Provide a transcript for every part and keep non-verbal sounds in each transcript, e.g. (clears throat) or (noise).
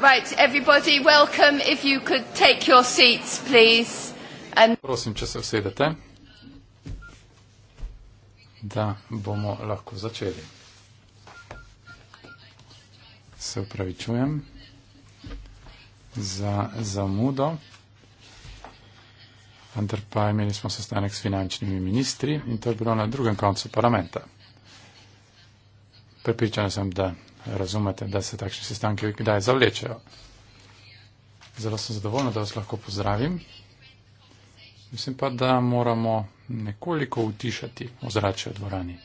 Right, everybody, welcome. If you could take your seats, please. And... Prosim, če se usedete, da bomo lahko začeli. Se upravičujem za zamudo, vendar pa imeli smo sestanek s finančnimi ministri in to je bilo na drugem koncu parlamenta. Prepričan sem, da razumete, da se takšni sestanki kdaj zavlečejo. Zelo sem zadovoljna, da vas lahko pozdravim. Mislim pa, da moramo nekoliko utišati ozračje v dvorani.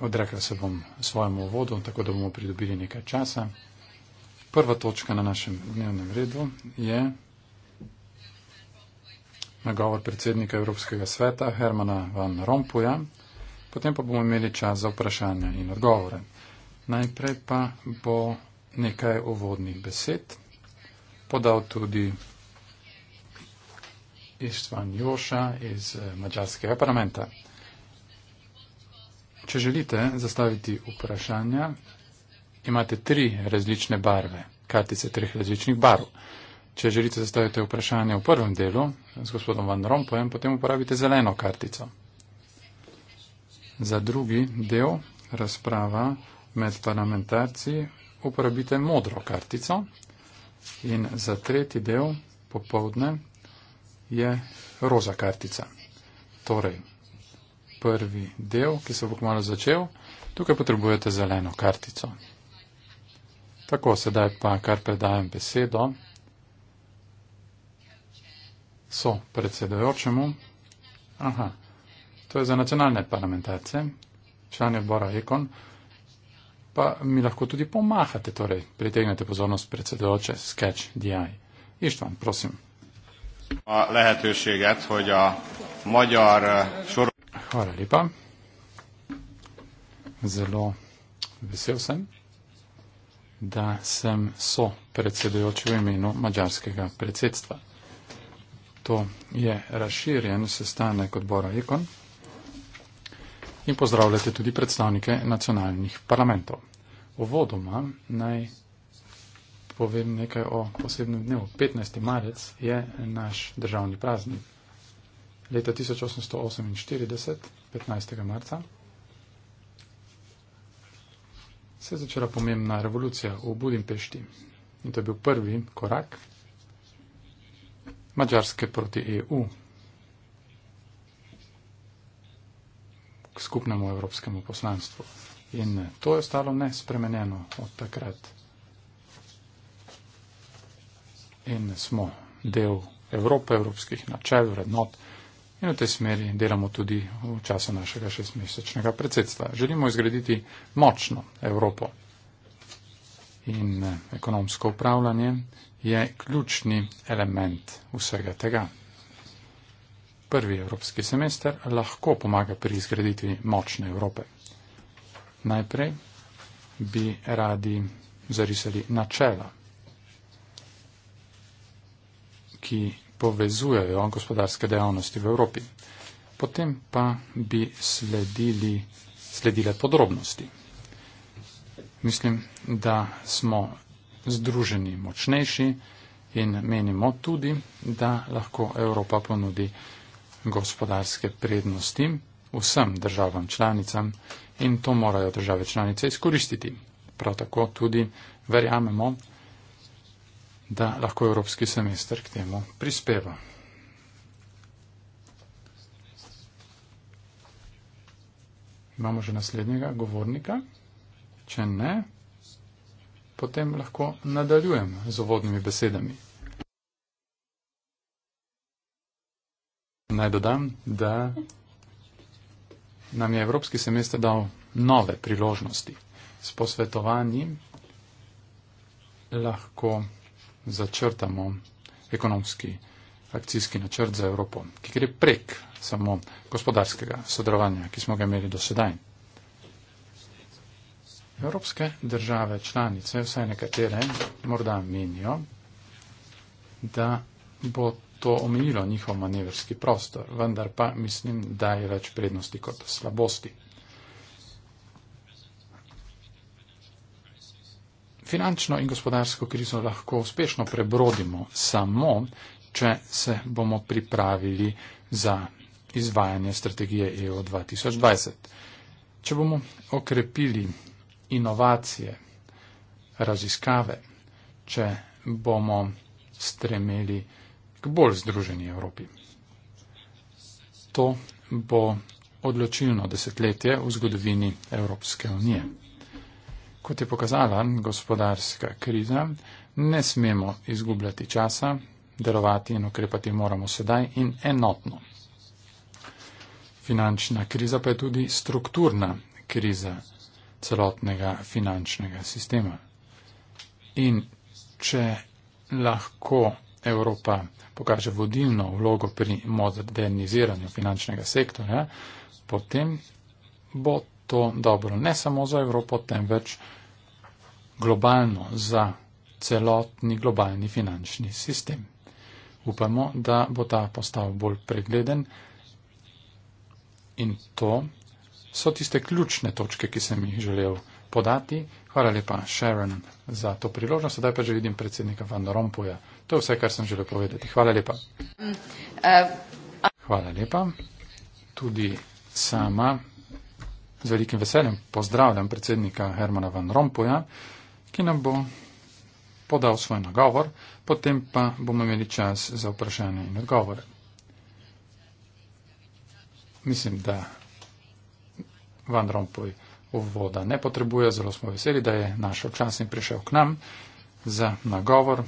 Odrekla se bom svojemu uvodu, tako da bomo pridobili nekaj časa. Prva točka na našem dnevnem redu je nagovor predsednika Evropskega sveta Hermana van Rompuja, potem pa bomo imeli čas za vprašanja in odgovore. Najprej pa bo nekaj uvodnih besed podal tudi Istvan Joša iz eh, Mačarskega parlamenta. Če želite zastaviti vprašanja, imate tri različne barve, kartice treh različnih barv. Če želite zastaviti vprašanje v prvem delu z gospodom Van Rompojem, potem uporabite zeleno kartico. Za drugi del razprava med parlamentarci uporabite modro kartico. In za tretji del popovdne je roza kartica. Torej, prvi del, ki se bo kmalo začel, tukaj potrebujete zeleno kartico. Tako, sedaj pa kar predajem besedo so predsedajočemu. Aha, to je za nacionalne parlamentarce, člani odbora Ekon. Pa mi lahko tudi pomahate, torej pritegnete pozornost predsedajoče Sketch DI. Ištvan, prosim. A lehetőséget, hogy a magyar eh, sor... Hvala lepa. Zelo vesel sem, da sem so predsedujoči v imenu mađarskega predsedstva. To je razširjen sestanek odbora Ekon in pozdravljate tudi predstavnike nacionalnih parlamentov. Ovodoma naj povem nekaj o posebnem dnevu. 15. marec je naš državni praznik. Leta 1848, 15. marca, se je začela pomembna revolucija v Budimpešti. In to je bil prvi korak Mačarske proti EU, k skupnemu evropskemu poslanstvu. In to je ostalo nespremenjeno od takrat. In smo del Evrope, evropskih načel, vrednot in v tej smeri delamo tudi v času našega šestmesečnega predsedstva. Želimo izgraditi močno Evropo in eh, ekonomsko upravljanje je ključni element vsega tega. Prvi evropski semester lahko pomaga pri izgraditvi močne Evrope. Najprej bi radi zarisali načela, ki povezujejo gospodarske dejavnosti v Evropi. Potem pa bi sledili, sledile podrobnosti. Mislim, da smo združeni močnejši in menimo tudi, da lahko Evropa ponudi gospodarske prednosti vsem državam članicam in to morajo države članice izkoristiti. Prav tako tudi verjamemo, da lahko Evropski semester k temu prispeva. Imamo že naslednjega govornika? Če ne, potem lahko nadaljujem z uvodnimi besedami. Naj dodam, da nam je Evropski semester dal nove priložnosti. S posvetovanjem lahko začrtamo ekonomski akcijski načrt za Evropo, ki gre prek samo gospodarskega sodelovanja, ki smo ga imeli do sedaj. Evropske države članice, vsaj nekatere, morda menijo, da bo to omejilo njihov manevrski prostor, vendar pa mislim, da je več prednosti kot slabosti. Finančno in gospodarsko krizo lahko uspešno prebrodimo samo, če se bomo pripravili za izvajanje strategije EU 2020. Če bomo okrepili inovacije, raziskave, če bomo stremeli k bolj združeni Evropi. To bo odločilno desetletje v zgodovini Evropske unije. Kot je pokazala gospodarska kriza, ne smemo izgubljati časa, delovati in ukrepati moramo sedaj in enotno. Finančna kriza pa je tudi strukturna kriza celotnega finančnega sistema. In če lahko Evropa pokaže vodilno vlogo pri moderniziranju finančnega sektorja, potem bo to dobro ne samo za Evropo, temveč globalno za celotni globalni finančni sistem. Upamo, da bo ta postal bolj pregleden in to so tiste ključne točke, ki sem jih želel podati. Hvala lepa, Sharon, za to priložnost. Sedaj pa že vidim predsednika Van Rompuja. To je vse, kar sem želel povedati. Hvala lepa. Hvala lepa. Tudi sama z velikim veseljem pozdravljam predsednika Hermana Van Rompuja, ki nam bo podal svoj nagovor, potem pa bomo imeli čas za vprašanje in odgovore. Mislim, da Van Rompuy uvoda ne potrebuje, zelo smo veseli, da je našel čas in prišel k nam za nagovor.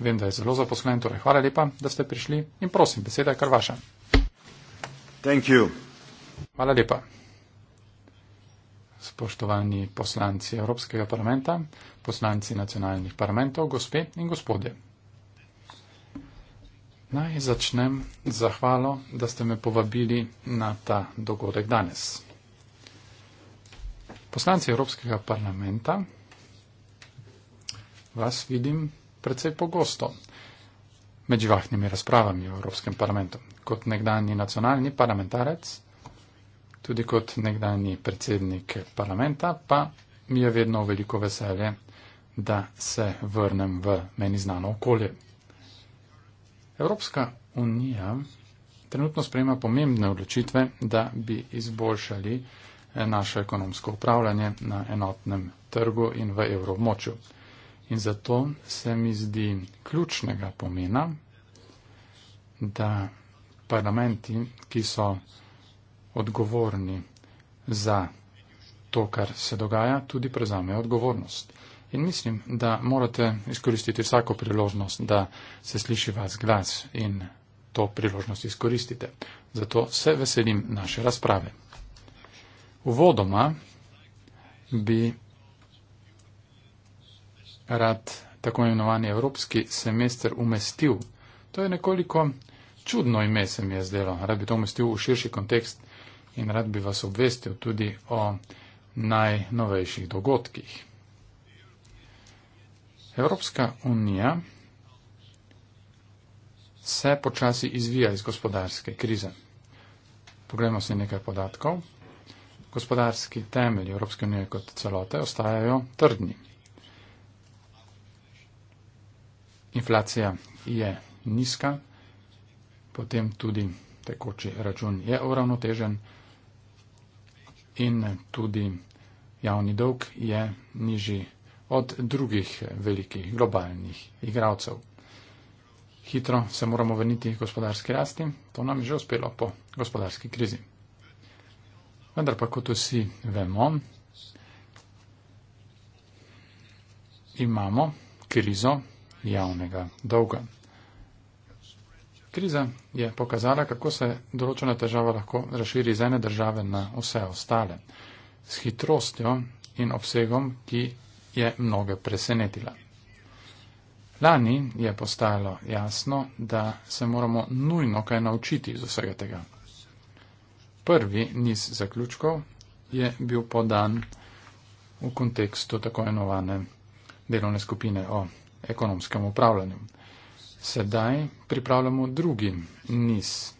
Vem, da je zelo zaposlen, torej hvala lepa, da ste prišli in prosim, beseda je kar vaša. Thank you. Hvala lepa. Spoštovani poslanci Evropskega parlamenta, poslanci nacionalnih parlamentov, gospe in gospodje. Naj začnem zahvalo, da ste me povabili na ta dogodek danes. Poslanci Evropskega parlamenta vas vidim predvsej pogosto med živahnimi razpravami v Evropskem parlamentu. Kot nekdani nacionalni parlamentarec, tudi kot nekdani predsednik parlamenta, pa mi je vedno veliko veselje, da se vrnem v meni znano okolje. Evropska unija trenutno sprejema pomembne odločitve, da bi izboljšali naše ekonomsko upravljanje na enotnem trgu in v evromočju. In zato se mi zdi ključnega pomena, da parlamenti, ki so odgovorni za to, kar se dogaja, tudi prezamejo odgovornost. In mislim, da morate izkoristiti vsako priložnost, da se sliši vas glas in to priložnost izkoristite. Zato se veselim naše razprave. Uvodoma bi rad tako imenovani evropski semester umestil. To je nekoliko čudno ime, se mi je zdelo. Rad bi to umestil v širši kontekst in rad bi vas obvestil tudi o najnovejših dogodkih. Evropska unija se počasi izvija iz gospodarske krize. Poglejmo si nekaj podatkov gospodarski temelji Evropske unije kot celote ostajajo trdni. Inflacija je nizka, potem tudi tekoči račun je uravnotežen in tudi javni dolg je nižji od drugih velikih globalnih igralcev. Hitro se moramo vrniti gospodarski rasti, to nam je že uspelo po gospodarski krizi. Vendar pa, kot vsi vemo, imamo krizo javnega dolga. Kriza je pokazala, kako se določena težava lahko razširi iz ene države na vse ostale, s hitrostjo in obsegom, ki je mnoge presenetila. Lani je postalo jasno, da se moramo nujno kaj naučiti iz vsega tega prvi niz zaključkov je bil podan v kontekstu tako enovane delovne skupine o ekonomskem upravljanju. Sedaj pripravljamo drugi niz.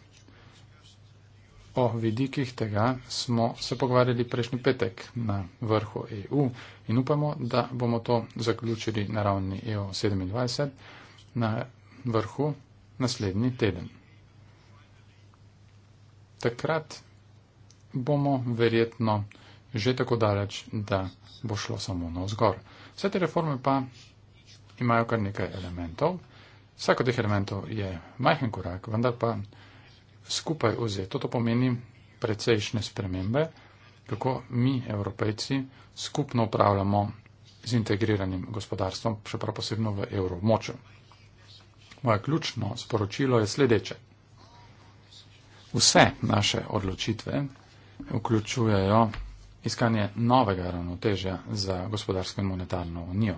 O vidikih tega smo se pogovarjali prejšnji petek na vrhu EU in upamo, da bomo to zaključili na ravni EU27 na vrhu naslednji teden. Takrat bomo verjetno že tako daleč, da bo šlo samo na vzgor. Vse te reforme pa imajo kar nekaj elementov. Vsako teh elementov je majhen korak, vendar pa skupaj vzeto to pomeni precejšnje spremembe, kako mi, evropejci, skupno upravljamo z integriranim gospodarstvom, še prav posebno v evromočju. Moje ključno sporočilo je sledeče. Vse naše odločitve vključujejo iskanje novega ravnotežja za gospodarsko in monetarno unijo.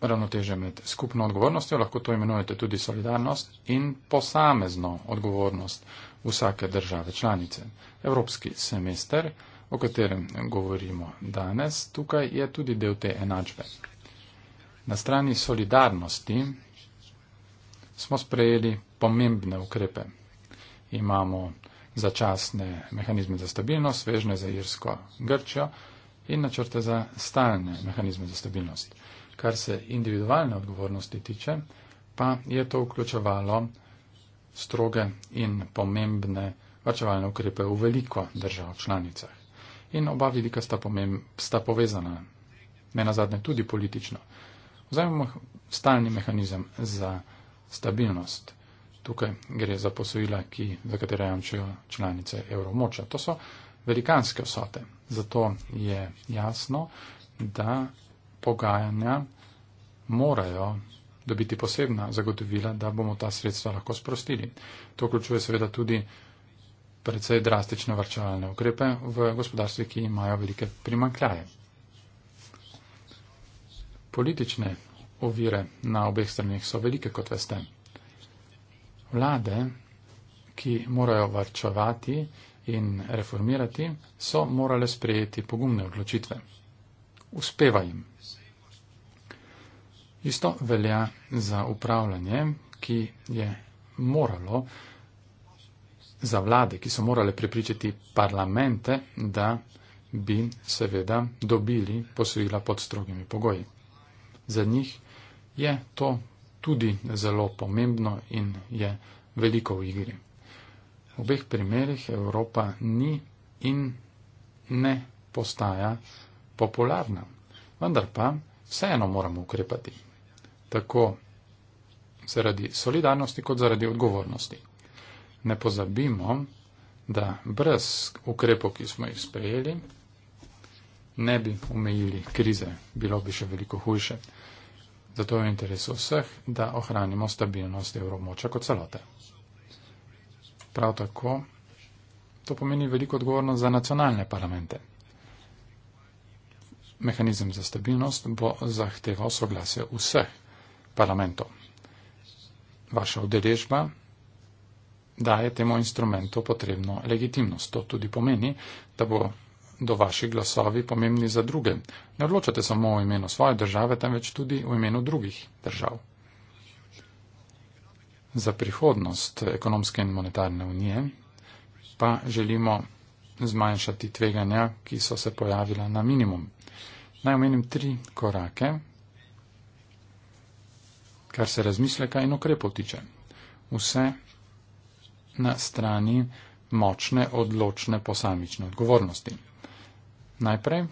Ravnotežje med skupno odgovornostjo, lahko to imenujete tudi solidarnost, in posamezno odgovornost vsake države članice. Evropski semester, o katerem govorimo danes, tukaj je tudi del te enačbe. Na strani solidarnosti smo sprejeli pomembne ukrepe. Imamo začasne mehanizme za stabilnost, svežne za Irsko, Grčjo in načrte za stalne mehanizme za stabilnost. Kar se individualne odgovornosti tiče, pa je to vključevalo stroge in pomembne varčevalne ukrepe v veliko držav članicah. In oba vidika sta, pomemb, sta povezana, ne nazadnje tudi politično. Vzamemo stalni mehanizem za stabilnost. Tukaj gre za posojila, ki, za katera jamčijo članice evromoča. To so velikanske vsote. Zato je jasno, da pogajanja morajo dobiti posebna zagotovila, da bomo ta sredstva lahko sprostili. To vključuje seveda tudi predvsej drastične varčevalne ukrepe v gospodarstvih, ki imajo velike primankljaje. Politične ovire na obeh stranih so velike, kot veste vlade, ki morajo varčevati in reformirati, so morale sprejeti pogumne odločitve. Uspeva jim. Isto velja za upravljanje, ki je moralo, za vlade, ki so morale prepričati parlamente, da bi seveda dobili posojila pod strogimi pogoji. Za njih je to tudi zelo pomembno in je veliko v igri. V obeh primerih Evropa ni in ne postaja popularna, vendar pa vseeno moramo ukrepati. Tako zaradi solidarnosti, kot zaradi odgovornosti. Ne pozabimo, da brez ukrepov, ki smo jih sprejeli, ne bi omejili krize, bilo bi še veliko hujše. Zato je v interesu vseh, da ohranimo stabilnost evromoča kot celote. Prav tako to pomeni veliko odgovornost za nacionalne parlamente. Mehanizem za stabilnost bo zahteval soglasje vseh parlamentov. Vaša udeležba daje temu instrumentu potrebno legitimnost. To tudi pomeni, da bo do vaši glasovi pomembni za druge. Ne odločate samo v imenu svoje države, temveč tudi v imenu drugih držav. Za prihodnost ekonomske in monetarne unije pa želimo zmanjšati tveganja, ki so se pojavila na minimum. Naj omenim tri korake, kar se razmisleka in okrepov tiče. Vse na strani močne, odločne posamične odgovornosti. Najprej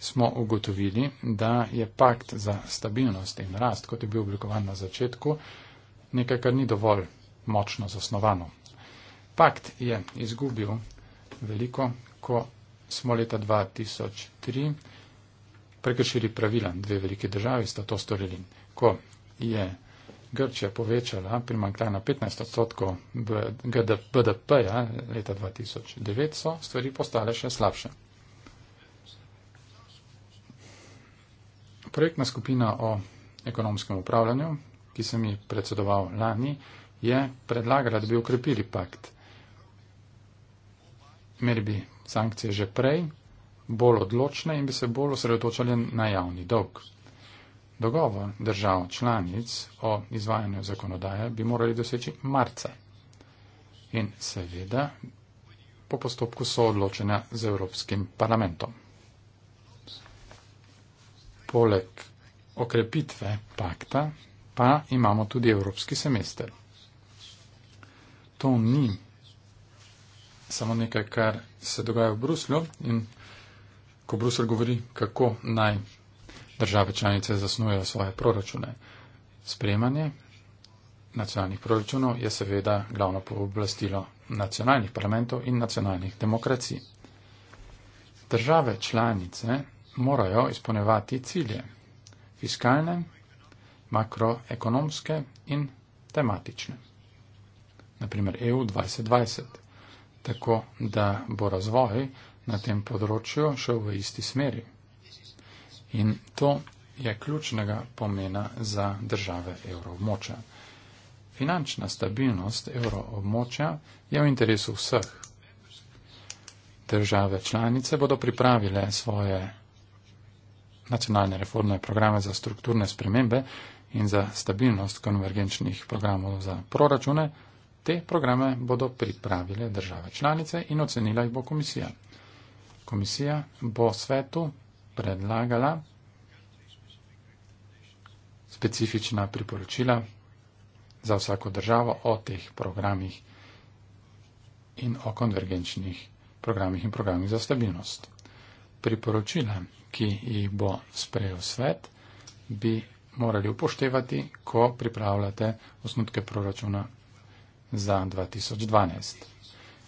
smo ugotovili, da je pakt za stabilnost in rast, kot je bil oblikovan na začetku, nekaj, kar ni dovolj močno zasnovano. Pakt je izgubil veliko, ko smo leta 2003 prekršili pravila. Dve velike države sta to storili. Ko je Grčija povečala primankljaj na 15 odstotkov BDP-ja leta 2009, so stvari postale še slabše. Projektna skupina o ekonomskem upravljanju, ki sem ji predsedoval lani, je predlagala, da bi ukrepili pakt. Imeli bi sankcije že prej, bolj odločne in bi se bolj osredotočali na javni dolg. Dogovor držav članic o izvajanju zakonodaje bi morali doseči marca. In seveda po postopku soodločenja z Evropskim parlamentom. Poleg okrepitve pakta pa imamo tudi Evropski semester. To ni samo nekaj, kar se dogaja v Bruslju in ko Brusel govori, kako naj države članice zasnujejo svoje proračune. Sprejemanje nacionalnih proračunov je seveda glavno pooblastilo nacionalnih parlamentov in nacionalnih demokracij. Države članice morajo izpolnevati cilje fiskalne, makroekonomske in tematične. Naprimer EU 2020. Tako da bo razvoj na tem področju šel v isti smeri. In to je ključnega pomena za države evroobmočja. Finančna stabilnost evroobmočja je v interesu vseh. Države članice bodo pripravile svoje nacionalne reformne programe za strukturne spremembe in za stabilnost konvergenčnih programov za proračune. Te programe bodo pripravile države članice in ocenila jih bo komisija. Komisija bo svetu predlagala specifična priporočila za vsako državo o teh programih in o konvergenčnih programih in programih za stabilnost. Priporočila, ki jih bo sprejel svet, bi morali upoštevati, ko pripravljate osnutke proračuna za 2012.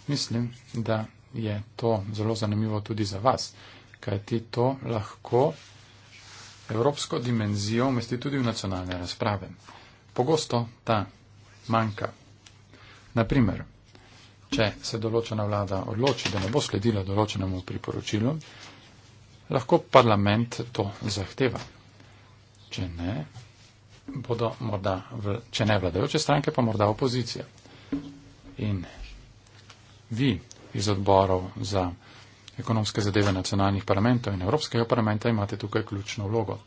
Mislim, da je to zelo zanimivo tudi za vas kaj ti to lahko evropsko dimenzijo umesti tudi v nacionalne razprave. Pogosto ta manjka. Naprimer, če se določena vlada odloči, da ne bo sledila določenemu priporočilu, lahko parlament to zahteva. Če ne, bodo morda, v, če ne vladajoče stranke, pa morda opozicija. In vi iz odborov za ekonomske zadeve nacionalnih parlamentov in Evropskega parlamenta imate tukaj ključno vlogo.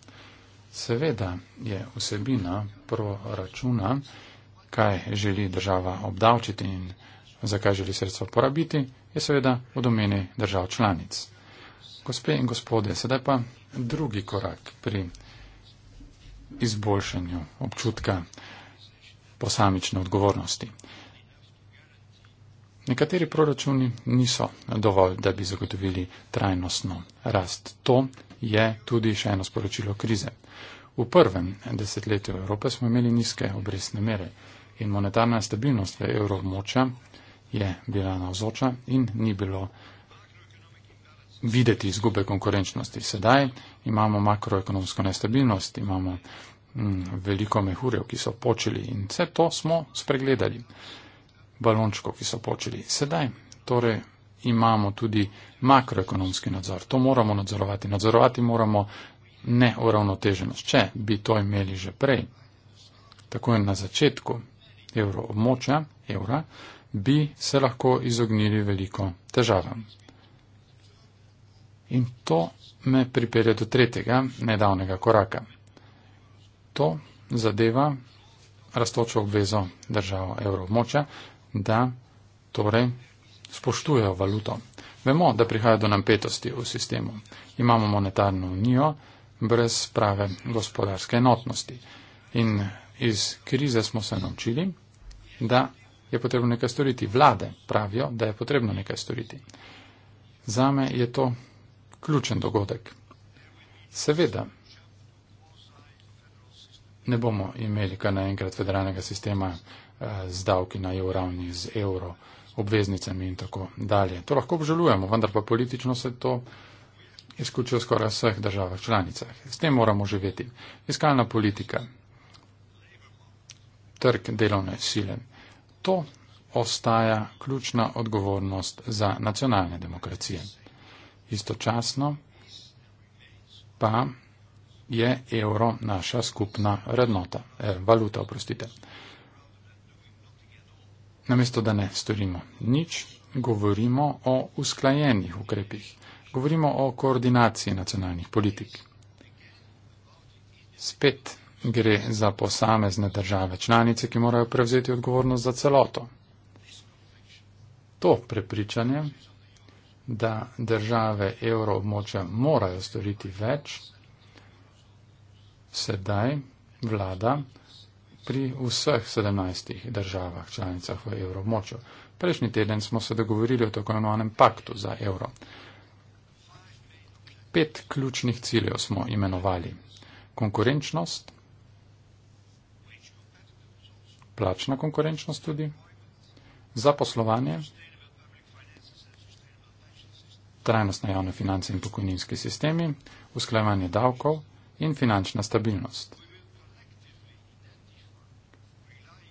Seveda je vsebina proračuna, kaj želi država obdavčiti in zakaj želi sredstva porabiti, je seveda v domeni držav članic. Gospe in gospode, sedaj pa drugi korak pri izboljšanju občutka posamične odgovornosti. Nekateri proračuni niso dovolj, da bi zagotovili trajnostno rast. To je tudi še eno sporočilo krize. V prvem desetletju Evrope smo imeli nizke obrestne mere in monetarna stabilnost v evroobmočju je bila navzoča in ni bilo videti izgube konkurenčnosti. Sedaj imamo makroekonomsko nestabilnost, imamo mm, veliko mehurjev, ki so počeli in vse to smo spregledali balončkov, ki so počeli. Sedaj torej imamo tudi makroekonomski nadzor. To moramo nadzorovati. Nadzorovati moramo neuravnoteženost. Če bi to imeli že prej, tako je na začetku evroobmočja, evra, bi se lahko izognili veliko težavam. In to me pripelje do tretjega nedavnega koraka. To zadeva rastočo obvezo držav evroobmočja, da torej spoštujejo valuto. Vemo, da prihaja do napetosti v sistemu. Imamo monetarno unijo brez prave gospodarske enotnosti. In iz krize smo se naučili, da je potrebno nekaj storiti. Vlade pravijo, da je potrebno nekaj storiti. Zame je to ključen dogodek. Seveda, ne bomo imeli kar naenkrat federalnega sistema Eh, z davki na jo ravni z evro, obveznicami in tako dalje. To lahko obžalujemo, vendar pa politično se to izključuje skoraj vseh državah članicah. S tem moramo živeti. Fiskalna politika, trg delovne sile, to ostaja ključna odgovornost za nacionalne demokracije. Istočasno pa je evro naša skupna rednota, eh, valuta, oprostite. Eh, namesto da ne storimo nič, govorimo o usklajenih ukrepih, govorimo o koordinaciji nacionalnih politik. Spet gre za posamezne države članice, ki morajo prevzeti odgovornost za celoto. To prepričanje, da države evroobmoča morajo storiti več, sedaj vlada pri vseh 17 državah članicah v evromočju. Prejšnji teden smo se dogovorili o tako imenovanem paktu za evro. Pet ključnih ciljev smo imenovali. Konkurenčnost, plačna konkurenčnost tudi, zaposlovanje, trajnostne javne finance in pokojninski sistemi, usklajevanje davkov in finančna stabilnost.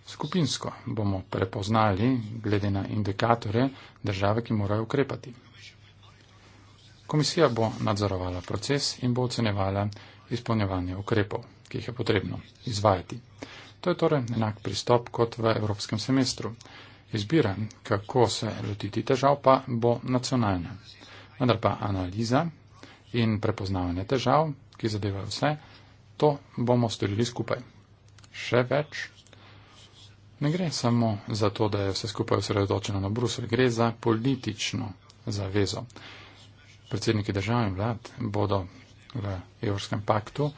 Skupinsko bomo prepoznali, glede na indikatore, države, ki morajo ukrepati. Komisija bo nadzorovala proces in bo ocenevala izpolnjevanje ukrepov, ki jih je potrebno izvajati. To je torej enak pristop kot v evropskem semestru. Izbira, kako se lotiti težav, pa bo nacionalna. Vendar pa analiza in prepoznavanje težav, ki zadevajo vse, to bomo storili skupaj. Še več. Ne gre samo za to, da je vse skupaj osredotočeno na Bruselj, gre za politično zavezo. Predsedniki držav in vlad bodo v Evropskem paktu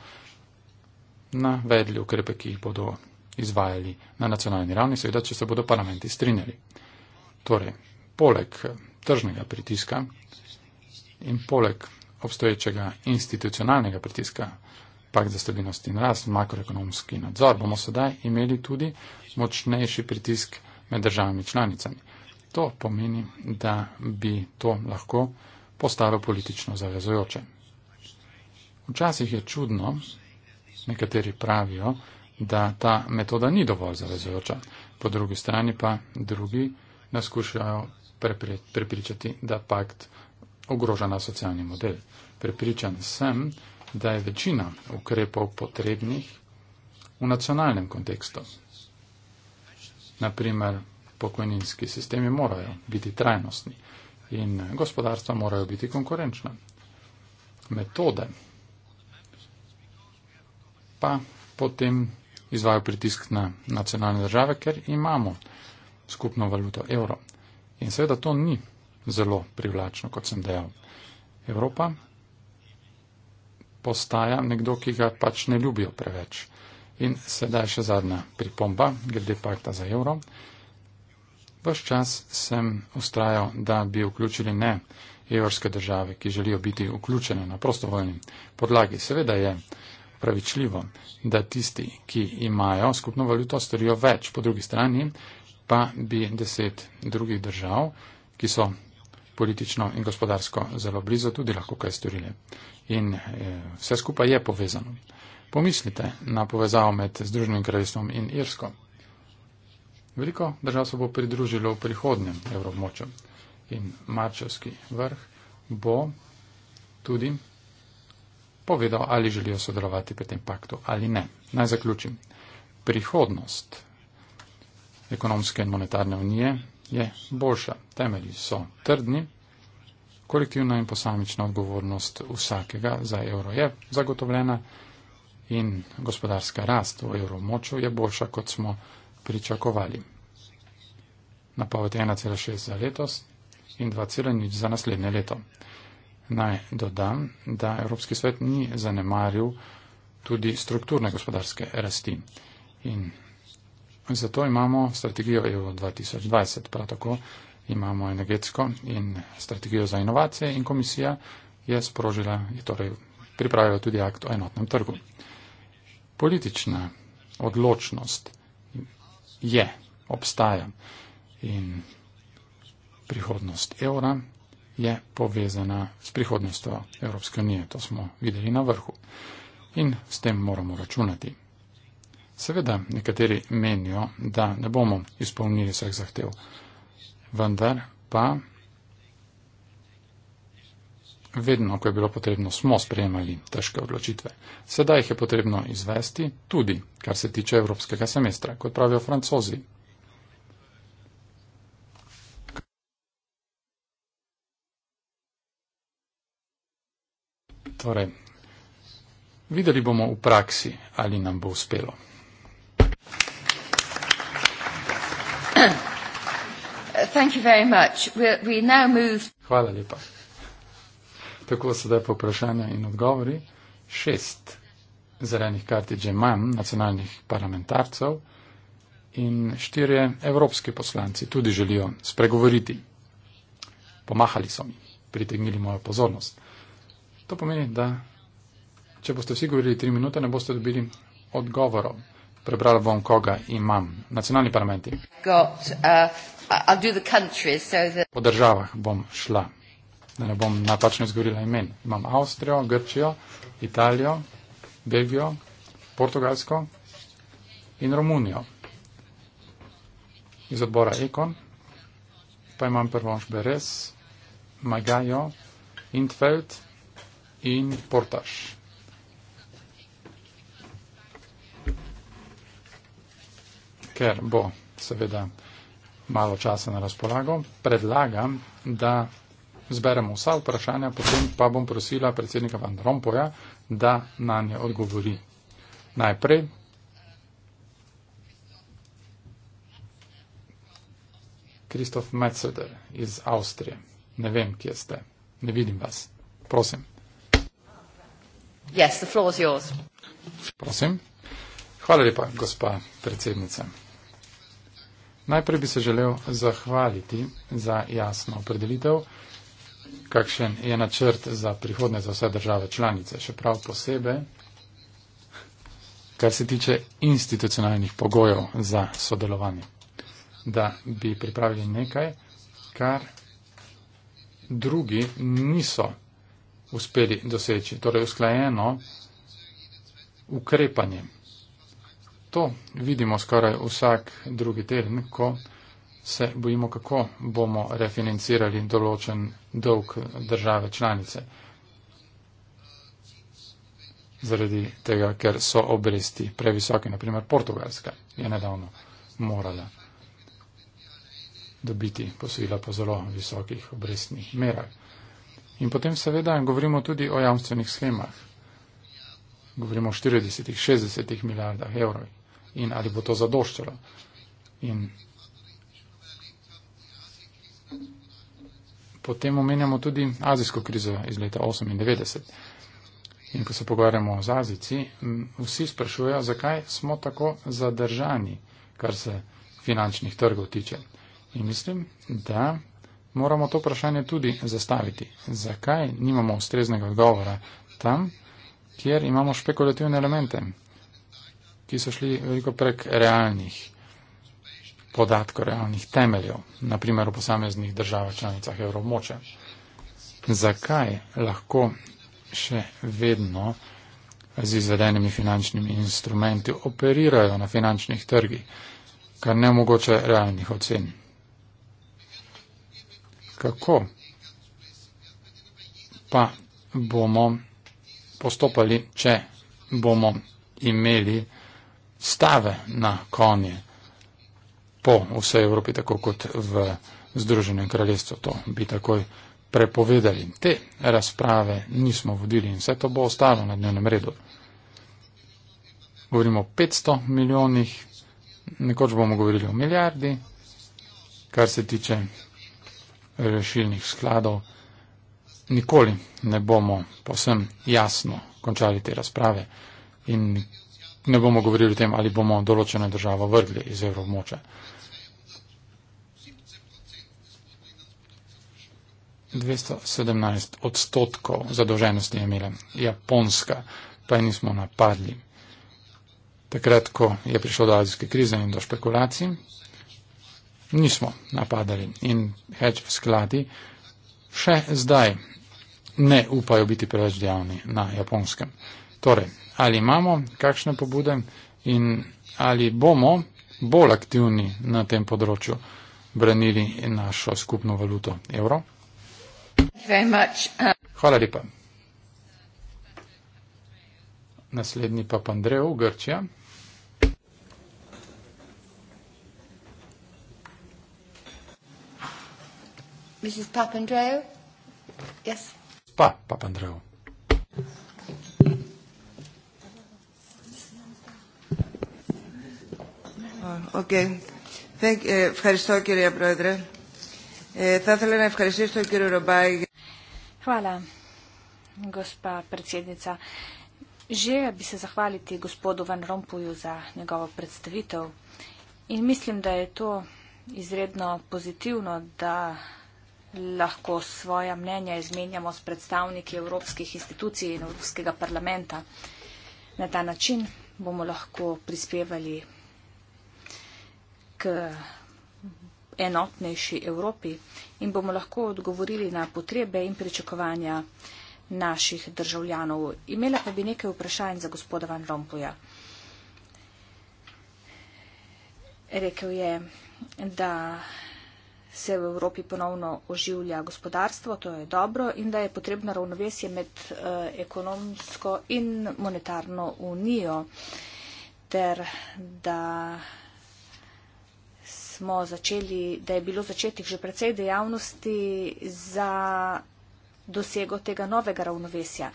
navedli ukrepe, ki jih bodo izvajali na nacionalni ravni, seveda, če se bodo parlamenti strinjali. Torej, poleg tržnega pritiska in poleg obstoječega institucionalnega pritiska pakt za stabilnost in rast, makroekonomski nadzor, bomo sedaj imeli tudi močnejši pritisk med državami članicami. To pomeni, da bi to lahko postalo politično zavezojoče. Včasih je čudno, nekateri pravijo, da ta metoda ni dovolj zavezojoča, po drugi strani pa drugi naskušajo prepričati, da pakt ogroža na socialni model. Prepričan sem, da je večina ukrepov potrebnih v nacionalnem kontekstu. Naprimer, pokojninski sistemi morajo biti trajnostni in gospodarstva morajo biti konkurenčna. Metode pa potem izvajo pritisk na nacionalne države, ker imamo skupno valuto evro. In seveda to ni zelo privlačno, kot sem dejal. Evropa postaja nekdo, ki ga pač ne ljubijo preveč. In sedaj še zadnja pripomba, glede pakta za evro. Vš čas sem ustrajal, da bi vključili ne evrske države, ki želijo biti vključene na prostovoljni podlagi. Seveda je pravičljivo, da tisti, ki imajo skupno valuto, storijo več. Po drugi strani pa bi deset drugih držav, ki so politično in gospodarsko zelo blizu, tudi lahko kaj storili in eh, vse skupaj je povezano. Pomislite na povezavo med Združenim kraljestvom in Irsko. Veliko držav se bo pridružilo v prihodnjem evrobmočju in marčevski vrh bo tudi povedal, ali želijo sodelovati pri tem paktu ali ne. Naj zaključim. Prihodnost ekonomske in monetarne unije je boljša. Temelji so trdni kolektivna in posamična odgovornost vsakega za evro je zagotovljena in gospodarska rast v evromoču je boljša, kot smo pričakovali. Napoved je 1,6 za letos in 2,0 za naslednje leto. Naj dodam, da Evropski svet ni zanemaril tudi strukturne gospodarske rasti. In zato imamo strategijo EU 2020, prav tako imamo energetsko in strategijo za inovacije in komisija je sprožila in torej pripravila tudi akt o enotnem trgu. Politična odločnost je, obstaja in prihodnost evra je povezana s prihodnostjo Evropske unije. To smo videli na vrhu in s tem moramo računati. Seveda, nekateri menijo, da ne bomo izpolnili vseh zahtev vendar pa vedno, ko je bilo potrebno, smo sprejemali težke odločitve. Sedaj jih je potrebno izvesti tudi, kar se tiče evropskega semestra, kot pravijo francozi. Torej, videli bomo v praksi, ali nam bo uspelo. thank you very much. We, we now move... Hvala lepa. Tako sedaj po vprašanja in odgovori. Šest zelenih kartič imam nacionalnih parlamentarcev in štirje evropski poslanci tudi želijo spregovoriti. Pomahali so mi, pritegnili mojo pozornost. To pomeni, da če boste vsi govorili tri minute, ne boste dobili odgovorov prebrala bom, koga imam. Nacionalni parlamenti. Uh, po državah bom šla, da ne bom napačno izgovorila imen. Imam Avstrijo, Grčijo, Italijo, Belgijo, Portugalsko in Romunijo. Iz odbora Ekon pa imam Pervonš Beres, Magajo, Intfeld in Portaž. ker bo seveda malo časa na razpolago, predlagam, da zberemo vsa vprašanja, potem pa bom prosila predsednika Van Rompoja, da na nje odgovori. Najprej. Kristof Metzeder iz Avstrije. Ne vem, kje ste. Ne vidim vas. Prosim. Yes, the floor is yours. Prosim. Hvala lepa, gospa predsednica. Najprej bi se želel zahvaliti za jasno opredelitev, kakšen je načrt za prihodne za vse države članice, še prav posebej, kar se tiče institucionalnih pogojev za sodelovanje. Da bi pripravili nekaj, kar drugi niso uspeli doseči, torej usklajeno ukrepanjem to vidimo skoraj vsak drugi teden, ko se bojimo, kako bomo refinancirali določen dolg države članice. Zaradi tega, ker so obresti previsoke, naprimer Portugalska je nedavno morala dobiti posojila po zelo visokih obrestnih merah. In potem seveda govorimo tudi o jamstvenih schemah. Govorimo o 40-60 milijardah evrov in ali bo to zadoščalo. In potem omenjamo tudi azijsko krizo iz leta 98. In ko se pogovarjamo o Azici, vsi sprašujejo, zakaj smo tako zadržani, kar se finančnih trgov tiče. In mislim, da moramo to vprašanje tudi zastaviti. Zakaj nimamo ustreznega odgovora tam, kjer imamo špekulativne elemente, ki so šli veliko prek realnih podatkov, realnih temeljev, naprimer v posameznih državah članicah evromoče. Zakaj lahko še vedno z izvedenimi finančnimi instrumenti operirajo na finančnih trgih, kar ne omogoča realnih ocen? Kako pa bomo postopali, če bomo imeli stave na konje po vsej Evropi, tako kot v Združenem kraljestvu. To bi takoj prepovedali. Te razprave nismo vodili in vse to bo ostalo na dnevnem redu. Govorimo o 500 milijonih, nekoč bomo govorili o milijardi, kar se tiče rešilnih skladov. Nikoli ne bomo posem jasno končali te razprave in ne bomo govorili o tem, ali bomo določeno državo vrgli iz evromoče. dvesto sedemnajst odstotkov zadolženosti je imela Japonska, pa je nismo napadli. Takrat, ko je prišlo do azijske krize in do špekulacij, nismo napadali in hedge skladi še zdaj ne upajo biti preveč dejavni na Japonskem. Torej, ali imamo kakšne pobude in ali bomo bolj aktivni na tem področju branili našo skupno valuto evro. Hvala lepa. Naslednji pa Andrejo, Grčija. Mrs. Papandreou? Yes. Pa, Papandreou. Ah, okay. Thank, ε, eh, ευχαριστώ κύριε Πρόεδρε. Ε, θα ήθελα να ευχαριστήσω τον κύριο Ρομπάη. Χαλά, γοσπα Πρεσίδνητσα. Želja bi se zahvaliti gospodu Van Rompuju za njegovo predstavitev in mislim, da je to izredno pozitivno, da lahko svoja mnenja izmenjamo s predstavniki evropskih institucij in Evropskega parlamenta. Na ta način bomo lahko prispevali k enotnejši Evropi in bomo lahko odgovorili na potrebe in pričakovanja naših državljanov. Imela pa bi nekaj vprašanj za gospoda Van Rompuja. Rekel je, da se v Evropi ponovno oživlja gospodarstvo, to je dobro, in da je potrebno ravnovesje med uh, ekonomsko in monetarno unijo, ter da uh, smo začeli, da je bilo začetih že precej dejavnosti za dosego tega novega ravnovesja.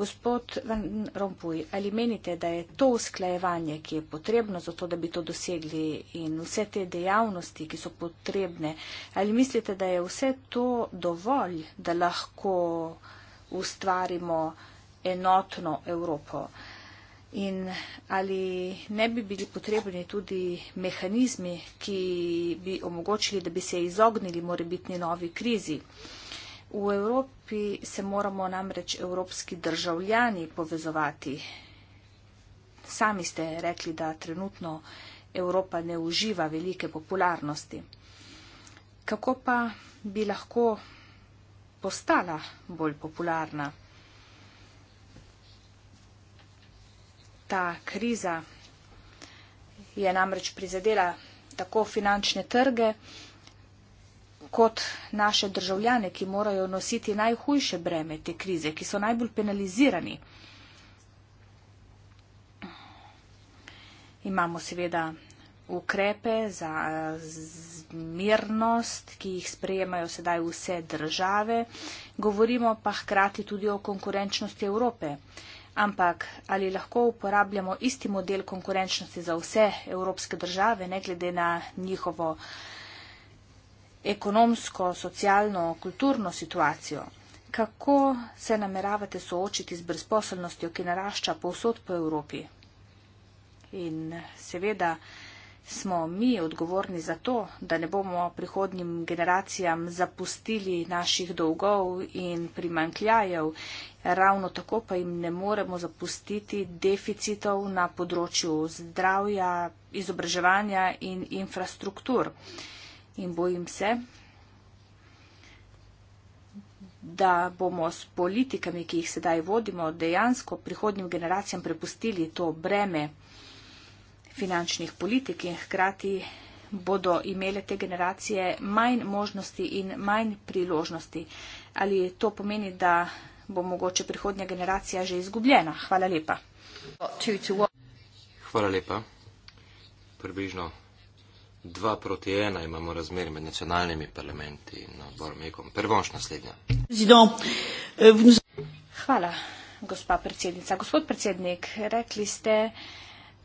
Gospod Van Rompuy, ali menite, da je to usklajevanje, ki je potrebno za to, da bi to dosegli in vse te dejavnosti, ki so potrebne, ali mislite, da je vse to dovolj, da lahko ustvarimo enotno Evropo? In ali ne bi bili potrebni tudi mehanizmi, ki bi omogočili, da bi se izognili morebitni novi krizi? V Evropi se moramo namreč evropski državljani povezovati. Sami ste rekli, da trenutno Evropa ne uživa velike popularnosti. Kako pa bi lahko postala bolj popularna? ta kriza je namreč prizadela tako finančne trge, kot naše državljane, ki morajo nositi najhujše breme te krize, ki so najbolj penalizirani. Imamo seveda ukrepe za mirnost, ki jih sprejemajo sedaj vse države, govorimo pa hkrati tudi o konkurenčnosti Evrope. Ampak ali lahko uporabljamo isti model konkurenčnosti za vse evropske države, ne glede na njihovo ekonomsko, socialno, kulturno situacijo? Kako se nameravate soočiti z brezposobnostjo, ki narašča povsod po Evropi? In seveda, smo mi odgovorni za to, da ne bomo prihodnjim generacijam zapustili naših dolgov in primankljajev, ravno tako pa jim ne moremo zapustiti deficitov na področju zdravja, izobraževanja in infrastruktur. In bojim se, da bomo s politikami, ki jih sedaj vodimo, dejansko prihodnjim generacijam prepustili to breme finančnih politik in hkrati bodo imele te generacije manj možnosti in manj priložnosti. Ali to pomeni, da bo mogoče prihodnja generacija že izgubljena? Hvala lepa. Hvala lepa. Približno 2 proti 1 imamo razmer med nacionalnimi parlamenti in odborom Ekom. Prvonš naslednja. Hvala, gospa predsednica. Gospod predsednik, rekli ste,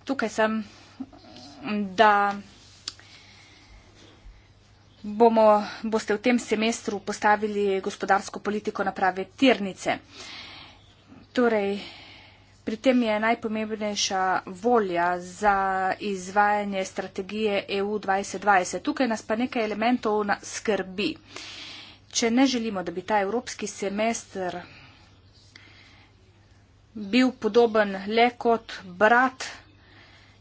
tukaj sem da bomo, boste v tem semestru postavili gospodarsko politiko na prave tirnice. Torej, pri tem je najpomembnejša volja za izvajanje strategije EU 2020. Tukaj nas pa nekaj elementov na skrbi. Če ne želimo, da bi ta evropski semester bil podoben le kot brat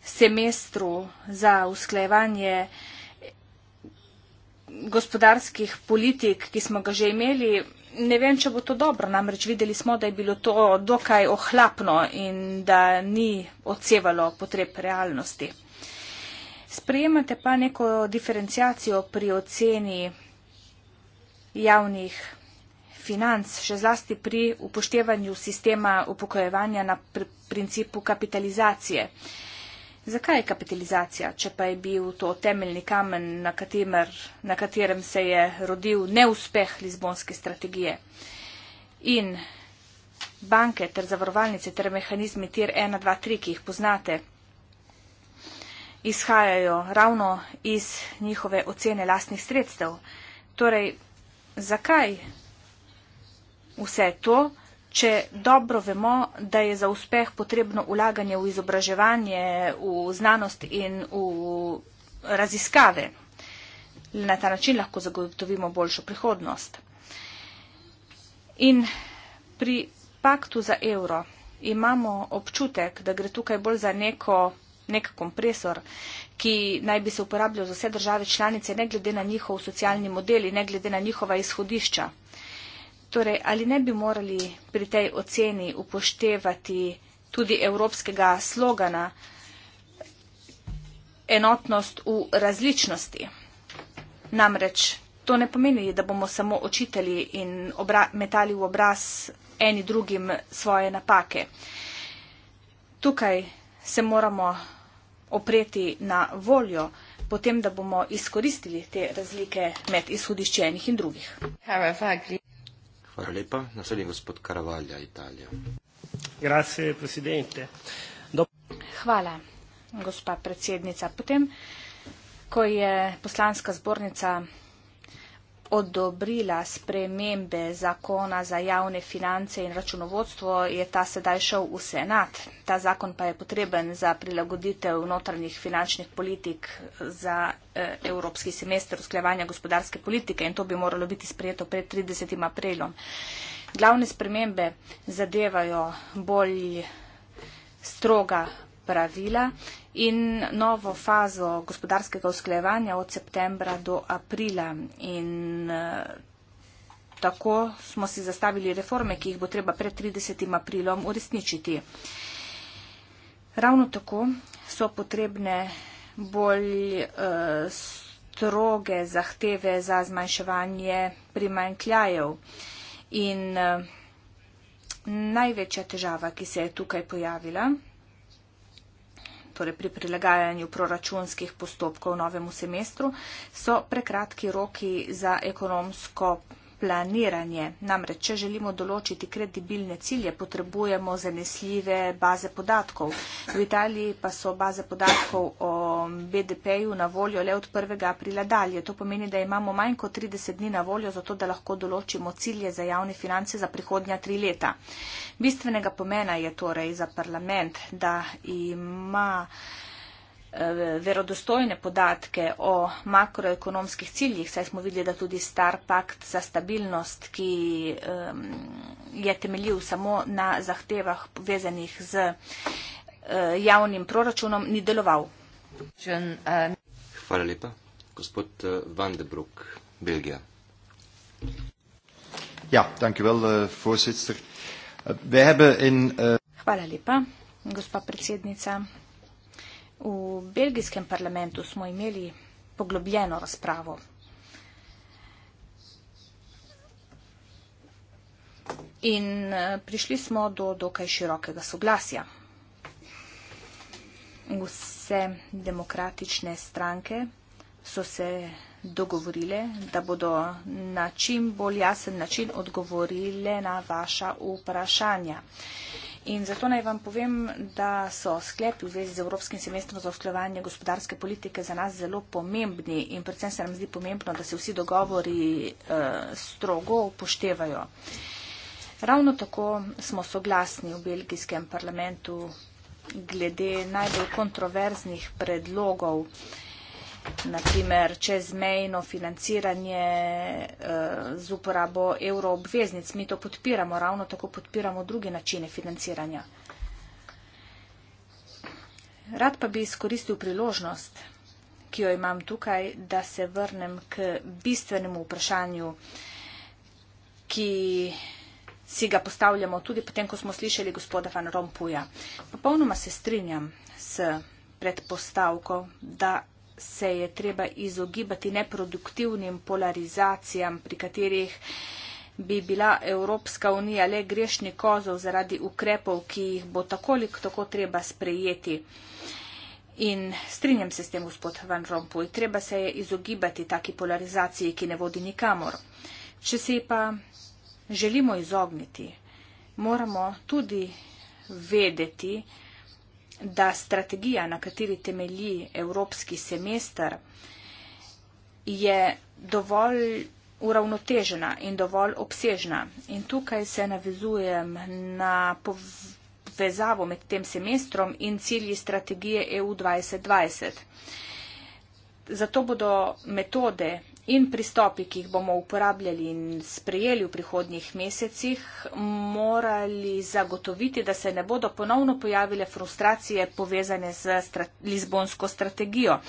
semestru za usklejevanje gospodarskih politik, ki smo ga že imeli. Ne vem, če bo to dobro, namreč videli smo, da je bilo to dokaj ohlapno in da ni odsevalo potreb realnosti. Sprejemate pa neko diferencijacijo pri oceni javnih financ, še zlasti pri upoštevanju sistema upokojevanja na pr principu kapitalizacije. Uh, Zakaj je kapitalizacija, če pa je bil to temeljni kamen, na, katimer, na katerem se je rodil neuspeh Lizbonske strategije? In banke ter zavarovalnice ter mehanizmi tir 1, 2, 3, ki jih poznate, izhajajo ravno iz njihove ocene lastnih sredstev. Torej, zakaj vse to? Če dobro vemo, da je za uspeh potrebno ulaganje v izobraževanje, v znanost in v raziskave, na ta način lahko zagotovimo boljšo prihodnost. In pri paktu za evro imamo občutek, da gre tukaj bolj za neko, nek kompresor, ki naj bi se uporabljal za vse države članice, ne glede na njihov socialni model in ne glede na njihova izhodišča. Torej, ali ne bi morali pri tej oceni upoštevati tudi evropskega slogana enotnost v različnosti? Namreč to ne pomeni, da bomo samo očitali in metali v obraz eni drugim svoje napake. Tukaj se moramo opreti na voljo, potem da bomo izkoristili te razlike med izhodišče enih in drugih. However, Hvala lepa. Naslednji gospod Karavalja, Italija. Grazie, presidente. Do... Hvala, gospa predsednica. Potem, ko je poslanska zbornica odobrila spremembe zakona za javne finance in računovodstvo, je ta sedaj šel v senat. Ta zakon pa je potreben za prilagoditev notranjih finančnih politik za eh, evropski semester usklevanja gospodarske politike in to bi moralo biti sprejeto pred 30. aprilom. Glavne spremembe zadevajo bolj stroga pravila in novo fazo gospodarskega usklejevanja od septembra do aprila. In eh, tako smo si zastavili reforme, ki jih bo treba pred 30. aprilom uresničiti. Ravno tako so potrebne bolj eh, stroge zahteve za zmanjševanje primankljajev. In eh, največja težava, ki se je tukaj pojavila, torej pri prilagajanju proračunskih postopkov novemu semestru, so prekratki roki za ekonomsko planiranje. Namreč, če želimo določiti kredibilne cilje, potrebujemo zanesljive baze podatkov. V Italiji pa so baze podatkov o BDP-ju na voljo le od 1. aprila dalje. To pomeni, da imamo manj kot 30 dni na voljo, zato da lahko določimo cilje za javne finance za prihodnja tri leta. Bistvenega pomena je torej za parlament, da ima Eh, verodostojne podatke o makroekonomskih ciljih, saj smo videli, da tudi star pakt za stabilnost, ki eh, je temeljil samo na zahtevah povezanih z eh, javnim proračunom, ni deloval. Hvala lepa. Gospod Van de Broek, Belgija. Ja, well, uh, in, uh... Hvala lepa, gospa predsednica. V belgijskem parlamentu smo imeli poglobljeno razpravo. In eh, prišli smo do dokaj širokega soglasja. Vse demokratične stranke so se dogovorile, da bodo na čim bolj jasen način odgovorile na vaša vprašanja. In zato naj vam povem, da so sklepi v zvezi z Evropskim semestrom za usklajevanje gospodarske politike za nas zelo pomembni in predvsem se nam zdi pomembno, da se vsi dogovori eh, strogo upoštevajo. Ravno tako smo soglasni v belgijskem parlamentu glede najbolj kontroverznih predlogov eh, naprimer čezmejno financiranje eh, z uporabo euroobveznic. Mi to podpiramo, ravno tako podpiramo druge načine financiranja. Rad pa bi izkoristil priložnost, ki jo imam tukaj, da se vrnem k bistvenemu vprašanju, ki si ga postavljamo tudi potem, ko smo slišali gospoda Van Rompuja. Popolnoma se strinjam s predpostavko, da se je treba izogibati neproduktivnim polarizacijam, pri katerih bi bila Evropska unija le grešni kozov zaradi ukrepov, ki jih bo takolik tako treba sprejeti. In strinjam se s tem, gospod Van Rompuy, treba se je izogibati taki polarizaciji, ki ne vodi nikamor. Če se pa želimo izogniti, moramo tudi vedeti, da strategija, na kateri temelji evropski semester, je dovolj uravnotežena in dovolj obsežna. In tukaj se navizujem na povezavo med tem semestrom in cilji strategije EU 2020. Zato bodo metode in pristopi, ki jih bomo uporabljali in sprejeli v prihodnjih mesecih, morali zagotoviti, da se ne bodo ponovno pojavile frustracije povezane z strat Lizbonsko strategijo.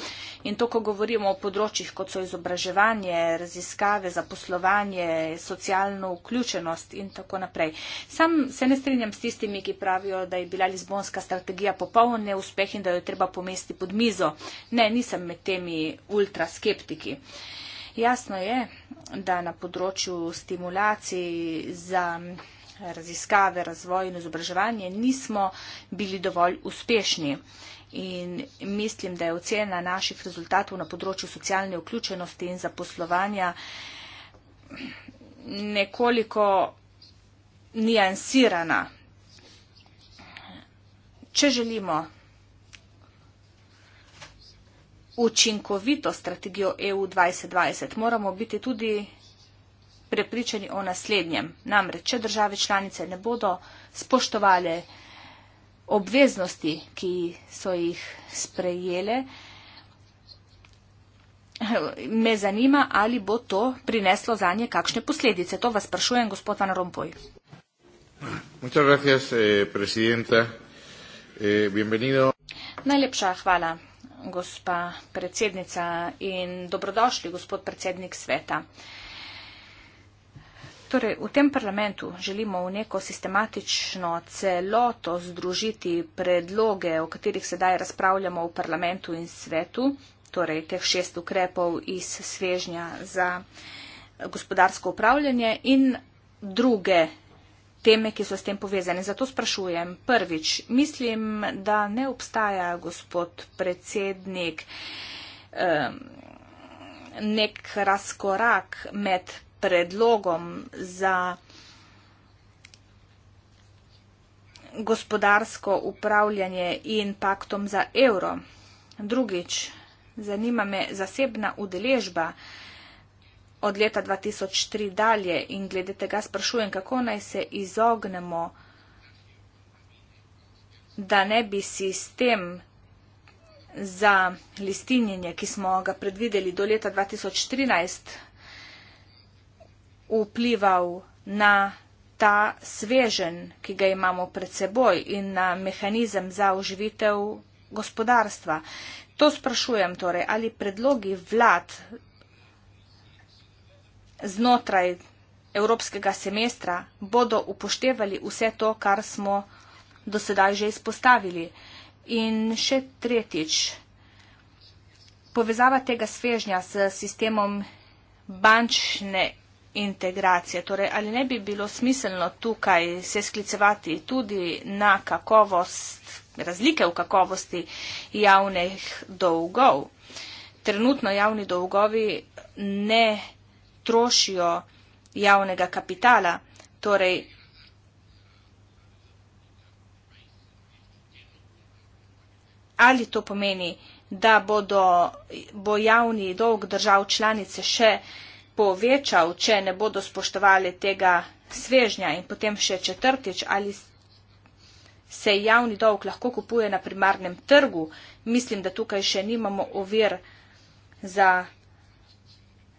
In to, ko govorimo o področjih, kot so izobraževanje, raziskave, zaposlovanje, socialno vključenost in tako naprej. Sam se ne strinjam s tistimi, ki pravijo, da je bila Lizbonska strategija popoln neuspeh in da jo treba pomesti pod mizo. Ne, nisem med temi ultraskeptiki. Jasno je, da na področju stimulacij za raziskave, razvoj in izobraževanje nismo bili dovolj uspešni. In mislim, da je ocena naših rezultatov na področju socialne vključenosti in zaposlovanja nekoliko nijansirana. Če želimo učinkovito strategijo EU 2020, moramo biti tudi prepričani o naslednjem. Namreč, če države članice ne bodo spoštovali obveznosti, ki so jih sprejele, me zanima, ali bo to prineslo za nje kakšne posledice. To vas sprašujem, gospod Van Rompuy. Gracias, eh, eh, Najlepša hvala gospa predsednica in dobrodošli, gospod predsednik sveta. Torej, v tem parlamentu želimo v neko sistematično celoto združiti predloge, o katerih sedaj razpravljamo v parlamentu in svetu, torej teh šest ukrepov iz svežnja za gospodarsko upravljanje in druge teme, ki so s tem povezane. Zato sprašujem. Prvič, mislim, da ne obstaja, gospod predsednik, nek razkorak med predlogom za gospodarsko upravljanje in paktom za evro. Drugič, zanima me zasebna udeležba od leta 2003 dalje in glede tega sprašujem, kako naj se izognemo, da ne bi sistem za listinjenje, ki smo ga predvideli do leta 2013, vplival na ta svežen, ki ga imamo pred seboj in na mehanizem za oživitev gospodarstva. To sprašujem torej, ali predlogi vlad znotraj evropskega semestra bodo upoštevali vse to, kar smo dosedaj že izpostavili. In še tretjič, povezava tega svežnja s sistemom bančne integracije. Torej, ali ne bi bilo smiselno tukaj se sklicevati tudi na kakovost, razlike v kakovosti javnih dolgov? Trenutno javni dolgovi ne trošijo javnega kapitala, torej ali to pomeni, da bodo, bo javni dolg držav članice še povečal, če ne bodo spoštovali tega svežnja in potem še četrtič, ali se javni dolg lahko kupuje na primarnem trgu. Mislim, da tukaj še nimamo ovir za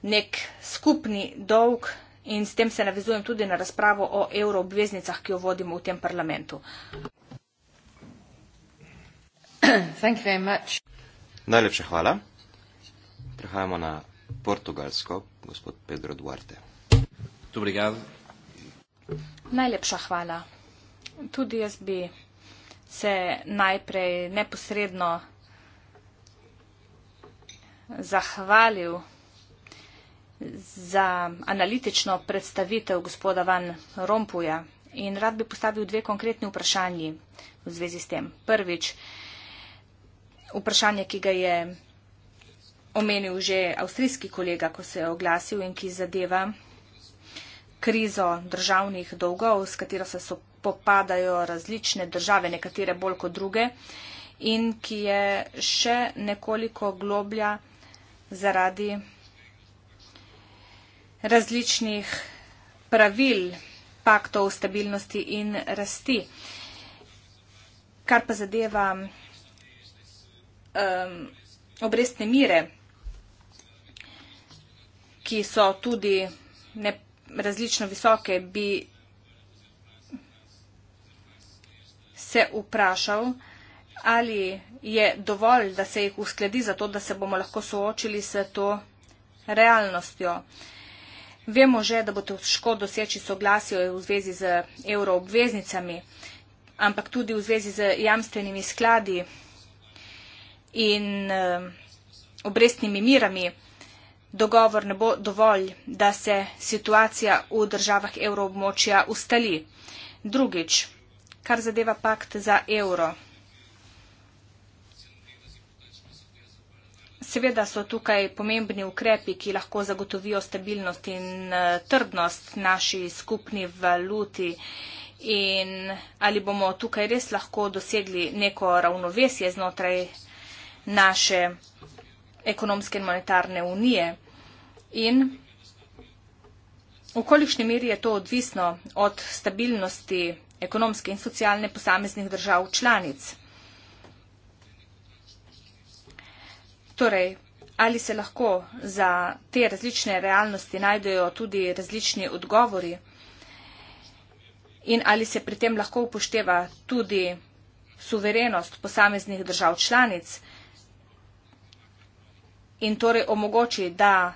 nek skupni dolg in s tem se navezujem tudi na razpravo o euroobveznicah, ki jo vodimo v tem parlamentu. (clears throat) Najlepša hvala. Prehajamo na Portugalsko, gospod Pedro Duarte. Dobrigado. Najlepša hvala. Tudi jaz bi se najprej neposredno zahvalil za analitično predstavitev gospoda Van Rompuja in rad bi postavil dve konkretni vprašanji v zvezi s tem. Prvič, vprašanje, ki ga je omenil že avstrijski kolega, ko se je oglasil in ki zadeva krizo državnih dolgov, s katero se popadajo različne države, nekatere bolj kot druge in ki je še nekoliko globlja zaradi različnih pravil, paktov stabilnosti in rasti. Kar pa zadeva um, obrestne mire, ki so tudi ne, različno visoke, bi se vprašal, ali je dovolj, da se jih uskladi za to, da se bomo lahko soočili s to realnostjo. Uh, Vemo že, da bo težko doseči soglasje v zvezi z euroobveznicami, ampak tudi v zvezi z jamstvenimi skladi in eh, obrestnimi mirami. Dogovor ne bo dovolj, da se situacija v državah evroobmočja ustali. Drugič, kar zadeva pakt za evro. Seveda so tukaj pomembni ukrepi, ki lahko zagotovijo stabilnost in eh, trdnost naši skupni valuti. In ali bomo tukaj res lahko dosegli neko ravnovesje znotraj naše ekonomske in monetarne unije. In v kolikšni meri je to odvisno od stabilnosti ekonomske in socialne posameznih držav članic. Torej, ali se lahko za te različne realnosti najdejo tudi različni odgovori in ali se pri tem lahko upošteva tudi suverenost posameznih držav članic in torej omogoči, da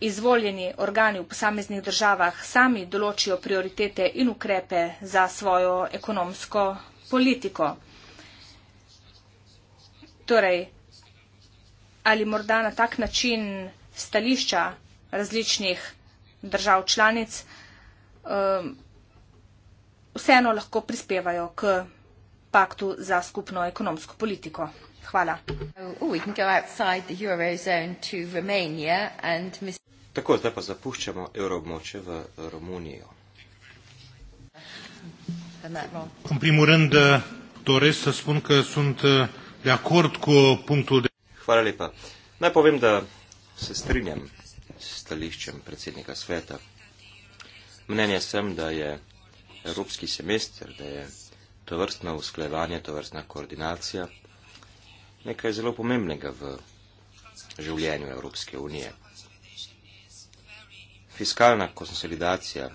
izvoljeni organi v posameznih državah sami določijo prioritete in ukrepe za svojo ekonomsko politiko. Torej, ali morda na tak način stališča različnih držav članic um, vseeno lahko prispevajo k paktu za skupno ekonomsko politiko. Hvala. Oh, Tako, zdaj pa zapuščamo evroobmoče v Romunijo. În primul rând, uh, doresc să spun că sunt uh, de acord cu punctul de Hvala lepa. Naj povem, da se strinjam s stališčem predsednika sveta. Mnenje sem, da je evropski semester, da je to vrstno usklejevanje, to vrstna koordinacija nekaj zelo pomembnega v življenju Evropske unije. Fiskalna konsolidacija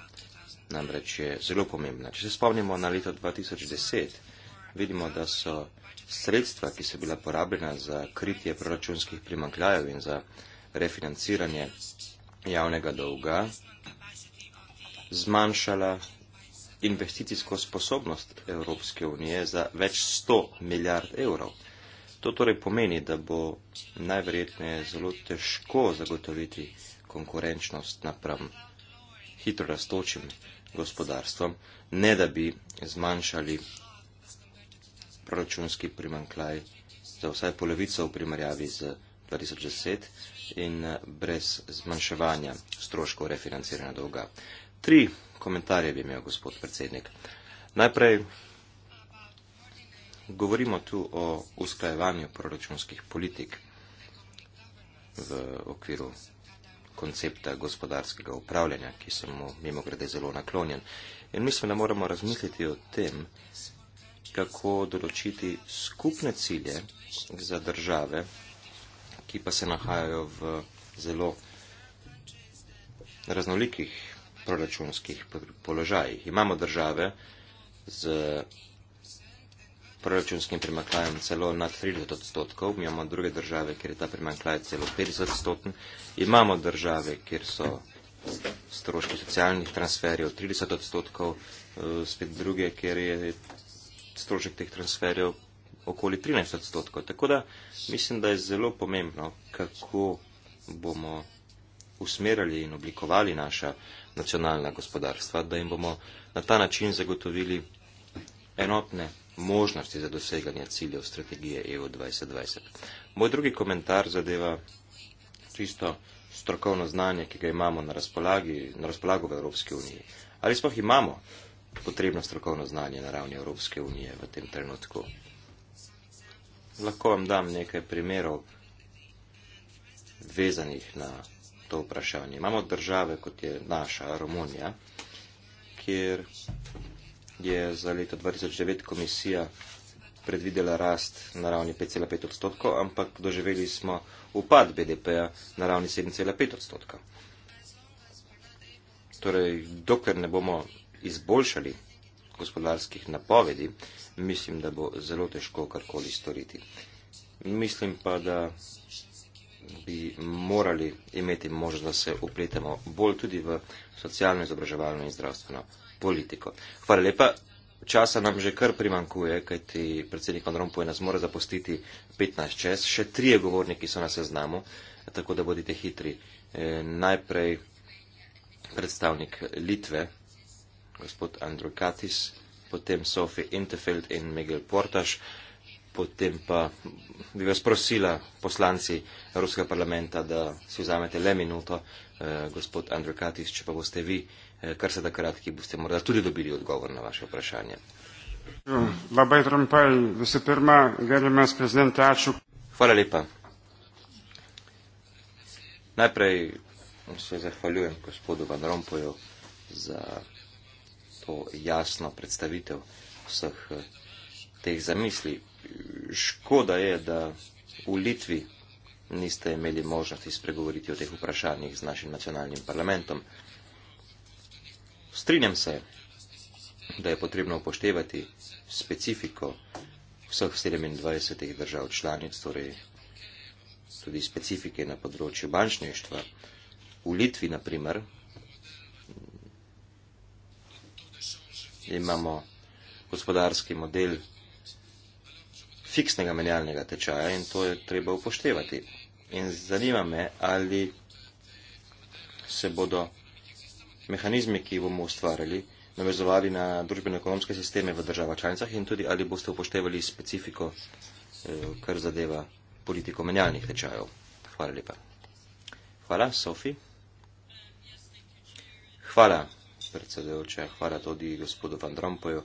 namreč je zelo pomembna. Če se spomnimo na leto 2010, vidimo, da so sredstva, ki so bila porabljena za kritje proračunskih primankljajev in za refinanciranje javnega dolga, zmanjšala investicijsko sposobnost Evropske unije za več 100 milijard evrov. To torej pomeni, da bo najverjetneje zelo težko zagotoviti konkurenčnost napram hitro rastočim gospodarstvom, ne da bi zmanjšali proračunski primankljaj za vsaj polovico v primerjavi z 2010 in eh, brez zmanjševanja stroškov refinanciranja dolga. Tri komentarje bi imel gospod predsednik. Najprej govorimo tu o usklajevanju proračunskih politik v okviru koncepta gospodarskega upravljanja, ki sem mu mimo grede zelo naklonjen. In mislim, da moramo razmisliti o tem, kako določiti skupne cilje za države, ki pa se nahajajo v zelo raznolikih proračunskih položajih. Imamo države z proračunskim primakljajem celo nad 30 odstotkov, imamo druge države, kjer je ta primakljaj celo 50 odstotkov, imamo države, kjer so stroški socialnih transferjev 30 odstotkov, eh, spet druge, kjer je strošek teh transferjev okoli 13 odstotkov. Tako da mislim, da je zelo pomembno, kako bomo usmerjali in oblikovali naša nacionalna gospodarstva, da jim bomo na ta način zagotovili enotne možnosti za doseganje ciljev strategije EU 2020. Moj drugi komentar zadeva čisto strokovno znanje, ki ga imamo na, na razpolago v Evropski uniji. Ali sploh imamo potrebno strokovno znanje na ravni Evropske unije v tem trenutku. Lahko vam dam nekaj primerov vezanih na to vprašanje. Imamo države, kot je naša Romunija, kjer je za leto 2009 komisija predvidela rast na ravni 5,5 odstotkov, ampak doživeli smo upad BDP-ja na ravni 7,5 odstotkov. Torej, dokler ne bomo izboljšali gospodarskih napovedi, mislim, da bo zelo težko karkoli storiti. Mislim pa, da bi morali imeti možnost, da se upletemo bolj tudi v socialno izobraževalno in zdravstveno politiko. Hvala lepa. Časa nam že kar primankuje, kajti predsednik Andron Pojena zmore zapustiti 15 čas. Še trije govorniki so na seznamu, tako da bodite hitri. E, najprej predstavnik Litve, gospod Andrukatis, potem Sofi Interfeld in Miguel Portaš, potem pa bi vas prosila poslanci Evropskega parlamenta, da si vzamete le minuto, eh, gospod Andrukatis, če pa boste vi, eh, kar se da kratki, boste morda tudi dobili odgovor na vaše vprašanje. Hvala lepa. Najprej se zahvaljujem gospodu Van Rompuju za tako jasno predstavitev vseh eh, teh zamisli. Škoda je, da v Litvi niste imeli možnosti spregovoriti o teh vprašanjih z našim nacionalnim parlamentom. Strinjam se, da je potrebno upoštevati specifiko vseh 27 držav članic, torej tudi specifike na področju bančništva. V Litvi, na primer, imamo gospodarski model fiksnega menjalnega tečaja in to je treba upoštevati. In zanima me, ali se bodo mehanizmi, ki jih bomo ustvarjali, navezovali na družbeno-ekonomske sisteme v državah članicah in tudi, ali boste upoštevali specifiko, eh, kar zadeva politiko menjalnih tečajev. Hvala lepa. Hvala, Sofi. Hvala predsedujoče, hvala tudi gospodu Van Rompuju.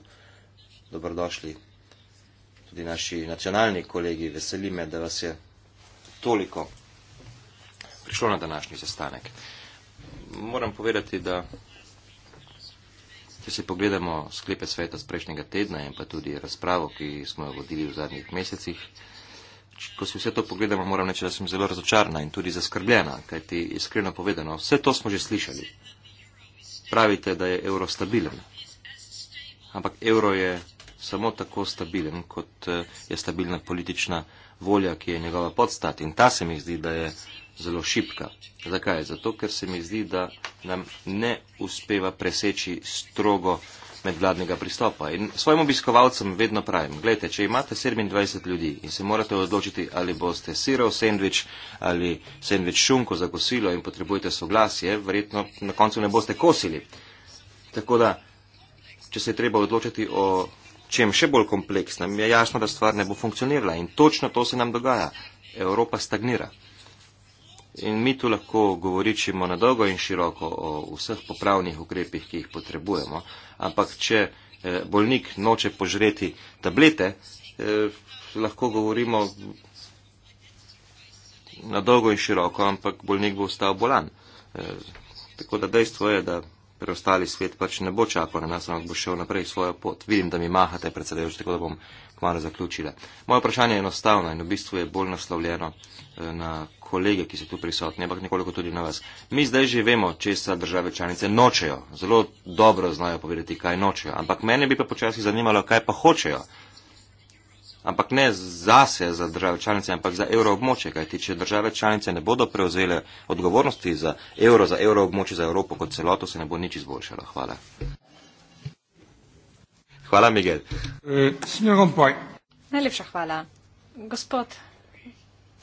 Dobrodošli tudi naši nacionalni kolegi, veseli me, da vas je toliko prišlo na današnji sestanek. Moram povedati, da če si pogledamo sklepe sveta z prejšnjega tedna in pa tudi razpravo, ki smo jo vodili v zadnjih mesecih, ko si vse to pogledamo, moram reči, da sem zelo razočarna in tudi zaskrbljena, kajti iskreno povedano, vse to smo že slišali pravite, da je evro stabilen. Ampak evro je samo tako stabilen, kot eh, je stabilna politična volja, ki je njegova podstat. In ta se mi zdi, da je zelo šipka. Zakaj? Zato, ker se mi zdi, da nam ne uspeva preseči strogo medvladnega pristopa. In svojim obiskovalcem vedno pravim, gledajte, če imate 27 ljudi in se morate odločiti, ali boste sirov sendvič ali sendvič šunko za kosilo in potrebujete soglasje, verjetno na koncu ne boste kosili. Tako da, če se je treba odločiti o čem še bolj kompleksnem, je jasno, da stvar ne bo funkcionirala. In točno to se nam dogaja. Evropa stagnira. In mi tu lahko govoričimo na dolgo in široko o vseh popravnih ukrepih, ki jih potrebujemo. Ampak, če eh, bolnik noče požreti tablete, eh, lahko govorimo na dolgo in široko, ampak bolnik bo ostal bolan. Eh, tako da dejstvo je, da preostali svet pač ne bo čakal na nas, ampak bo šel naprej svojo pot. Vidim, da mi mahate, predsedujoči, tako da bom kmalo zaključila. Moje vprašanje je enostavno in v bistvu je bolj naslovljeno na kolege, ki so tu prisotni, ampak nekoliko tudi na vas. Mi zdaj že vemo, česa države članice nočejo. Zelo dobro znajo povedati, kaj nočejo. Ampak mene bi pa počasi zanimalo, kaj pa hočejo. Ampak ne zase za države članice, ampak za evroobmoče. Kaj ti, če države članice ne bodo prevzele odgovornosti za evro, za evroobmoče, za Evropo kot celoto, se ne bo nič izboljšalo. Hvala. Hvala, Miguel. Eh, Najlepša hvala. Gospod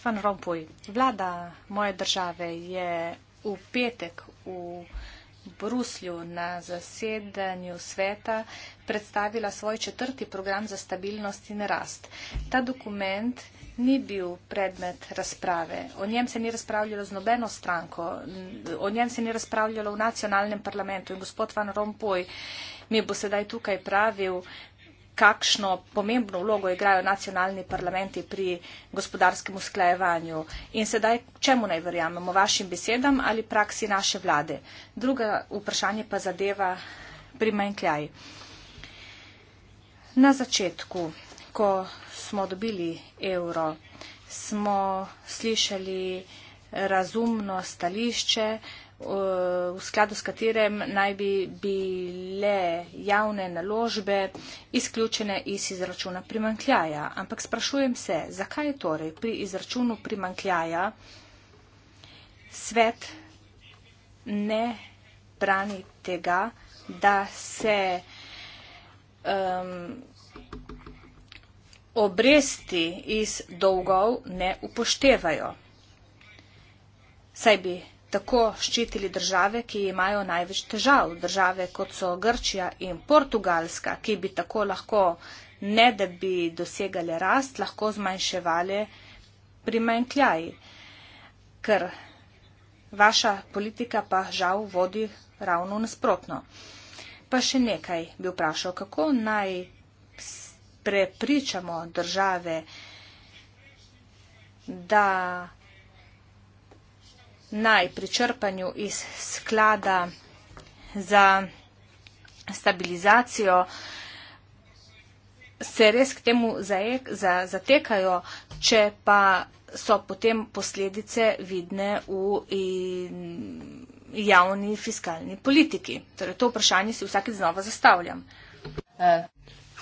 Van Rompuy, vlada moje države je v petek v Bruslju na zasedanju sveta predstavila svoj četrti program za stabilnost in rast. Ta dokument ni bil predmet razprave. O njem se ni razpravljalo z nobeno stranko, o njem se ni razpravljalo v nacionalnem parlamentu in gospod Van Rompuy mi bo sedaj tukaj pravil, kakšno pomembno vlogo igrajo nacionalni parlamenti pri gospodarskem usklajevanju. In sedaj, čemu naj verjamemo, vašim besedam ali praksi naše vlade? Druga vprašanje pa zadeva primankljaj. Na začetku, ko smo dobili evro, smo slišali razumno stališče, Eh, v skladu s katerem naj bi bile javne naložbe izključene iz izračuna primankljaja. Ampak sprašujem se, zakaj je torej pri izračunu primankljaja svet ne brani tega, da se um, obresti iz dolgov ne upoštevajo. Saj bi tako ščitili države, ki imajo največ težav, države kot so Grčija in Portugalska, ki bi tako lahko, ne da bi dosegali rast, lahko zmanjševali primankljaj, ker vaša politika pa žal vodi ravno nasprotno. Pa še nekaj bi vprašal, kako naj prepričamo države, da naj pri črpanju iz sklada za stabilizacijo se res k temu zatekajo, če pa so potem posledice vidne v javni fiskalni politiki. Torej, to vprašanje si vsaki znova zastavljam.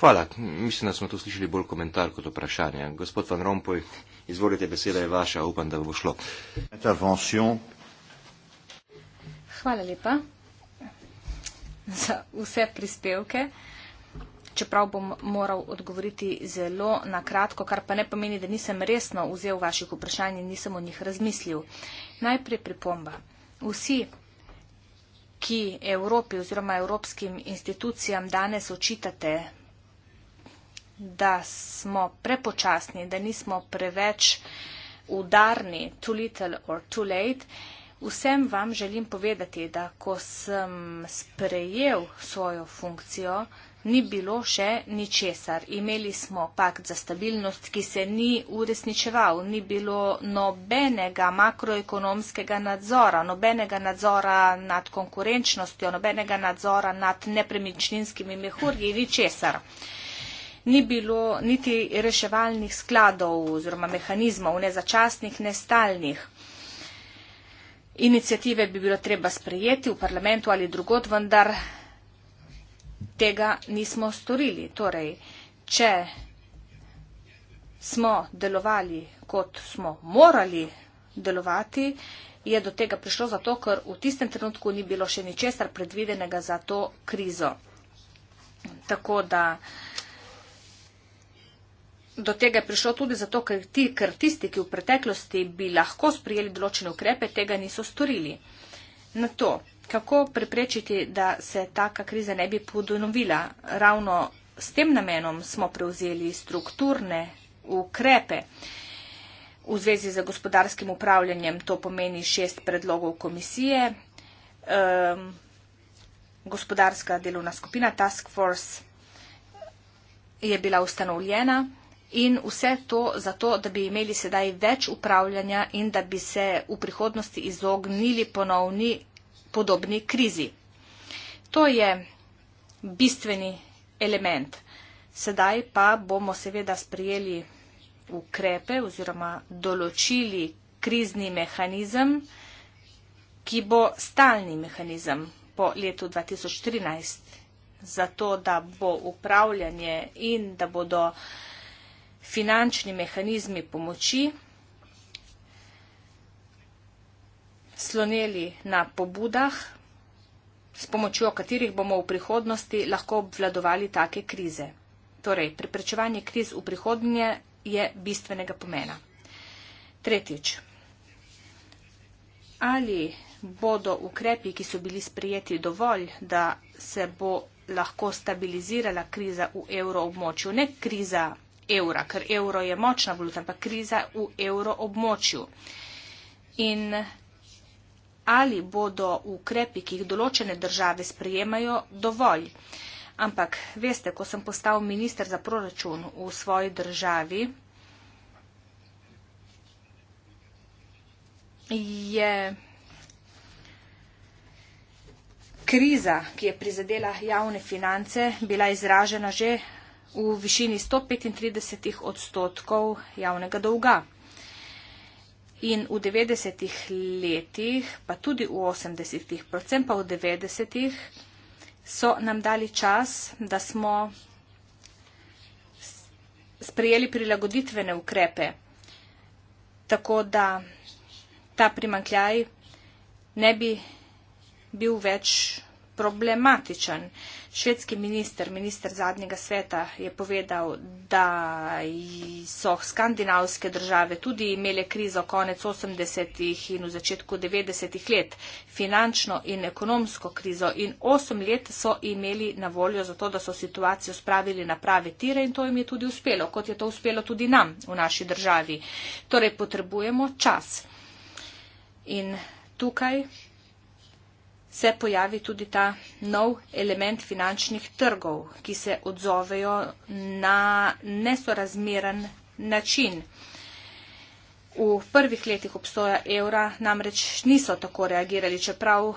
Hvala. Mislim, da smo tu slišali bolj komentar kot vprašanje. Gospod Van Rompuy. Izvolite, beseda je vaša, upam, da bo šlo. Hvala lepa za vse prispevke. Čeprav bom moral odgovoriti zelo na kratko, kar pa ne pomeni, da nisem resno vzel vaših vprašanj in nisem o njih razmislil. Najprej pripomba. Vsi, ki Evropi oziroma evropskim institucijam danes očitate da smo prepočasni, da nismo preveč udarni, too little or too late. Vsem vam želim povedati, da ko sem sprejel svojo funkcijo, ni bilo še ničesar. Imeli smo pakt za stabilnost, ki se ni uresničeval, ni bilo nobenega makroekonomskega nadzora, nobenega nadzora nad konkurenčnostjo, nobenega nadzora nad nepremičninskimi mehurji, ničesar ni bilo niti reševalnih skladov oziroma mehanizmov, ne začasnih, ne stalnih. Inicijative bi bilo treba sprejeti v parlamentu ali drugod, vendar tega nismo storili. Torej, če smo delovali, kot smo morali delovati, je do tega prišlo zato, ker v tistem trenutku ni bilo še ničesar predvidenega za to krizo. Tako da do tega je prišlo tudi zato, ker, ti, ker tisti, ki v preteklosti bi lahko sprijeli določene ukrepe, tega niso storili. Na to, kako preprečiti, da se taka kriza ne bi ponovila, ravno s tem namenom smo prevzeli strukturne ukrepe. V zvezi z gospodarskim upravljanjem to pomeni šest predlogov komisije. Um, gospodarska delovna skupina Task Force je bila ustanovljena in vse to zato, da bi imeli sedaj več upravljanja in da bi se v prihodnosti izognili ponovni podobni krizi. To je bistveni element. Sedaj pa bomo seveda sprijeli ukrepe oziroma določili krizni mehanizem, ki bo stalni mehanizem po letu 2013, zato da bo upravljanje in da bodo finančni mehanizmi pomoči, sloneli na pobudah, s pomočjo katerih bomo v prihodnosti lahko obvladovali take krize. Torej, preprečevanje kriz v prihodnje je bistvenega pomena. Tretjič. Ali bodo ukrepi, ki so bili sprejeti dovolj, da se bo lahko stabilizirala kriza v evroobmočju, ne kriza evra, ker evro je močna valuta, ampak kriza v evroobmočju. In ali bodo ukrepi, ki jih določene države sprejemajo, dovolj. Ampak veste, ko sem postal minister za proračun v svoji državi, je kriza, ki je prizadela javne finance, bila izražena že v višini 135 odstotkov javnega dolga. In v 90 letih, pa tudi v 80, predvsem pa v 90, so nam dali čas, da smo sprejeli prilagoditvene ukrepe, tako da ta primankljaj ne bi bil več problematičen. Švedski minister, minister zadnjega sveta, je povedal, da so skandinavske države tudi imele krizo konec 80-ih in v začetku 90-ih let, finančno in ekonomsko krizo in 8 let so imeli na voljo za to, da so situacijo spravili na prave tire in to jim je tudi uspelo, kot je to uspelo tudi nam v naši državi. Torej, potrebujemo čas. In tukaj se pojavi tudi ta nov element finančnih trgov, ki se odzovejo na nesorazmeren način. V prvih letih obstoja evra namreč niso tako reagirali, čeprav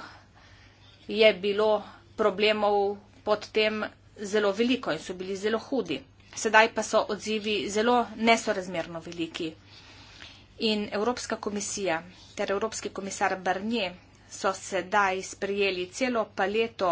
je bilo problemov pod tem zelo veliko in so bili zelo hudi. Sedaj pa so odzivi zelo nesorazmerno veliki. In Evropska komisija ter Evropski komisar Barnier so sedaj sprijeli celo paleto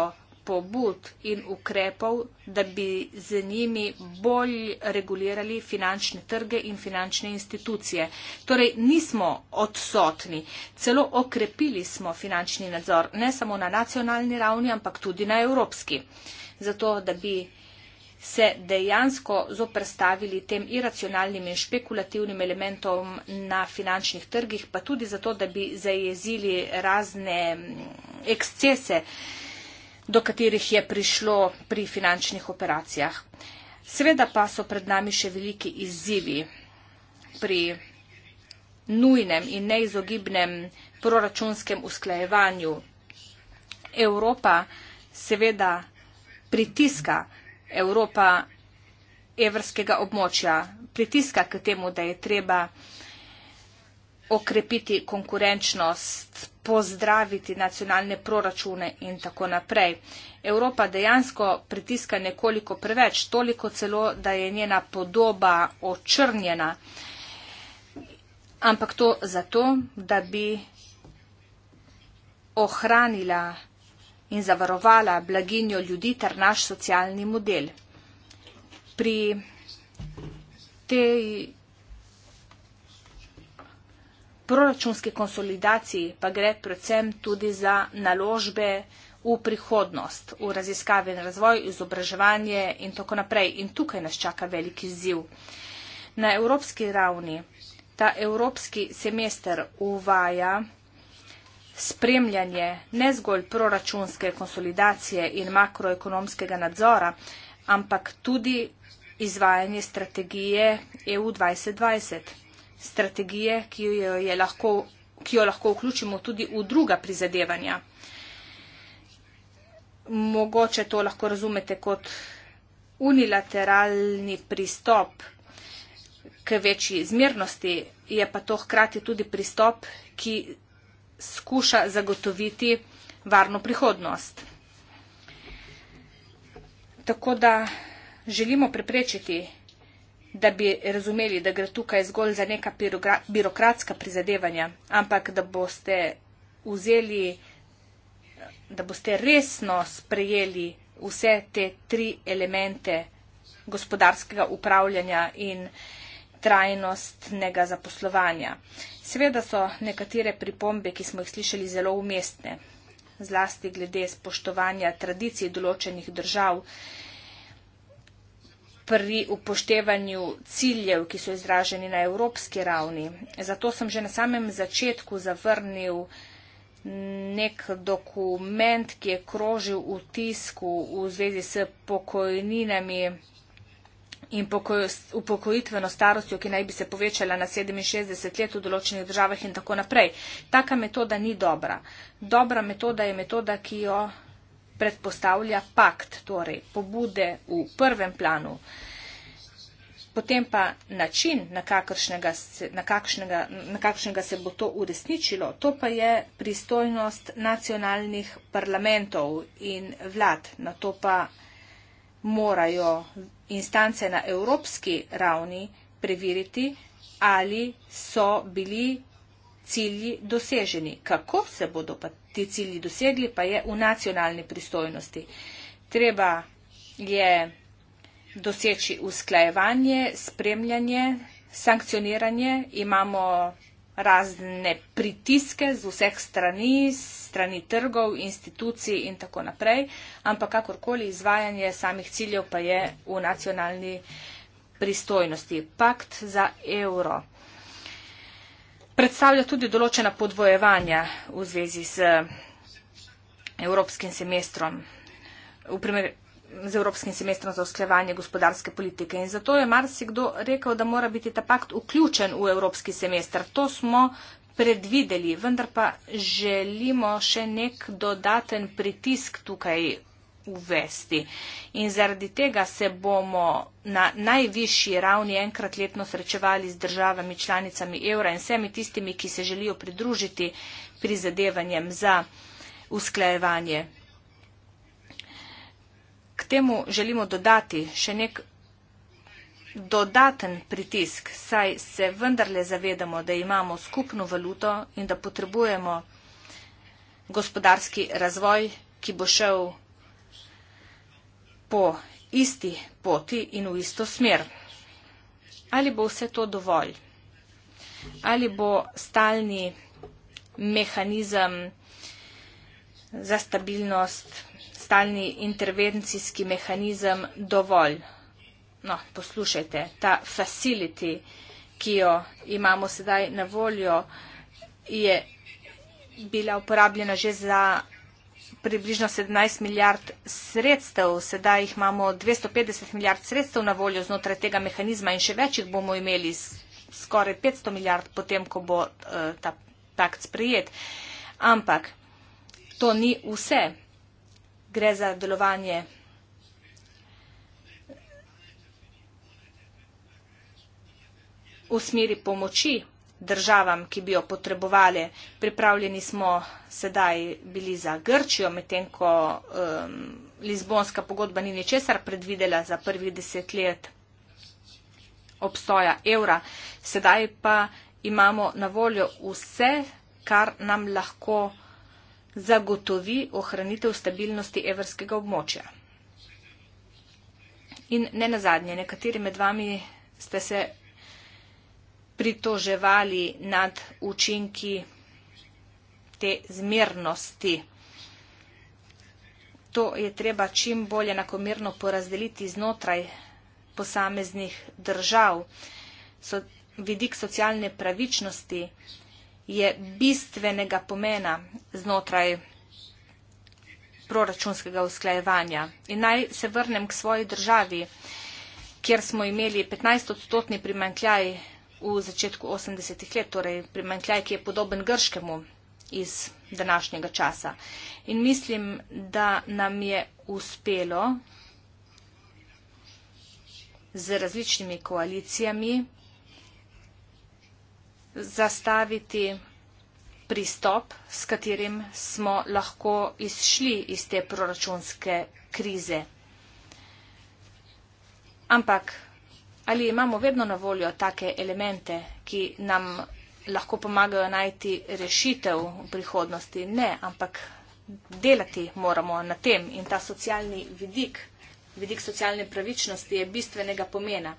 pobud in ukrepov, da bi z njimi bolj regulirali finančne trge in finančne institucije. Torej, nismo odsotni, celo okrepili smo finančni nadzor, ne samo na nacionalni ravni, ampak tudi na evropski, zato da bi se dejansko zoprstavili tem iracionalnim in špekulativnim elementom na finančnih trgih, pa tudi zato, da bi zajezili razne mm, ekscese, do katerih je prišlo pri finančnih operacijah. Sveda pa so pred nami še veliki izzivi pri nujnem in neizogibnem proračunskem usklajevanju. Evropa seveda pritiska, Evropa evrskega območja pritiska k temu, da je treba okrepiti konkurenčnost, pozdraviti nacionalne proračune in tako naprej. Evropa dejansko pritiska nekoliko preveč, toliko celo, da je njena podoba očrnjena. Ampak to zato, da bi ohranila in zavarovala blaginjo ljudi ter naš socialni model. Pri tej proračunski konsolidaciji pa gre predvsem tudi za naložbe v prihodnost, v raziskave in razvoj, izobraževanje in tako naprej. In tukaj nas čaka veliki ziv. Na evropski ravni ta evropski semester uvaja spremljanje ne zgolj proračunske konsolidacije in makroekonomskega nadzora, ampak tudi izvajanje strategije EU 2020, strategije, ki jo, je lahko, ki jo lahko vključimo tudi v druga prizadevanja. Mogoče to lahko razumete kot unilateralni pristop k večji zmernosti, je pa to hkrati tudi pristop, ki skuša zagotoviti varno prihodnost. Tako da želimo preprečiti, da bi razumeli, da gre tukaj zgolj za neka birokratska prizadevanja, ampak da boste vzeli, da boste resno sprejeli vse te tri elemente gospodarskega upravljanja in trajnostnega zaposlovanja. Seveda so nekatere pripombe, ki smo jih slišali, zelo umestne, zlasti glede spoštovanja tradicij določenih držav pri upoštevanju ciljev, ki so izraženi na evropski ravni. Zato sem že na samem začetku zavrnil nek dokument, ki je krožil v tisku v zvezi s pokojninami in upokojitveno starostjo, ki naj bi se povečala na 67 let v določenih državah in tako naprej. Taka metoda ni dobra. Dobra metoda je metoda, ki jo predpostavlja pakt, torej pobude v prvem planu. Potem pa način, na kakšnega, na, kakšnega, na kakšnega se bo to uresničilo, to pa je pristojnost nacionalnih parlamentov in vlad. Na to pa morajo instance na evropski ravni preveriti, ali so bili cilji doseženi. Kako se bodo pa ti cilji dosegli, pa je v nacionalni pristojnosti. Treba je doseči usklajevanje, spremljanje, sankcioniranje. Imamo razne pritiske z vseh strani, strani trgov, institucij in tako naprej, ampak kakorkoli izvajanje samih ciljev pa je v nacionalni pristojnosti. Pakt za evro predstavlja tudi določena podvojevanja v zvezi z evropskim semestrom. V primer, z Evropskim semestrom za usklevanje gospodarske politike. In zato je marsikdo rekel, da mora biti ta pakt vključen v Evropski semester. To smo predvideli, vendar pa želimo še nek dodaten pritisk tukaj uvesti. In zaradi tega se bomo na najvišji ravni enkrat letno srečevali z državami, članicami evra in vsemi tistimi, ki se želijo pridružiti prizadevanjem za usklajevanje temu želimo dodati še nek dodaten pritisk, saj se vendarle zavedamo, da imamo skupno valuto in da potrebujemo gospodarski razvoj, ki bo šel po isti poti in v isto smer. Ali bo vse to dovolj? Ali bo stalni mehanizem za stabilnost stalni intervencijski mehanizem dovolj. No, poslušajte, ta facility, ki jo imamo sedaj na voljo, je bila uporabljena že za približno 17 milijard sredstev, sedaj jih imamo 250 milijard sredstev na voljo znotraj tega mehanizma in še več jih bomo imeli skoraj 500 milijard potem, ko bo uh, ta pakt sprejet. Ampak to ni vse gre za delovanje v smeri pomoči državam, ki bi jo potrebovali. Pripravljeni smo sedaj bili za Grčijo, medtem ko um, Lizbonska pogodba ni ničesar predvidela za prvih deset let obstoja evra. Sedaj pa imamo na voljo vse, kar nam lahko zagotovi ohranitev stabilnosti evrskega območja. In ne nazadnje, nekateri med vami ste se pritoževali nad učinki te zmernosti. To je treba čim bolje enakomerno porazdeliti znotraj posameznih držav. So, vidik socialne pravičnosti je bistvenega pomena znotraj proračunskega usklajevanja. In naj se vrnem k svoji državi, kjer smo imeli 15-odstotni primankljaj v začetku 80-ih let, torej primankljaj, ki je podoben grškemu iz današnjega časa. In mislim, da nam je uspelo z različnimi koalicijami zastaviti pristop, s katerim smo lahko izšli iz te proračunske krize. Ampak ali imamo vedno na voljo take elemente, ki nam lahko pomagajo najti rešitev v prihodnosti? Ne, ampak delati moramo na tem in ta socialni vidik Vidik socialne pravičnosti je bistvenega pomena.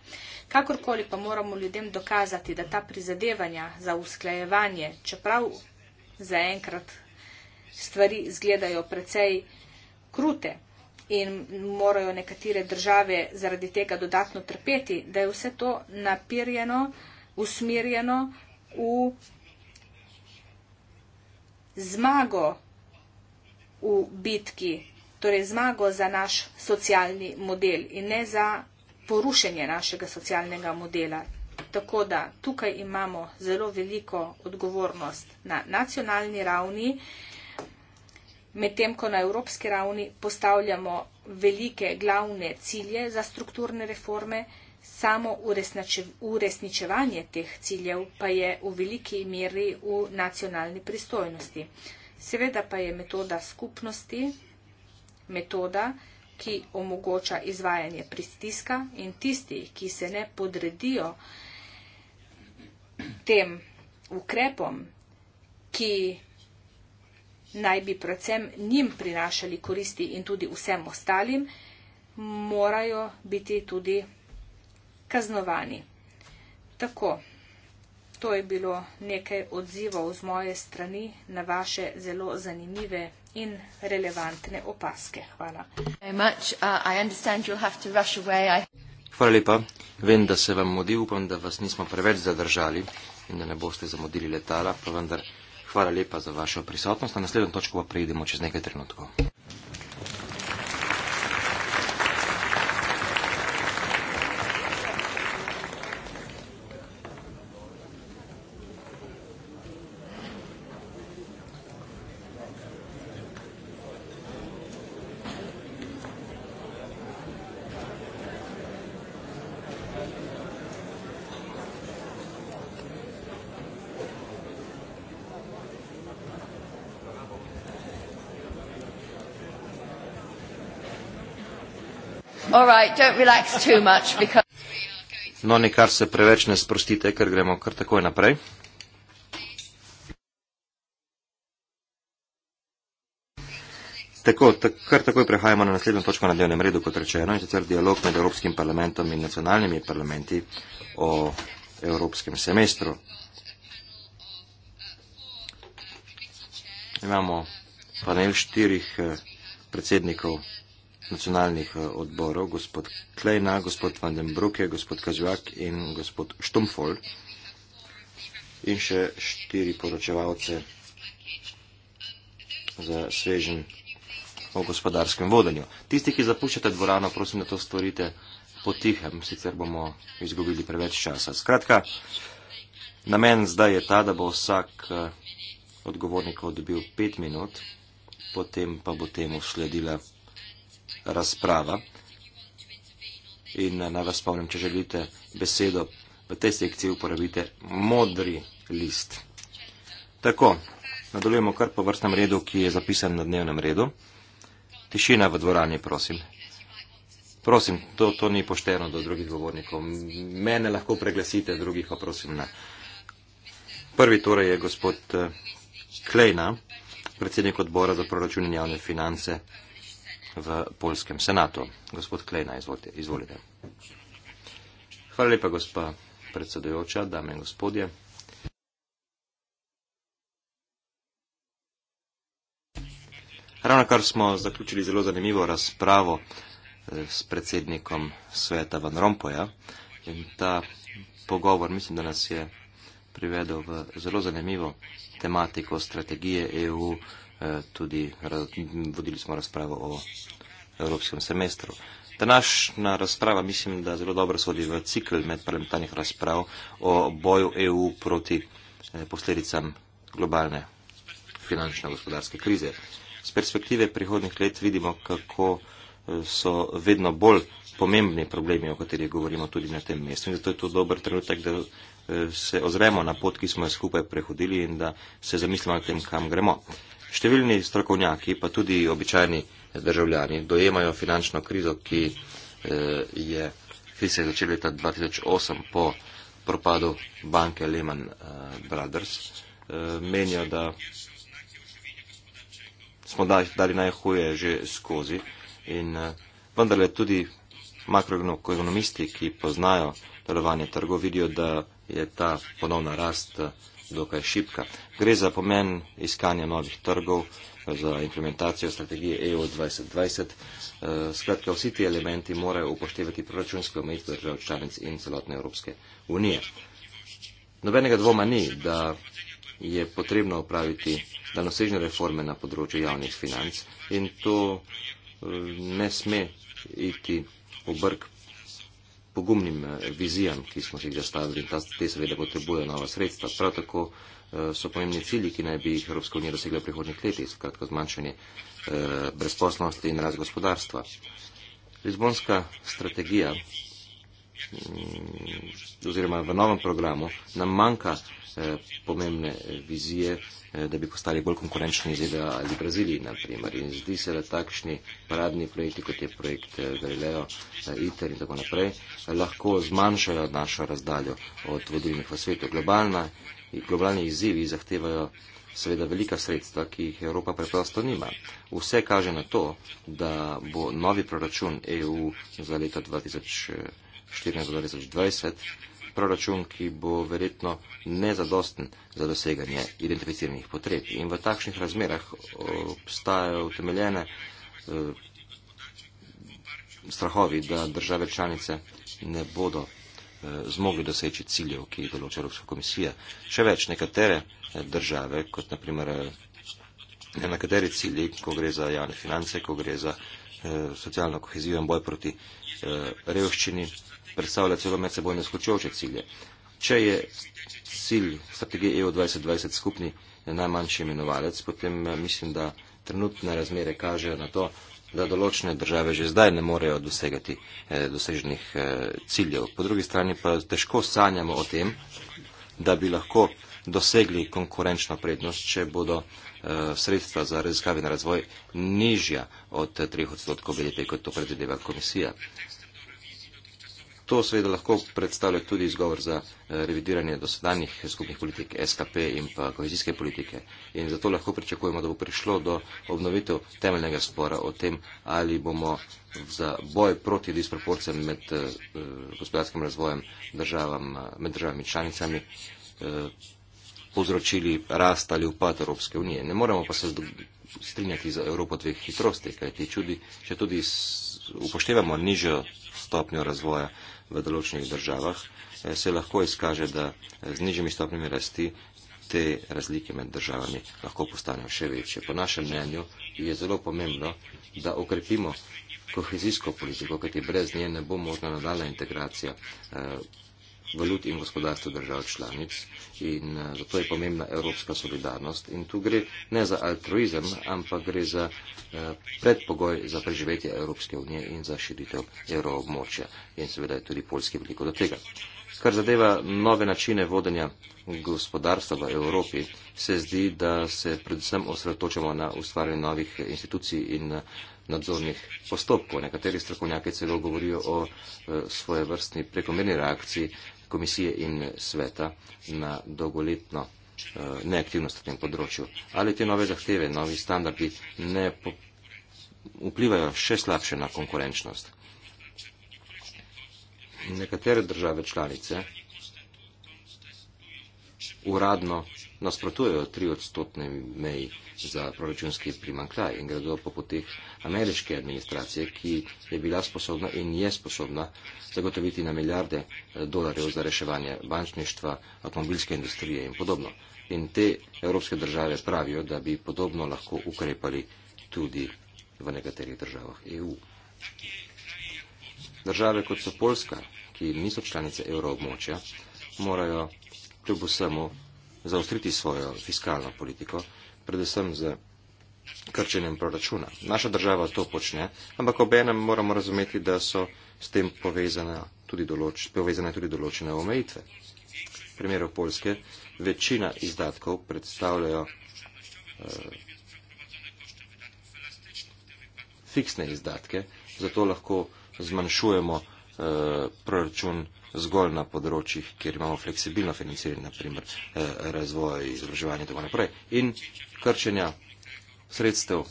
Kakorkoli pa moramo ljudem dokazati, da ta prizadevanja za usklajevanje, čeprav zaenkrat stvari izgledajo precej krute in morajo nekatere države zaradi tega dodatno trpeti, da je vse to napirjeno, usmerjeno v zmago v bitki torej zmago za naš socialni model in ne za porušenje našega socialnega modela. Tako da tukaj imamo zelo veliko odgovornost na nacionalni ravni, medtem ko na evropski ravni postavljamo velike glavne cilje za strukturne reforme, samo uresničevanje teh ciljev pa je v veliki meri v nacionalni pristojnosti. Seveda pa je metoda skupnosti metoda, ki omogoča izvajanje pritiska in tisti, ki se ne podredijo tem ukrepom, ki naj bi predvsem njim prinašali koristi in tudi vsem ostalim, morajo biti tudi kaznovani. Tako, to je bilo nekaj odzivov z moje strani na vaše zelo zanimive in relevantne opaske. Hvala. Uh, hvala lepa. Vem, da se vam modi, upam, da vas nismo preveč zadržali in da ne boste zamudili letala, pa vendar hvala lepa za vašo prisotnost. Na naslednjo točko pa prejdemo čez nekaj trenutkov. No, nikar se preveč ne sprostite, ker gremo kar takoj naprej. Tako, tak, kar takoj prehajamo na naslednjo točko na dnevnem redu, kot rečeno, in sicer dialog med Evropskim parlamentom in nacionalnimi parlamenti o Evropskem semestru. Imamo panel štirih eh, predsednikov nacionalnih eh, odborov, gospod Klejna, gospod Van den Brucke, gospod Kazuak in gospod Štumfol in še štiri poročevalce za svežen o gospodarskem vodenju. Tisti, ki zapuščate dvorano, prosim, da to storite potihem, sicer bomo izgubili preveč časa. Skratka, namen zdaj je ta, da bo vsak eh, odgovornik dobil pet minut, potem pa bo temu sledila razprava. In eh, naj vas spomnim, če želite besedo v tej sekciji, uporabite modri list. Tako, nadaljujemo kar po vrstnem redu, ki je zapisan na dnevnem redu. Tišina v dvorani, prosim. Prosim, to, to ni pošteno do drugih govornikov. Mene lahko preglasite, drugih pa prosim ne. Prvi torej je gospod eh, Klejna, predsednik odbora za proračun in javne finance v Polskem senatu. Gospod Klejna, izvolite. izvolite. Hvala lepa, gospa predsedojoča, dame in gospodje. Ravno kar smo zaključili zelo zanimivo razpravo eh, s predsednikom sveta Van Rompoja in ta pogovor mislim, da nas je privedel v zelo zanimivo tematiko strategije EU Eh, tudi vodili smo razpravo o evropskem semestru. Današnja razprava mislim, da zelo dobro sodi v cikl medparlamentarnih razprav o boju EU proti eh, posledicam globalne finančno-gospodarske krize. Z perspektive prihodnih let vidimo, kako eh, so vedno bolj pomembni problemi, o katerih govorimo tudi na tem mestu. In zato je to dober trenutek, da se ozremo na pot, ki smo jo skupaj prehodili in da se zamislimo o tem, kam gremo. Številni strokovnjaki, pa tudi običajni državljani, dojemajo finančno krizo, ki eh, je, ki se je začela leta 2008 po propadu banke Lehman eh, Brothers, eh, menijo, da smo dali najhuje že skozi in vendarle tudi makroekonomisti, ki poznajo delovanje trgov, vidijo, da je ta ponovna rast dokaj šipka. Gre za pomen iskanja novih trgov, za implementacijo strategije EU 2020. Eh, skratka, vsi ti elementi morajo upoštevati proračunske omejitve držav članic in celotne Evropske unije. Nobenega dvoma ni, da je potrebno opraviti danosežne reforme na področju javnih financ in to eh, ne sme iti v brk pogumnim eh, vizijam, ki smo si jih zastavili. Ta, te seveda potrebujejo nova sredstva. Prav tako eh, so pomembni cilji, ki naj bi jih Evropska unija dosegla v prihodnjih letih, skratka zmanjšanje eh, brezposlnosti in raz gospodarstva. Lizbonska strategija mm, oziroma v novem programu nam manjka Eh, pomembne vizije, eh, da bi postali bolj konkurenčni ZDA ali Braziliji, naprimer. In zdi se, da takšni paradni projekti, kot je projekt eh, Galileo, ITER in tako naprej, lahko zmanjšajo našo razdaljo od vodilnih v svetu. Globalna, globalni izzivi zahtevajo seveda velika sredstva, ki jih Evropa preprosto nima. Vse kaže na to, da bo novi proračun EU za leto 2014-2020 proračun, ki bo verjetno nezadosten za doseganje identificiranih potreb. In v takšnih razmerah obstajajo utemeljene eh, strahovi, da države članice ne bodo eh, zmogli doseči ciljev, ki jih določa Evropska komisija. Še več, nekatere eh, države, kot naprimer nekateri cilji, ko gre za javne finance, ko gre za socialno kohezijo in boj proti revščini, predstavlja celo med seboj nasločujoče cilje. Če je cilj strategije EU 2020 skupni najmanjši imenovalec, potem eh, mislim, da trenutne razmere kažejo na to, da določene države že zdaj ne morejo dosegati eh, doseženih eh, ciljev. Po drugi strani pa težko sanjamo o tem, da bi lahko dosegli konkurenčno prednost, če bodo eh, sredstva za raziskave in razvoj nižja od 3 eh, odstotkov BDP, kot to predvideva komisija to seveda lahko predstavlja tudi izgovor za eh, revidiranje dosedanjih skupnih politik SKP in pa kohezijske politike. In zato lahko pričakujemo, da bo prišlo do obnovitev temeljnega spora o tem, ali bomo za boj proti disproporcijam med eh, eh, gospodarskim razvojem državam, med državami članicami povzročili rast ali upad Evropske unije. Ne moremo pa se strinjati za Evropo dveh hitrosti, kajti čudi, če tudi upoštevamo nižjo stopnjo razvoja v določenih državah, eh, se lahko izkaže, da z nižjimi stopnjami rasti te razlike med državami lahko postanejo še večje. Po našem mnenju je zelo pomembno, da okrepimo kohezijsko politiko, kajti brez nje ne bo možna nadaljna integracija. Eh, valut in gospodarstvo držav članic in eh, zato je pomembna evropska solidarnost in tu gre ne za altruizem, ampak gre za eh, predpogoj za preživetje Evropske unije in za širitev evroobmočja in seveda je tudi Poljski veliko do tega. Kar zadeva nove načine vodenja gospodarstva v Evropi, se zdi, da se predvsem osredotočamo na ustvarjanje novih institucij in eh, nadzornih postopkov. Nekateri strokovnjaki celo govorijo o svoje vrstni prekomerni reakciji komisije in sveta na dolgoletno eh, neaktivnost na tem področju. Ali te nove zahteve, novi standardi ne vplivajo še slabše na konkurenčnost? Nekatere države članice uradno nasprotujejo tri odstotne meji za proračunski primankljaj in gredo po poteh ameriške administracije, ki je bila sposobna in je sposobna zagotoviti na milijarde eh, dolarjev za reševanje bančništva, avtomobilske industrije in podobno. In te evropske države pravijo, da bi podobno lahko ukrepali tudi v nekaterih državah EU. Države kot so Polska, ki niso članice evroobmočja, morajo kljub vsemu zaustriti svojo fiskalno politiko, predvsem z krčenjem proračuna. Naša država to počne, ampak obenem moramo razumeti, da so s tem povezane tudi, določ, povezane tudi določene omejitve. V primeru Polske večina izdatkov predstavljajo eh, fiksne izdatke, zato lahko zmanjšujemo Eh, proračun zgolj na področjih, kjer imamo fleksibilno financiranje, naprimer eh, razvoj, izobraževanje in tako naprej. In krčenja sredstev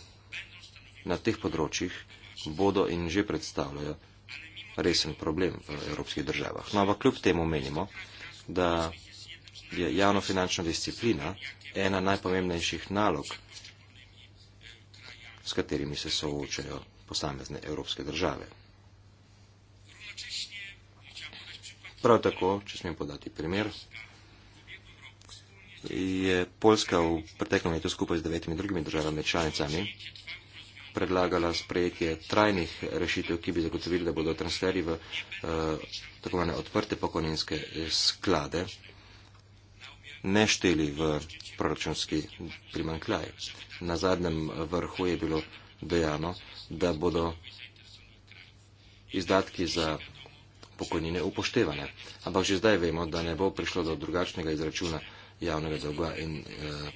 na teh področjih bodo in že predstavljajo resen problem v evropskih državah. No, ampak kljub temu menimo, da je javnofinančna disciplina ena najpomembnejših nalog, s katerimi se soočajo posamezne evropske države. Prav tako, če smem podati primer, je Poljska v preteklem letu skupaj z devetimi drugimi državami članicami predlagala sprejetje trajnih rešitev, ki bi zagotovili, da bodo transferi v uh, tako imenovane odprte pokojninske sklade ne šteli v proračunski primankljaj. Na zadnjem vrhu je bilo dejano, da bodo izdatki za pokojnine upoštevane. Ampak že zdaj vemo, da ne bo prišlo do drugačnega izračuna javnega dolga in e,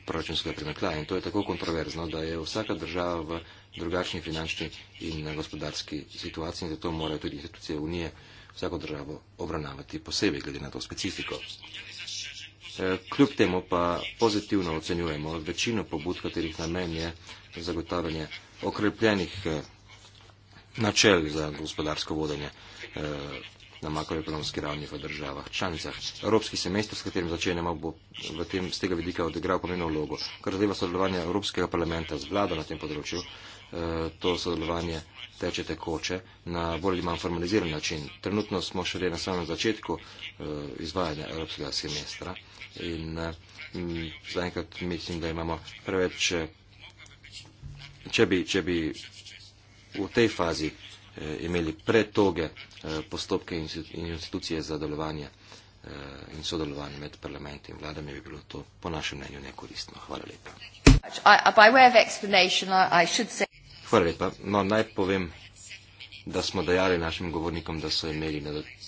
proračunskega primekljaja. In to je tako kontroverzno, da je vsaka država v drugačni finančni in eh, gospodarski situaciji in zato morajo tudi institucije Unije vsako državo obravnavati posebej glede na to specifiko. E, kljub temu pa pozitivno ocenjujemo večino pobud, katerih namen je zagotavljanje okrepljenih e, načel za gospodarsko vodenje. E, na makroekonomski ravni v državah članicah. Evropski semestr, s katerim začenjamo, bo v tem z tega vidika odigral pomembno vlogo. Kar zadeva sodelovanje Evropskega parlamenta z vlado na tem področju, eh, to sodelovanje teče tekoče na bolj ali manj formaliziran način. Trenutno smo šele na samem začetku eh, izvajanja Evropskega semestra in eh, zaenkrat mislim, da imamo preveč, če bi, če bi v tej fazi imeli pretoge eh, postopke in institucije za delovanje eh, in sodelovanje med parlamentom in vladami, bi bilo to po našem mnenju nekoristno. Hvala lepa. Hvala lepa. No, naj povem, da smo dejali našim govornikom, da so imeli,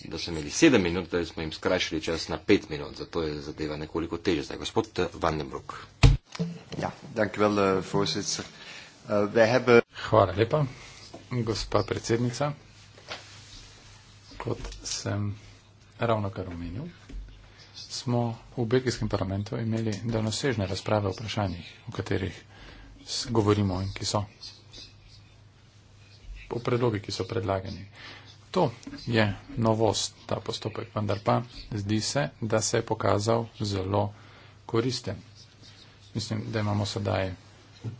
da so imeli sedem minut, da smo jim skrajšali čas na pet minut, zato je zadeva nekoliko težja. Zdaj, gospod Vandenbrug. Ja, dank vel, uh, eh, Hvala lepa gospa predsednica, kot sem ravno kar omenil, smo v belgijskem parlamentu imeli danosežne razprave o vprašanjih, o katerih govorimo in ki so. Po predlogi, ki so predlagani. To je novost, ta postopek, vendar pa zdi se, da se je pokazal zelo koristen. Mislim, da imamo sedaj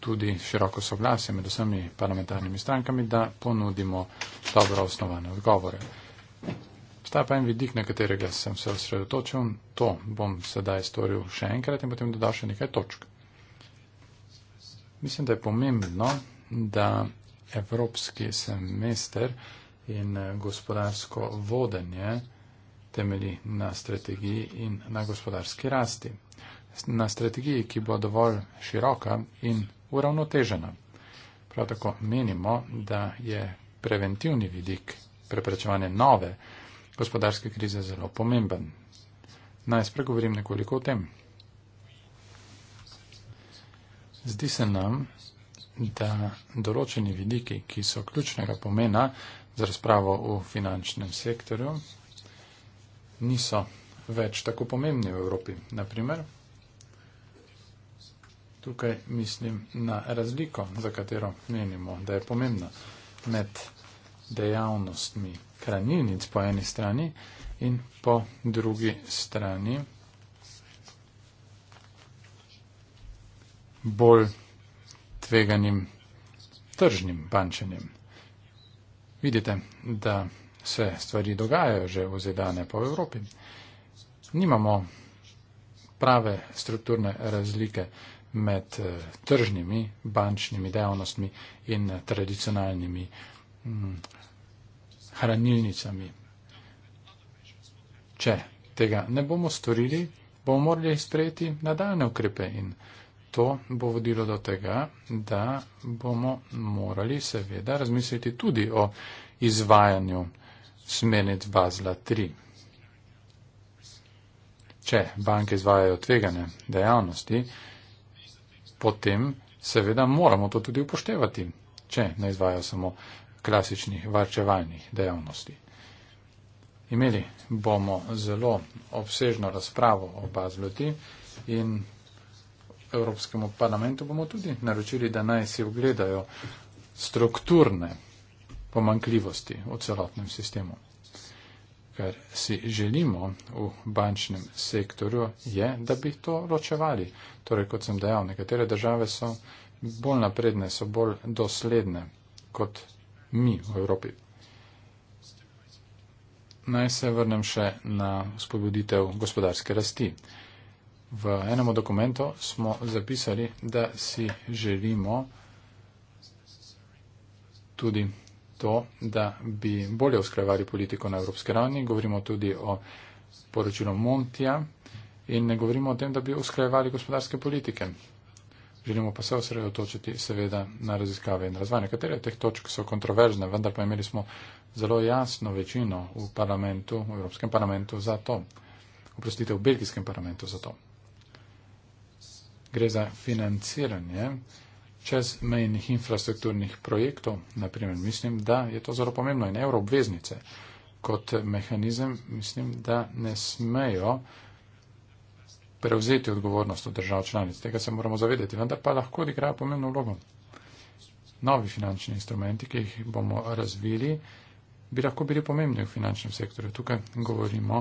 tudi široko soglasje med vsemi parlamentarnimi strankami, da ponudimo dobro osnovane odgovore. Vstaja pa en vidik, na katerega sem se osredotočil, to bom sedaj storil še enkrat in potem dodal še nekaj točk. Mislim, da je pomembno, da evropski semester in eh, gospodarsko vodenje temelji na strategiji in na gospodarski rasti na strategiji, ki bo dovolj široka in uravnotežena. Prav tako menimo, da je preventivni vidik preprečevanja nove gospodarske krize zelo pomemben. Naj spregovorim nekoliko o tem. Zdi se nam, da določeni vidiki, ki so ključnega pomena za razpravo v finančnem sektorju, niso več tako pomembni v Evropi. Naprimer, Tukaj mislim na razliko, za katero menimo, da je pomembna med dejavnostmi hranilnic po eni strani in po drugi strani bolj tveganim tržnim bančenjem. Vidite, da se stvari dogajajo že v zidane po Evropi. Nimamo prave strukturne razlike med eh, tržnimi bančnimi dejavnostmi in eh, tradicionalnimi mm, hranilnicami. Če tega ne bomo storili, bomo morali sprejeti nadaljne ukrepe in to bo vodilo do tega, da bomo morali seveda razmisliti tudi o izvajanju smernic Bazla 3. Če banke izvajajo tvegane dejavnosti, potem seveda moramo to tudi upoštevati, če ne izvajo samo klasičnih varčevalnih dejavnosti. Imeli bomo zelo obsežno razpravo o bazloti in Evropskemu parlamentu bomo tudi naročili, da naj si ogledajo strukturne pomankljivosti v celotnem sistemu kar si želimo v bančnem sektorju, je, da bi to ločevali. Torej, kot sem dejal, nekatere države so bolj napredne, so bolj dosledne kot mi v Evropi. Naj se vrnem še na spodbuditev gospodarske rasti. V enem dokumentu smo zapisali, da si želimo tudi to, da bi bolje usklajevali politiko na evropske ravni. Govorimo tudi o poročilu Montija in ne govorimo o tem, da bi usklajevali gospodarske politike. Želimo pa se osredotočiti seveda na raziskave in razvoj. Nekatere teh točk so kontroverzne, vendar pa imeli smo zelo jasno večino v parlamentu, v Evropskem parlamentu za to. Oprostite, v Belgijskem parlamentu za to. Gre za financiranje čez mejnih infrastrukturnih projektov. Naprimer, mislim, da je to zelo pomembno in evroobveznice kot mehanizem, mislim, da ne smejo prevzeti odgovornost od držav članic. Tega se moramo zavedeti, vendar pa lahko odigrajo pomembno vlogo. Novi finančni instrumenti, ki jih bomo razvili, bi lahko bili pomembni v finančnem sektorju. Tukaj govorimo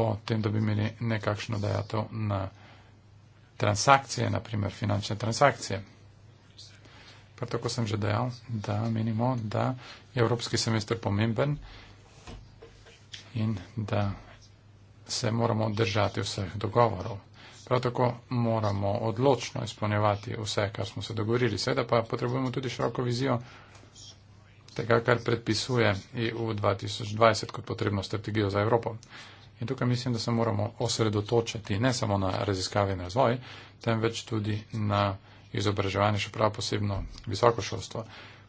o tem, da bi imeli nekakšno dajato na transakcije, naprimer finančne transakcije. Prav tako sem že dejal, da menimo, da je evropski semester pomemben in da se moramo držati vseh dogovorov. Prav tako moramo odločno izpolnjevati vse, kar smo se dogovorili. Seveda pa potrebujemo tudi široko vizijo tega, kar predpisuje EU 2020 kot potrebno strategijo za Evropo. In tukaj mislim, da se moramo osredotočiti ne samo na raziskave in razvoj, temveč tudi na izobraževanje, še prav posebno visoko šolstvo.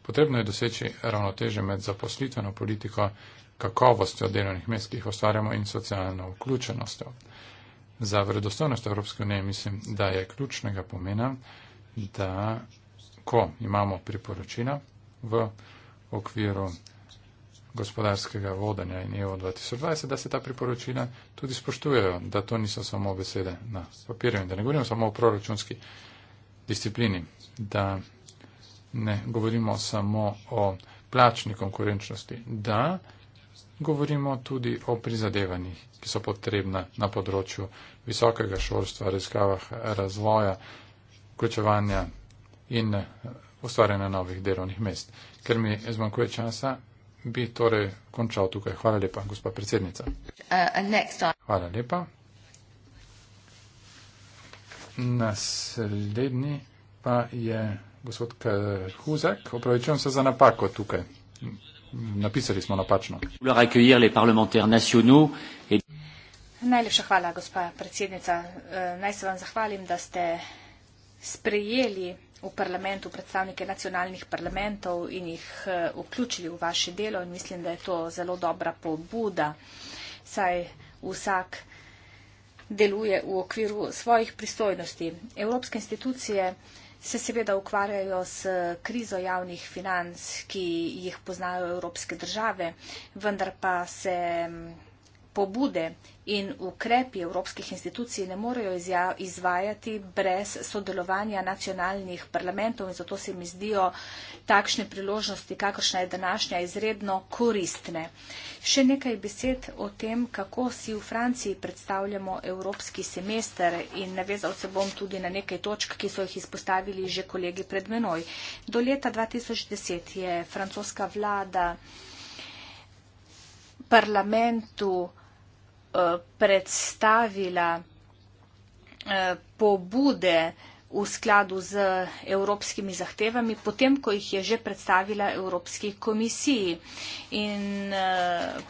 Potrebno je doseči ravnoteže med zaposlitveno politiko, kakovostjo delovnih mest, ki jih ustvarjamo in socialno vključenostjo. Za vredostojnost Evropske unije mislim, da je ključnega pomena, da ko imamo priporočila v okviru gospodarskega vodanja in EU 2020, da se ta priporočila tudi spoštujejo, da to niso samo besede na papirju in da ne govorim samo o proračunski disciplini, da ne govorimo samo o plačni konkurenčnosti, da govorimo tudi o prizadevanjih, ki so potrebna na področju visokega šolstva, raziskavah razvoja, vključevanja in eh, ustvarjanja novih delovnih mest. Ker mi zmanjkuje časa, bi torej končal tukaj. Hvala lepa, gospa predsednica. Uh, Hvala lepa. Naslednji pa je gospod Huzek. Opravičujem se za napako tukaj. Napisali smo napačno. Najlepša hvala, gospa predsednica. Eh, naj se vam zahvalim, da ste sprejeli v parlamentu predstavnike nacionalnih parlamentov in jih eh, vključili v vaše delo in mislim, da je to zelo dobra pobuda, saj vsak deluje v okviru svojih pristojnosti. Evropske institucije se seveda ukvarjajo s krizo javnih financ, ki jih poznajo evropske države, vendar pa se pobude in ukrepi evropskih institucij ne morejo izvajati brez sodelovanja nacionalnih parlamentov in zato se mi zdijo takšne priložnosti, kakršna je današnja, izredno koristne. Še nekaj besed o tem, kako si v Franciji predstavljamo evropski semester in navezal se bom tudi na nekaj točk, ki so jih izpostavili že kolegi pred menoj. Do leta 2010 je francoska vlada parlamentu Eh, predstavila eh, pobude v skladu z evropskimi zahtevami, potem, ko jih je že predstavila Evropski komisiji. In eh,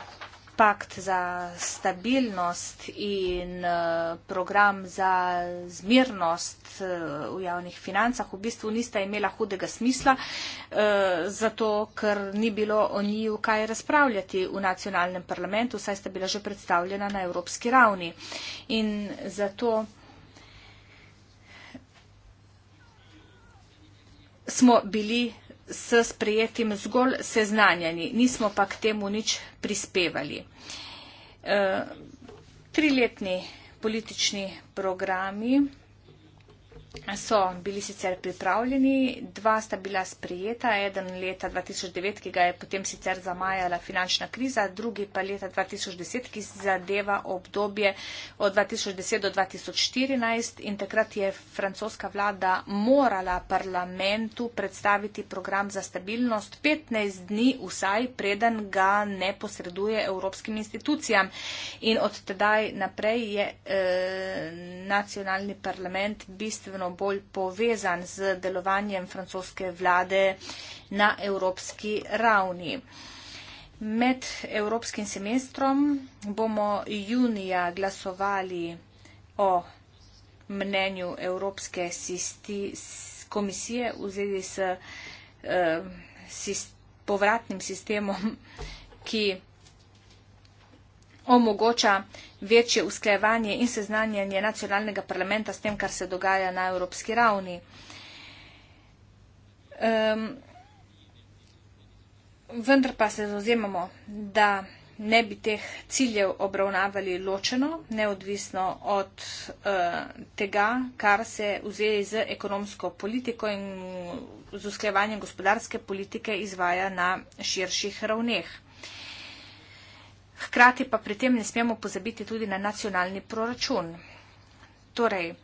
pakt za stabilnost in eh, program za zmirnost eh, v javnih financah v bistvu nista imela hudega smisla, eh, zato ker ni bilo o njiju kaj razpravljati v nacionalnem parlamentu, saj sta bila že predstavljena na evropski ravni. In zato smo bili s sprejetim zgolj seznanjeni, nismo pa k temu nič prispevali. Eh, triletni politični programi so bili sicer pripravljeni, dva sta bila sprijeta, eden leta 2009, ki ga je potem sicer zamajala finančna kriza, drugi pa leta 2010, ki zadeva obdobje od 2010 do 2014 in takrat je francoska vlada morala parlamentu predstaviti program za stabilnost 15 dni vsaj, preden ga ne posreduje evropskim institucijam. In od tedaj naprej je eh, nacionalni parlament bistveno vedno bolj povezan z delovanjem francoske vlade na evropski ravni. Med evropskim semestrom bomo junija glasovali o mnenju Evropske komisije v zvezi s eh, povratnim sistemom, ki omogoča večje usklajevanje in seznanjanje nacionalnega parlamenta s tem, kar se dogaja na evropski ravni. Um, vendar pa se zauzemamo, da ne bi teh ciljev obravnavali ločeno, neodvisno od uh, tega, kar se vzeje z ekonomsko politiko in z usklajevanjem gospodarske politike izvaja na širših ravneh. Hkrati pa pri tem ne smemo pozabiti tudi na nacionalni proračun. Torej,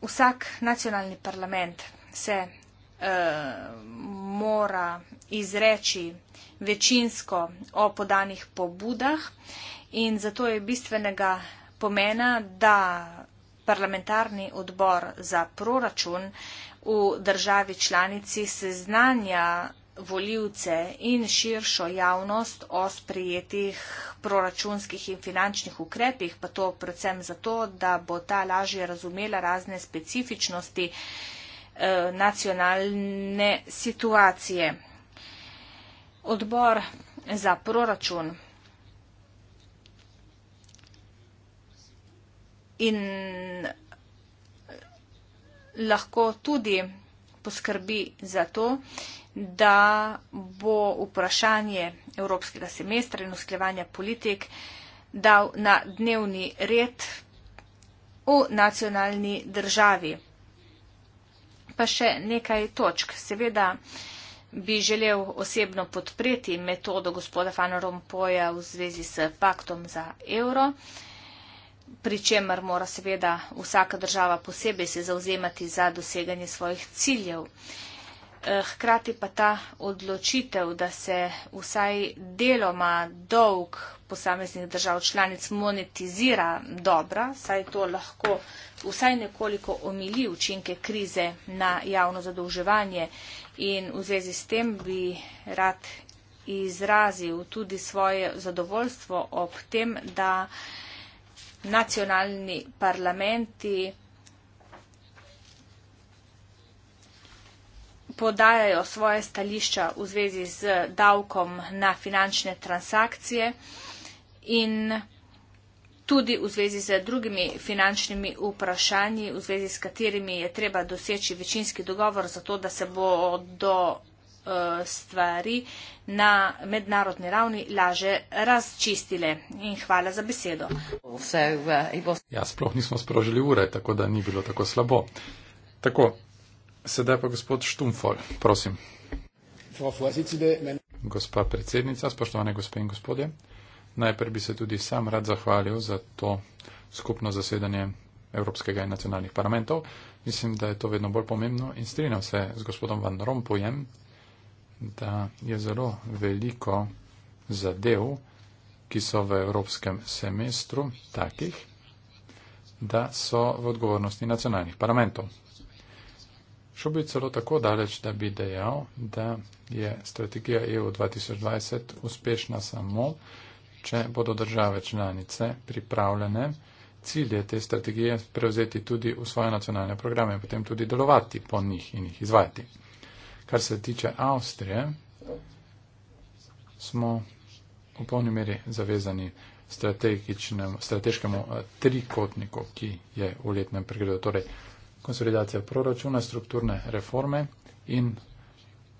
vsak nacionalni parlament se uh, mora izreči večinsko o podanih pobudah in zato je bistvenega pomena, da parlamentarni odbor za proračun v državi članici seznanja voljivce in širšo javnost o sprejetih proračunskih in finančnih ukrepih, pa to predvsem zato, da bo ta lažje razumela razne specifičnosti eh, nacionalne situacije. Odbor za proračun in lahko tudi poskrbi za to, da da bo vprašanje evropskega semestra in usklevanja politik dal na dnevni red v nacionalni državi. Pa še nekaj točk. Seveda bi želel osebno podpreti metodo gospoda Van Rompoja v zvezi s paktom za evro, pri čemer mora seveda vsaka država posebej se zauzemati za doseganje svojih ciljev. Eh, hkrati pa ta odločitev, da se vsaj deloma dolg posameznih držav članic monetizira dobra, saj to lahko vsaj nekoliko omili učinke krize na javno zadolževanje in v zvezi s tem bi rad izrazil tudi svoje zadovoljstvo ob tem, da nacionalni parlamenti podajajo svoje stališča v zvezi z davkom na finančne transakcije in tudi v zvezi z drugimi finančnimi vprašanji, v zvezi s katerimi je treba doseči večinski dogovor, zato da se bo do eh, stvari na mednarodni ravni laže razčistile. In hvala za besedo. Eh, ja, sploh nismo sprožili ure, tako da ni bilo tako slabo. Tako, Sedaj pa gospod Štumfol, prosim. Gospa predsednica, spoštovane gospe in gospodje, najprej bi se tudi sam rad zahvalil za to skupno zasedanje Evropskega in nacionalnih parlamentov. Mislim, da je to vedno bolj pomembno in strinjam se z gospodom Van Rompujem, da je zelo veliko zadev, ki so v Evropskem semestru takih, da so v odgovornosti nacionalnih parlamentov. Šel bi celo tako daleč, da bi dejal, da je strategija EU 2020 uspešna samo, če bodo države članice pripravljene cilje te strategije prevzeti tudi v svoje nacionalne programe in potem tudi delovati po njih in jih izvajati. Kar se tiče Avstrije, smo v polni meri zavezani strateškemu eh, trikotniku, ki je v letnem pregledu. Torej, konsolidacija proračuna, strukturne reforme in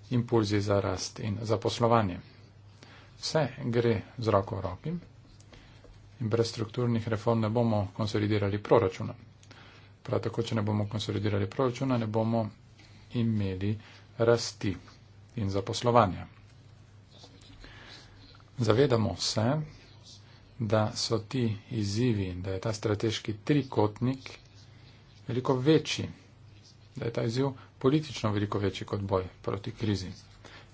impulzi za rast in zaposlovanje. Vse gre z roko v roki in brez strukturnih reform ne bomo konsolidirali proračuna. Prav tako, če ne bomo konsolidirali proračuna, ne bomo imeli rasti in zaposlovanja. Zavedamo se, da so ti izzivi in da je ta strateški trikotnik veliko večji, da je ta izziv politično veliko večji kot boj proti krizi.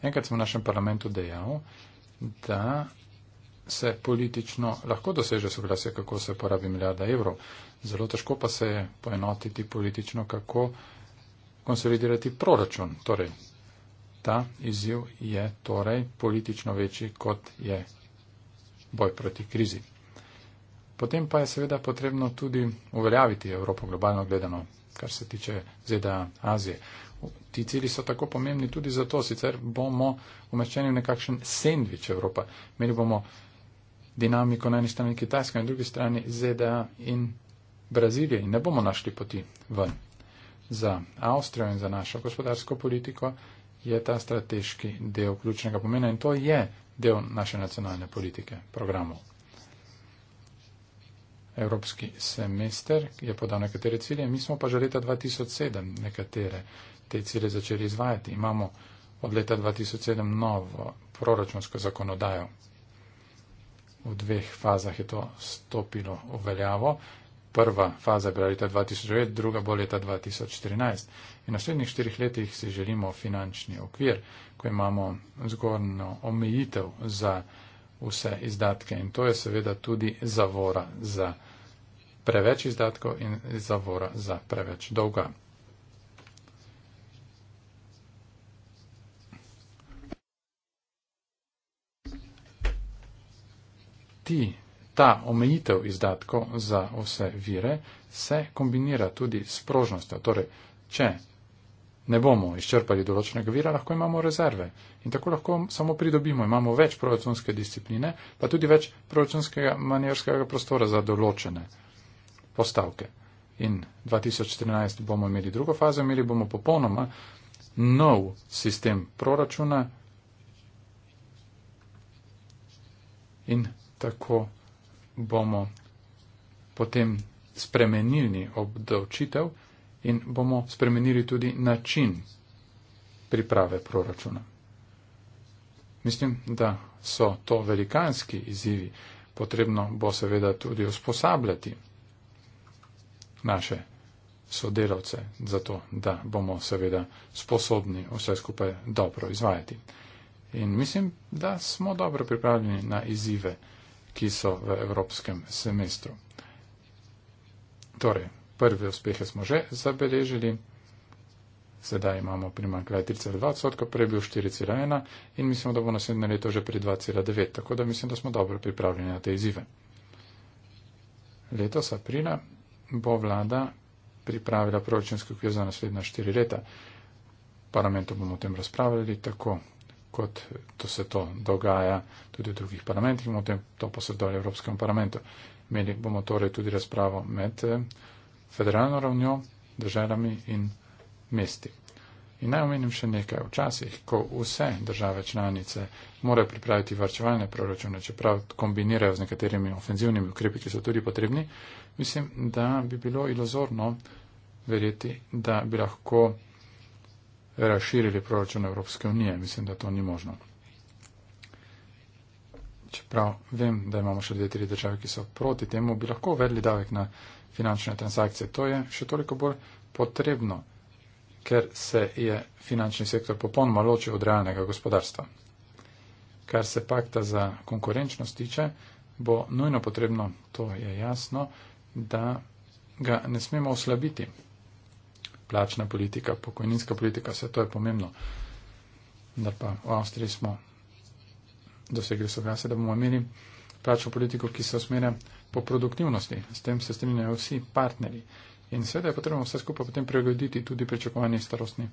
Enkrat smo v našem parlamentu dejal, da se politično lahko doseže soglasje, kako se porabi milijarda evrov. Zelo težko pa se je poenotiti politično, kako konsolidirati proračun. Torej, ta izziv je torej politično večji, kot je boj proti krizi. Potem pa je seveda potrebno tudi uveljaviti Evropo globalno gledano, kar se tiče ZDA Azije. Ti cilji so tako pomembni tudi zato, sicer bomo umeščeni v nekakšen sandvič Evropa. Imeli bomo dinamiko na eni strani Kitajske, na drugi strani ZDA in Brazilije in ne bomo našli poti ven. Za Avstrijo in za našo gospodarsko politiko je ta strateški del ključnega pomena in to je del naše nacionalne politike, programov evropski semester, ki je podal nekatere cilje, mi smo pa že leta 2007 nekatere te cilje začeli izvajati. Imamo od leta 2007 novo proračunsko zakonodajo. V dveh fazah je to stopilo v veljavo. Prva faza je bila leta 2009, druga bo leta 2014. In v naslednjih štirih letih si želimo finančni okvir, ko imamo zgornjo omejitev za vse izdatke in to je seveda tudi zavora za preveč izdatkov in zavora za preveč dolga. Ti, ta omejitev izdatkov za vse vire se kombinira tudi s prožnostjo. Torej, če ne bomo izčrpali določenega vira, lahko imamo rezerve. In tako lahko samo pridobimo, imamo več proračunske discipline, pa tudi več proračunskega manjerskega prostora za določene postavke. In 2013 bomo imeli drugo fazo, imeli bomo popolnoma nov sistem proračuna in tako bomo potem spremenili obdavčitev in bomo spremenili tudi način priprave proračuna. Mislim, da so to velikanski izzivi. Potrebno bo seveda tudi usposabljati naše sodelavce, zato da bomo seveda sposobni vse skupaj dobro izvajati. In mislim, da smo dobro pripravljeni na izzive, ki so v evropskem semestru. Torej, Prve uspehe smo že zabeležili. Sedaj imamo primankljaj 3,2 odstotka, prej bil 4,1 in mislim, da bo naslednje leto že pri 2,9, tako da mislim, da smo dobro pripravljeni na te izzive. Letos aprila bo vlada pripravila proračunski okvir za naslednja štiri leta. V parlamentu bomo o tem razpravljali tako, kot to se to dogaja tudi v drugih parlamentih, bomo o tem to posredovali v Evropskem parlamentu. Imeli bomo torej tudi razpravo med eh, federalno ravnjo, državami in mesti. In naj omenim še nekaj. Včasih, ko vse države članice morajo pripraviti varčevalne proračune, čeprav kombinirajo z nekaterimi ofenzivnimi ukrepi, ki so tudi potrebni, mislim, da bi bilo ilozorno verjeti, da bi lahko razširili proračun Evropske unije. Mislim, da to ni možno. Čeprav vem, da imamo še dve, tri države, ki so proti temu, bi lahko uvedli davek na finančne transakcije. To je še toliko bolj potrebno, ker se je finančni sektor popolnoma ločil od realnega gospodarstva. Kar se pakta za konkurenčnost tiče, bo nujno potrebno, to je jasno, da ga ne smemo oslabiti. Plačna politika, pokojninska politika, vse to je pomembno. Da pa v Avstriji smo dosegli soglasje, da bomo imeli plačno politiko, ki se usmerja po produktivnosti. S tem se strinjajo vsi partnerji. In seveda je potrebno vse skupaj potem prilagoditi tudi pričakovanji starostni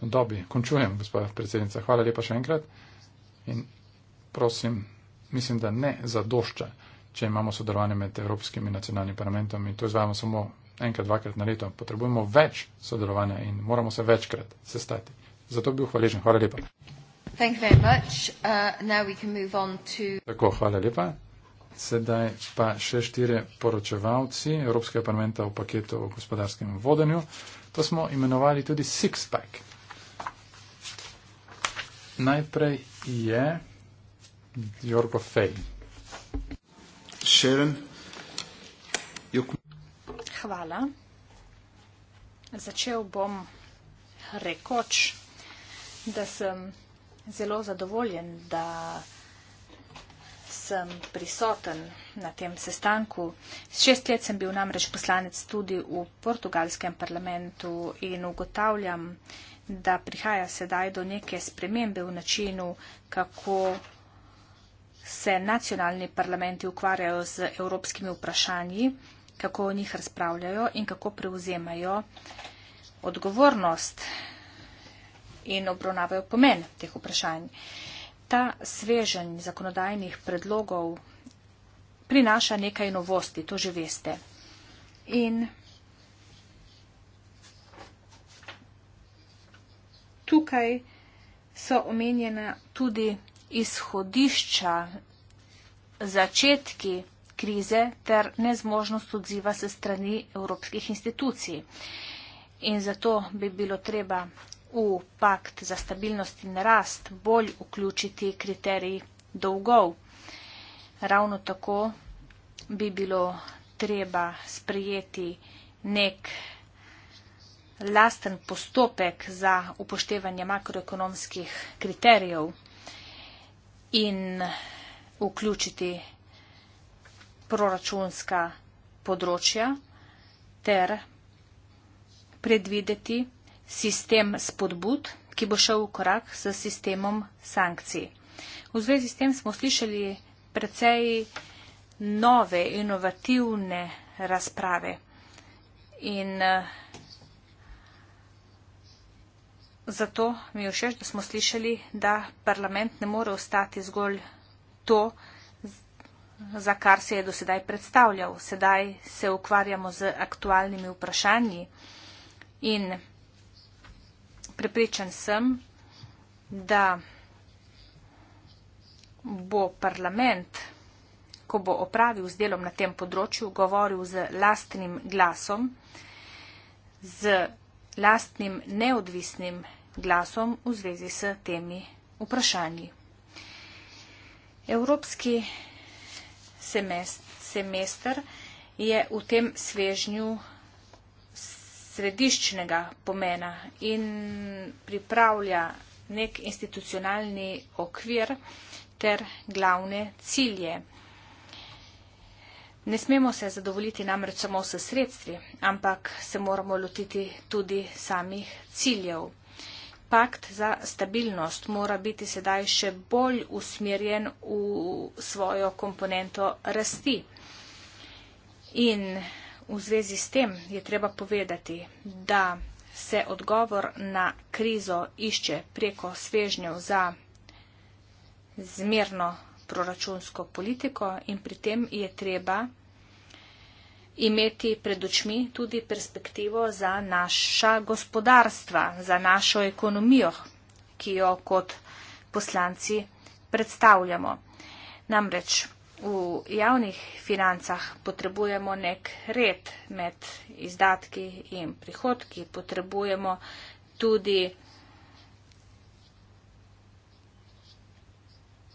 dobi. Končujem, gospod predsednica. Hvala lepa še enkrat. In prosim, mislim, da ne zadošča, če imamo sodelovanje med Evropskim in nacionalnim parlamentom in to izvajamo samo enkrat, dvakrat na leto. Potrebujemo več sodelovanja in moramo se večkrat sestati. Zato bi bil hvaležen. Hvala lepa. Uh, to... Tako, hvala lepa sedaj pa še štiri poročevalci Evropskega parlamenta v paketu o gospodarskem vodenju. To smo imenovali tudi six-pack. Najprej je Jorgo Fej. Šeren. Hvala. Začel bom rekoč, da sem zelo zadovoljen, da sem prisoten na tem sestanku. Šest let sem bil namreč poslanec tudi v portugalskem parlamentu in ugotavljam, da prihaja sedaj do neke spremembe v načinu, kako se nacionalni parlamenti ukvarjajo z evropskimi vprašanji, kako o njih razpravljajo in kako prevzemajo odgovornost in obravnavajo pomen teh vprašanj. Uh, ta svežen zakonodajnih predlogov prinaša nekaj novosti, to že veste. In tukaj so omenjena tudi izhodišča, začetki krize ter nezmožnost odziva se strani evropskih institucij. In zato bi bilo treba v pakt za stabilnost in rast bolj vključiti kriterij dolgov. Ravno tako bi bilo treba sprejeti nek lasten postopek za upoštevanje makroekonomskih kriterijev in vključiti proračunska področja ter predvideti, sistem spodbud, ki bo šel v korak s sistemom sankcij. V zvezi s tem smo slišali precej nove, inovativne razprave. In uh, zato mi je všeč, da smo slišali, da parlament ne more ostati zgolj to, za kar se je dosedaj predstavljal. Sedaj se ukvarjamo z aktualnimi vprašanji in Prepričan sem, da bo parlament, ko bo opravil z delom na tem področju, govoril z lastnim glasom, z lastnim neodvisnim glasom v zvezi s temi vprašanji. Evropski semestr je v tem svežnju središčnega pomena in pripravlja nek institucionalni okvir ter glavne cilje. Ne smemo se zadovoljiti namreč samo s sredstvi, ampak se moramo lotiti tudi samih ciljev. Pakt za stabilnost mora biti sedaj še bolj usmerjen v svojo komponento rasti. In V zvezi s tem je treba povedati, da se odgovor na krizo išče preko svežnjev za zmerno proračunsko politiko in pri tem je treba imeti pred očmi tudi perspektivo za naša gospodarstva, za našo ekonomijo, ki jo kot poslanci predstavljamo. Namreč v javnih financah potrebujemo nek red med izdatki in prihodki, potrebujemo tudi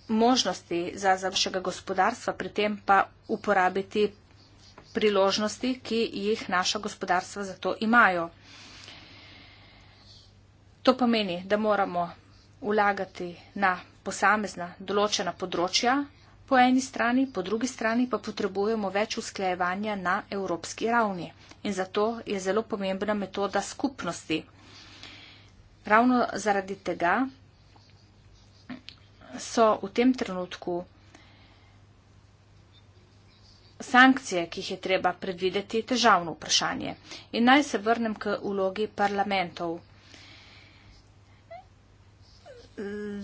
možnosti za zavšega gospodarstva, pri tem pa uporabiti priložnosti, ki jih naša gospodarstva za to imajo. To pomeni, da moramo vlagati na posamezna določena področja, po eni strani, po drugi strani pa potrebujemo več usklajevanja na evropski ravni. In zato je zelo pomembna metoda skupnosti. Ravno zaradi tega so v tem trenutku sankcije, ki jih je treba predvideti, težavno vprašanje. In naj se vrnem k ulogi parlamentov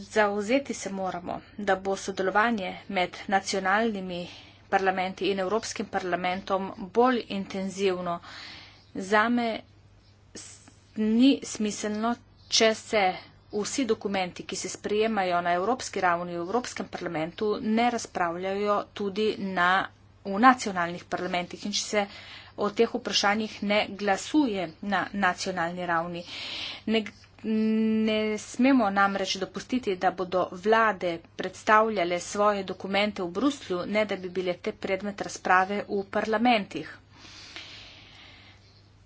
zauzeti se moramo, da bo sodelovanje med nacionalnimi parlamenti in Evropskim parlamentom bolj intenzivno. Zame ni smiselno, če se vsi dokumenti, ki se sprijemajo na Evropski ravni v Evropskem parlamentu, ne razpravljajo tudi na, v nacionalnih parlamentih in če se o teh vprašanjih ne glasuje na nacionalni ravni. Nek Ne smemo namreč dopustiti, da bodo vlade predstavljale svoje dokumente v Bruslju, ne da bi bile te predmet razprave v parlamentih.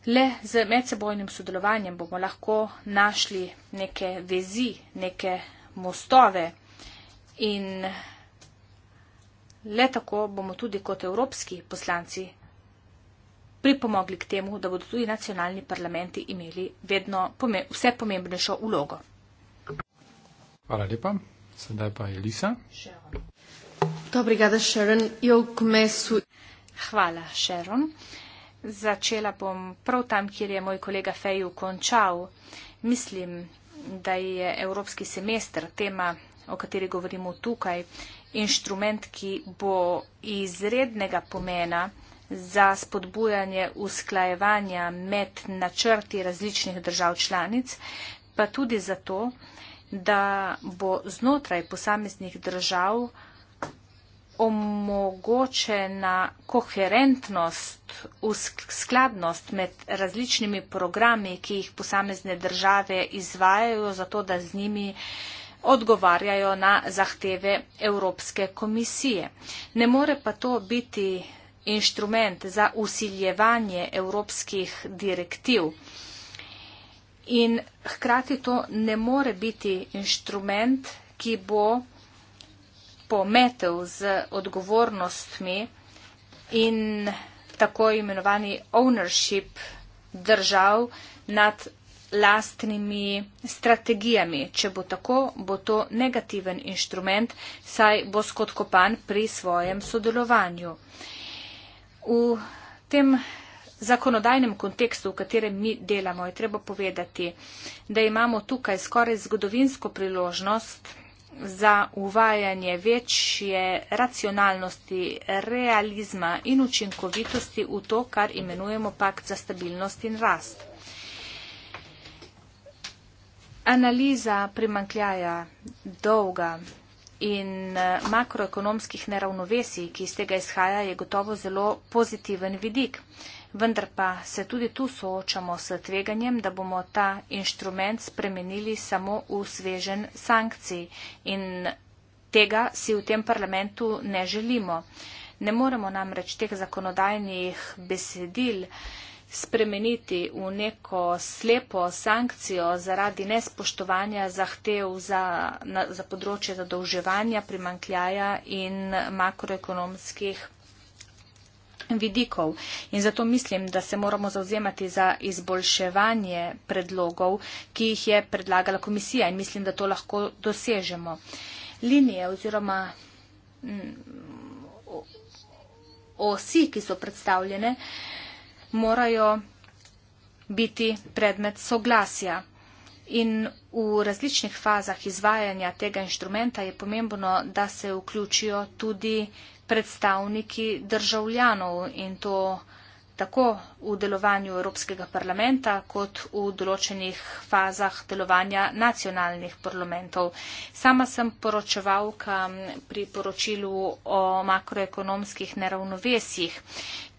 Le z medsebojnim sodelovanjem bomo lahko našli neke vezi, neke mostove in le tako bomo tudi kot evropski poslanci pripomogli k temu, da bodo tudi nacionalni parlamenti imeli vedno pome vse pomembnejšo vlogo. Hvala lepa. Sedaj pa Elisa. Obrigada, Sharon. Hvala, Sharon. Začela bom prav tam, kjer je moj kolega Fejju končal. Mislim, da je evropski semester tema, o kateri govorimo tukaj, inštrument, ki bo izrednega pomena za spodbujanje usklajevanja med načrti različnih držav članic, pa tudi zato, da bo znotraj posameznih držav omogočena koherentnost, skladnost med različnimi programi, ki jih posamezne države izvajajo, zato da z njimi odgovarjajo na zahteve Evropske komisije. Ne more pa to biti inštrument za usiljevanje evropskih direktiv. In hkrati to ne more biti inštrument, ki bo pometel z odgovornostmi in tako imenovani ownership držav nad lastnimi strategijami. Če bo tako, bo to negativen inštrument, saj bo skotkopan pri svojem sodelovanju v tem zakonodajnem kontekstu, v katerem mi delamo, je treba povedati, da imamo tukaj skoraj zgodovinsko priložnost za uvajanje večje racionalnosti, realizma in učinkovitosti v to, kar imenujemo pakt za stabilnost in rast. Analiza primankljaja dolga in eh, makroekonomskih neravnovesij, ki iz tega izhaja, je gotovo zelo pozitiven vidik. Vendar pa se tudi tu soočamo s tveganjem, da bomo ta inštrument spremenili samo v svežen sankcij in tega si v tem parlamentu ne želimo. Ne moremo namreč teh zakonodajnih besedil spremeniti v neko slepo sankcijo zaradi nespoštovanja zahtev za, na, za področje zadolževanja, primankljaja in makroekonomskih vidikov. In zato mislim, da se moramo zauzemati za izboljševanje predlogov, ki jih je predlagala komisija in mislim, da to lahko dosežemo. Linije oziroma m, mm, osi, ki so predstavljene, morajo biti predmet soglasja. In v različnih fazah izvajanja tega inštrumenta je pomembno, da se vključijo tudi predstavniki državljanov in to tako v delovanju Evropskega parlamenta, kot v določenih fazah delovanja nacionalnih parlamentov. Sama sem poročevalka pri poročilu o makroekonomskih neravnovesjih.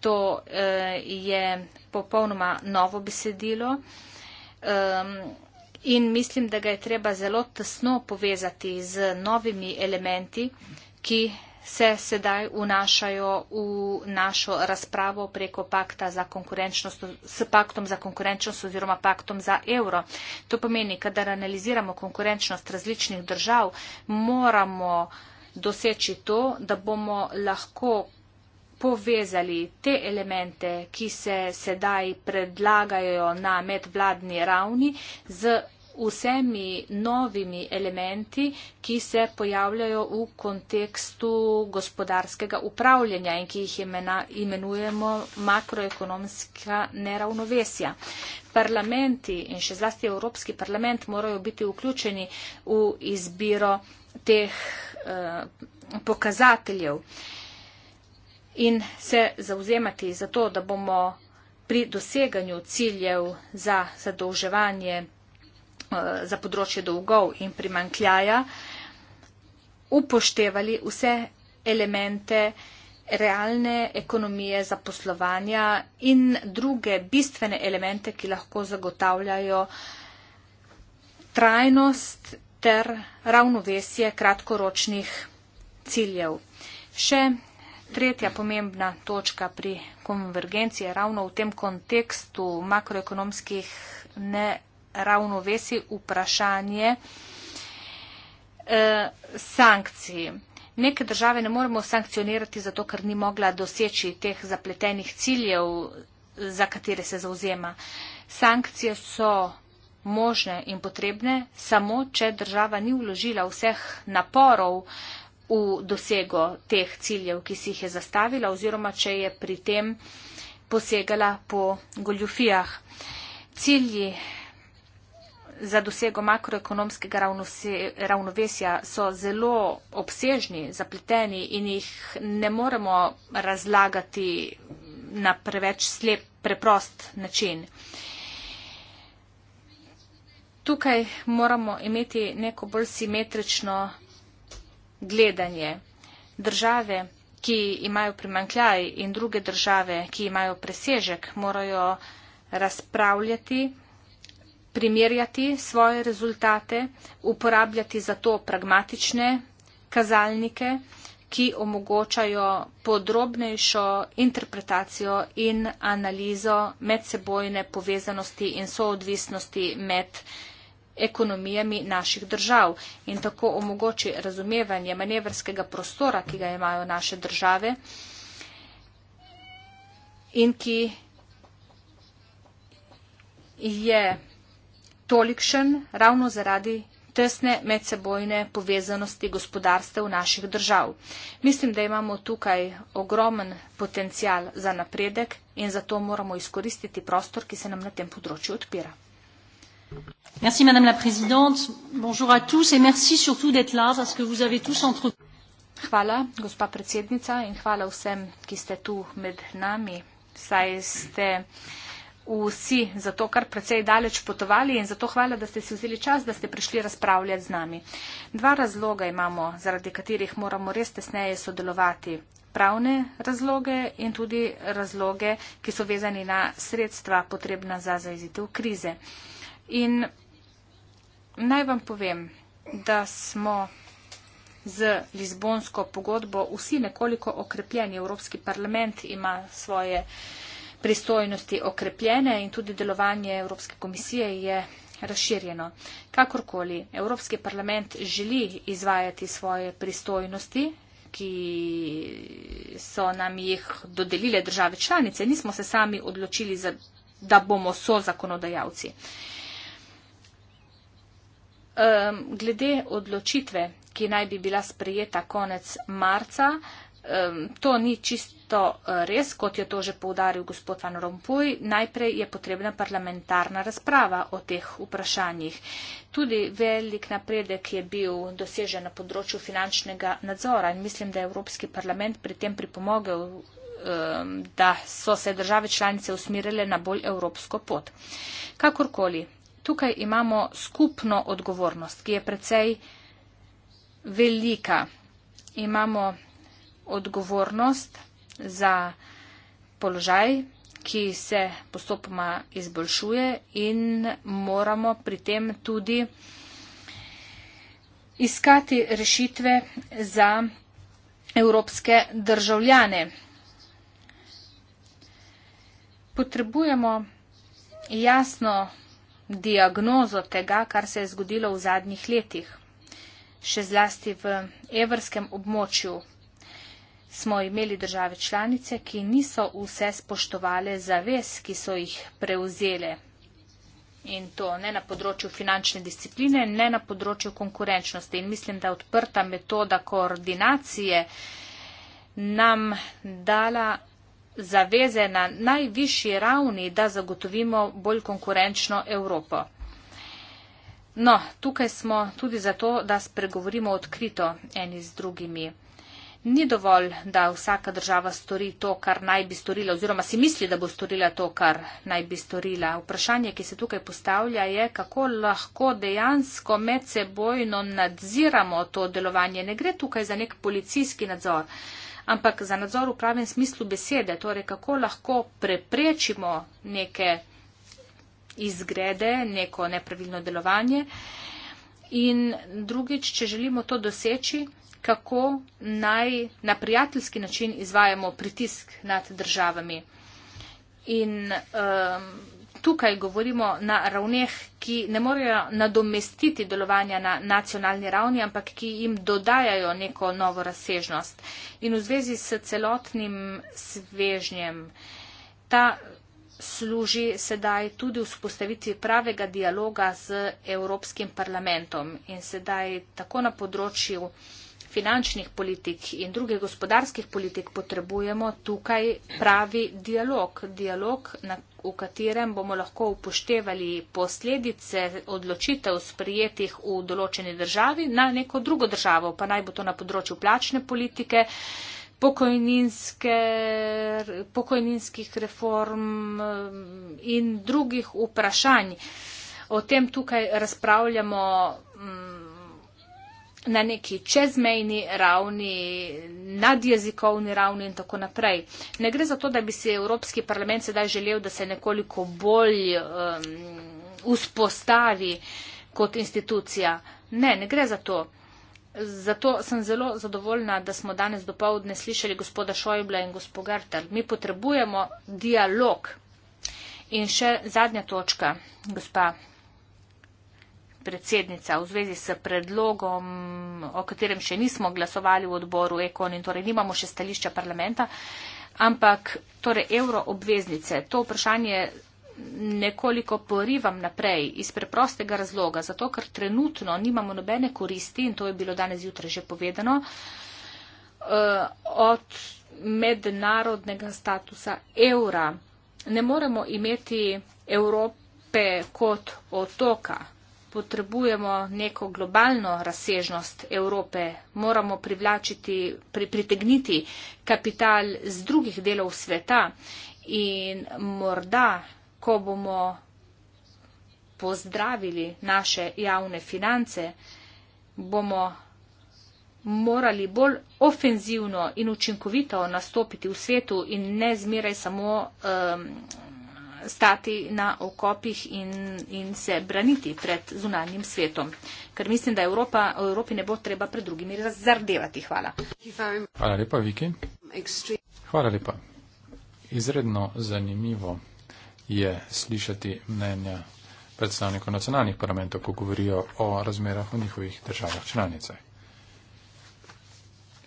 To eh, je popolnoma novo besedilo ehm, in mislim, da ga je treba zelo tesno povezati z novimi elementi, ki se sedaj vnašajo v našo razpravo preko pakta za konkurenčnost, s paktom za konkurenčnost oziroma paktom za evro. To pomeni, kadar analiziramo konkurenčnost različnih držav, moramo doseči to, da bomo lahko povezali te elemente, ki se sedaj predlagajo na medvladni ravni z vsemi novimi elementi, ki se pojavljajo v kontekstu gospodarskega upravljanja in ki jih imenujemo makroekonomska neravnovesja. Parlamenti in še zlasti Evropski parlament morajo biti vključeni v izbiro teh uh, pokazateljev in se zauzemati za to, da bomo pri doseganju ciljev za zadolževanje Eh, za področje dolgov in primankljaja upoštevali vse elemente realne ekonomije zaposlovanja in druge bistvene elemente, ki lahko zagotavljajo trajnost ter ravnovesje kratkoročnih ciljev. Še tretja pomembna točka pri konvergenciji je ravno v tem kontekstu makroekonomskih neravnovesij ravnovesje vprašanje e, sankcij. Neke države ne moremo sankcionirati zato, ker ni mogla doseči teh zapletenih ciljev, za katere se zauzema. Sankcije so možne in potrebne, samo če država ni vložila vseh naporov v dosego teh ciljev, ki si jih je zastavila, oziroma če je pri tem posegala po goljufijah. Cilji za dosego makroekonomskega ravnovesja so zelo obsežni, zapleteni in jih ne moremo razlagati na preveč slep, preprost način. Tukaj moramo imeti neko bolj simetrično gledanje. Države, ki imajo primankljaj in druge države, ki imajo presežek, morajo razpravljati primerjati svoje rezultate, uporabljati za to pragmatične kazalnike, ki omogočajo podrobnejšo interpretacijo in analizo medsebojne povezanosti in soodvisnosti med ekonomijami naših držav in tako omogoči razumevanje manevrskega prostora, ki ga imajo naše države in ki je tolikšen ravno zaradi tesne medsebojne povezanosti gospodarstev naših držav. Mislim, da imamo tukaj ogromen potencial za napredek in zato moramo izkoristiti prostor, ki se nam na tem področju odpira. Merci, madame la présidente. Bonjour à tous et merci surtout d'être là parce que vous avez tous entre... Hvala, gospa predsednica, in hvala vsem, ki ste tu med nami. Saj ste uh, vsi za to, kar precej daleč potovali in zato hvala, da ste si vzeli čas, da ste prišli razpravljati z nami. Dva razloga imamo, zaradi katerih moramo res tesneje sodelovati. Pravne razloge in tudi razloge, ki so vezani na sredstva potrebna za zaizitev krize. In naj vam povem, da smo z Lizbonsko pogodbo vsi nekoliko okrepljeni. Evropski parlament ima svoje pristojnosti okrepljene in tudi delovanje Evropske komisije je razširjeno. Kakorkoli Evropski parlament želi izvajati svoje pristojnosti, ki so nam jih dodelile države članice, nismo se sami odločili, za, da bomo so zakonodajalci. Glede odločitve, ki naj bi bila sprejeta konec marca, To ni čisto eh, res, kot je to že poudaril gospod Van Rompuy. Najprej je potrebna parlamentarna razprava o teh vprašanjih. Tudi velik napredek je bil dosežen na področju finančnega nadzora in mislim, da je Evropski parlament pri tem pripomogel, da so se države članice usmirile na bolj evropsko pot. Kakorkoli, tukaj imamo skupno odgovornost, ki je precej velika. Imamo odgovornost za položaj, ki se postopoma izboljšuje in moramo pri tem tudi iskati rešitve za evropske državljane. Potrebujemo jasno diagnozo tega, kar se je zgodilo v zadnjih letih, še zlasti v evrskem območju smo imeli države članice, ki niso vse spoštovale zavez, ki so jih preuzele. In to ne na področju finančne discipline, ne na področju konkurenčnosti. In mislim, da odprta metoda koordinacije nam dala zaveze na najvišji ravni, da zagotovimo bolj konkurenčno Evropo. No, tukaj smo tudi zato, da spregovorimo odkrito eni z drugimi ni dovolj, da vsaka država stori to, kar naj bi storila, oziroma si misli, da bo storila to, kar naj bi storila. Vprašanje, ki se tukaj postavlja, je, kako lahko dejansko medsebojno nadziramo to delovanje. Ne gre tukaj za nek policijski nadzor, ampak za nadzor v pravem smislu besede, torej kako lahko preprečimo neke izgrede, neko nepravilno delovanje. In drugič, če želimo to doseči, kako naj na prijateljski način izvajamo pritisk nad državami. In um, tukaj govorimo na ravneh, ki ne morejo nadomestiti delovanja na nacionalni ravni, ampak ki jim dodajajo neko novo razsežnost. In v zvezi s celotnim svežnjem, ta služi sedaj tudi vzpostaviti pravega dialoga z Evropskim parlamentom. In sedaj tako na področju finančnih politik in druge gospodarskih politik potrebujemo tukaj pravi dialog. Dialog, na, v katerem bomo lahko upoštevali posledice odločitev sprijetih v določeni državi na neko drugo državo, pa naj bo to na področju plačne politike, pokojninskih reform eh, in drugih vprašanj. O tem tukaj razpravljamo. Mm, na neki čezmejni ravni, nadjezikovni ravni in tako naprej. Ne gre za to, da bi si Evropski parlament sedaj želel, da se nekoliko bolj um, vzpostavi kot institucija. Ne, ne gre za to. Zato sem zelo zadovoljna, da smo danes do povdne slišali gospoda Šojbla in gospod Gartar. Mi potrebujemo dialog. In še zadnja točka, gospa predsednica v zvezi s predlogom, o katerem še nismo glasovali v odboru ekon in torej nimamo še stališča parlamenta, ampak torej euroobveznice, to vprašanje nekoliko porivam naprej iz preprostega razloga, zato ker trenutno nimamo nobene koristi in to je bilo danes jutra že povedano eh, od mednarodnega statusa evra. Ne moremo imeti Evrope kot otoka, potrebujemo neko globalno razsežnost Evrope, moramo privlačiti, pri, pritegniti kapital z drugih delov sveta in morda, ko bomo pozdravili naše javne finance, bomo morali bolj ofenzivno in učinkovito nastopiti v svetu in ne zmeraj samo um, stati na okopih in, in se braniti pred zunanjim svetom. Ker mislim, da Evropa, Evropi ne bo treba pred drugimi razardevati. Hvala. Hvala lepa, Viki. Hvala lepa. Izredno zanimivo je slišati mnenja predstavnikov nacionalnih parlamentov, ko govorijo o razmerah v njihovih državah članicah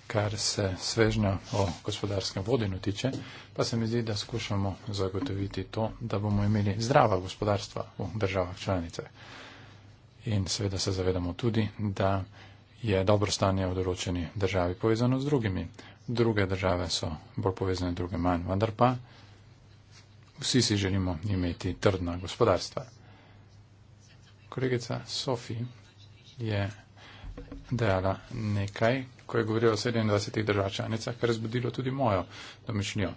kar se svežnja o gospodarskem vodenju tiče, pa se mi zdi, da skušamo zagotoviti to, da bomo imeli zdrava gospodarstva v državah članice. In seveda se zavedamo tudi, da je dobro stanje v določeni državi povezano z drugimi. Druge države so bolj povezane, druge manj, vendar pa vsi si želimo imeti trdna gospodarstva. Kolegica Sofi je dejala nekaj, ko je govorila o 27 državah članicah, kar je zbudilo tudi mojo domišljijo.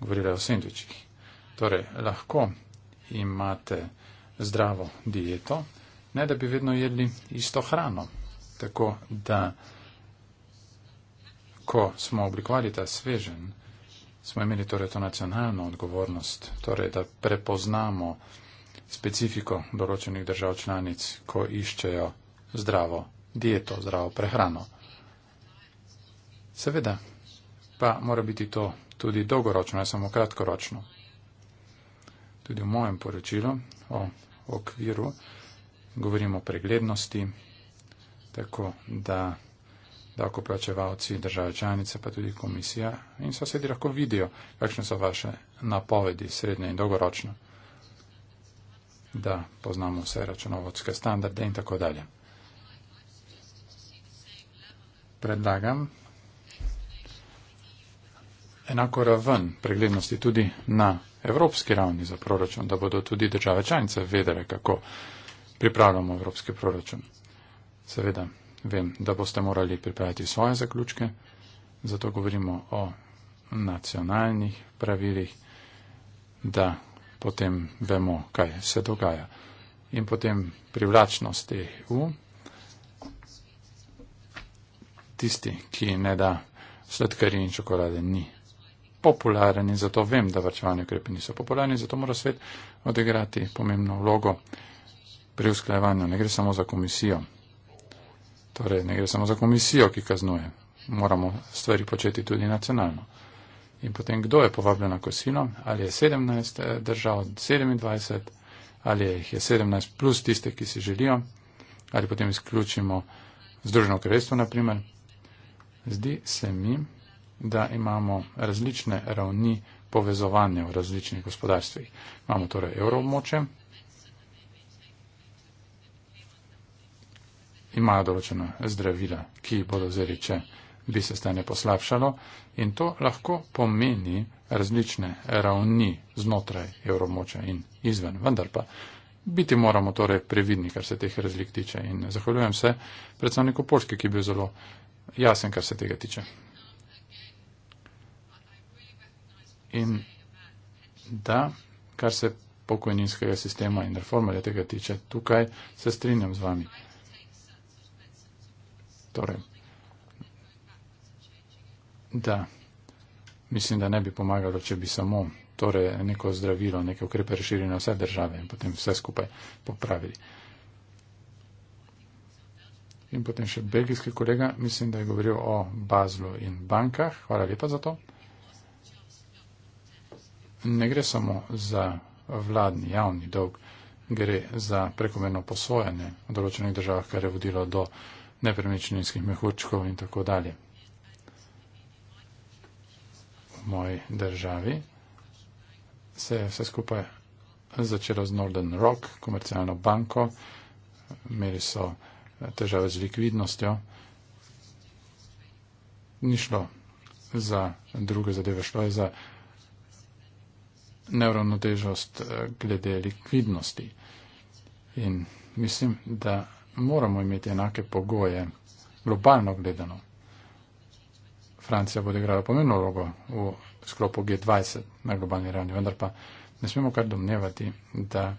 Govorila je o sendvičih. Torej, lahko imate zdravo dieto, ne da bi vedno jedli isto hrano. Tako da, ko smo oblikovali ta svežen, smo imeli torej to nacionalno odgovornost, torej da prepoznamo specifiko določenih držav članic, ko iščejo zdravo dieto, zdravo prehrano. Seveda, pa mora biti to tudi dolgoročno, ne samo kratkoročno. Tudi v mojem poročilu o okviru govorimo o preglednosti, tako da davkoplačevalci, države članice, pa tudi komisija in sosedi lahko vidijo, kakšne so vaše napovedi srednje in dolgoročno, da poznamo vse računovodske standarde in tako dalje predlagam enako raven preglednosti tudi na evropski ravni za proračun, da bodo tudi države članice vedele, kako pripravljamo evropski proračun. Seveda vem, da boste morali pripraviti svoje zaključke, zato govorimo o nacionalnih pravilih, da potem vemo, kaj se dogaja. In potem privlačnost EU tisti, ki ne da sladkarij in čokolade, ni popularen in zato vem, da varčevanje ukrepi niso popularni, zato mora svet odigrati pomembno vlogo pri usklajevanju. Ne gre samo za komisijo. Torej, ne gre samo za komisijo, ki kaznuje. Moramo stvari početi tudi nacionalno. In potem, kdo je povabljen na kosilo? Ali je 17 eh, držav, 27, ali jih je 17 plus tiste, ki si želijo, ali potem izključimo Združeno kraljestvo, na primer. Zdi se mi, da imamo različne ravni povezovanja v različnih gospodarstvih. Imamo torej evroobmoče, imajo določena zdravila, ki bodo zeli, če bi se stanje poslabšalo in to lahko pomeni različne ravni znotraj evroobmoča in izven. Vendar pa biti moramo torej previdni, kar se teh razlik tiče in zahvaljujem se predstavniku Polske, ki je bil zelo jasen, kar se tega tiče. In da, kar se pokojninskega sistema in reformarja tega tiče, tukaj se strinjam z vami. Torej, da, mislim, da ne bi pomagalo, če bi samo torej, neko zdravilo, neke ukrepe razširili na vse države in potem vse skupaj popravili in potem še belgijski kolega, mislim, da je govoril o Bazlu in bankah. Hvala lepa za to. Ne gre samo za vladni javni dolg, gre za prekomerno posojanje v določenih državah, kar je vodilo do nepremičninskih mehurčkov in tako dalje. V moji državi se je vse skupaj začelo z Northern Rock, komercialno banko. Imeli so težave z likvidnostjo. Ni šlo za druge zadeve, šlo je za neravnotežost eh, glede likvidnosti. In mislim, da moramo imeti enake pogoje, globalno gledano. Francija bo odigrala pomembno vlogo v sklopu G20 na globalni ravni, vendar pa ne smemo kar domnevati, da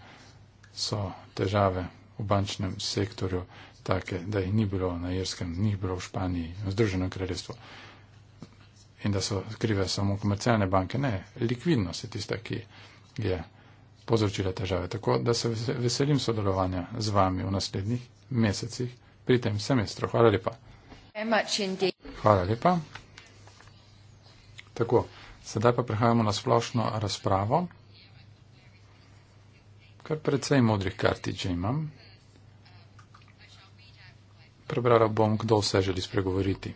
so težave v bančnem sektorju take, da jih ni bilo na Irskem, ni jih bilo v Španiji, v Združenem kraljestvu. In da so krive samo komercialne banke. Ne, likvidnost je tista, ki je povzročila težave. Tako da se veselim sodelovanja z vami v naslednjih mesecih pri tem semestru. Hvala lepa. Hvala lepa. Tako, sedaj pa prehajamo na splošno razpravo. Kar predvsej modrih kartič imam. Prebrala bom, kdo vse želi spregovoriti.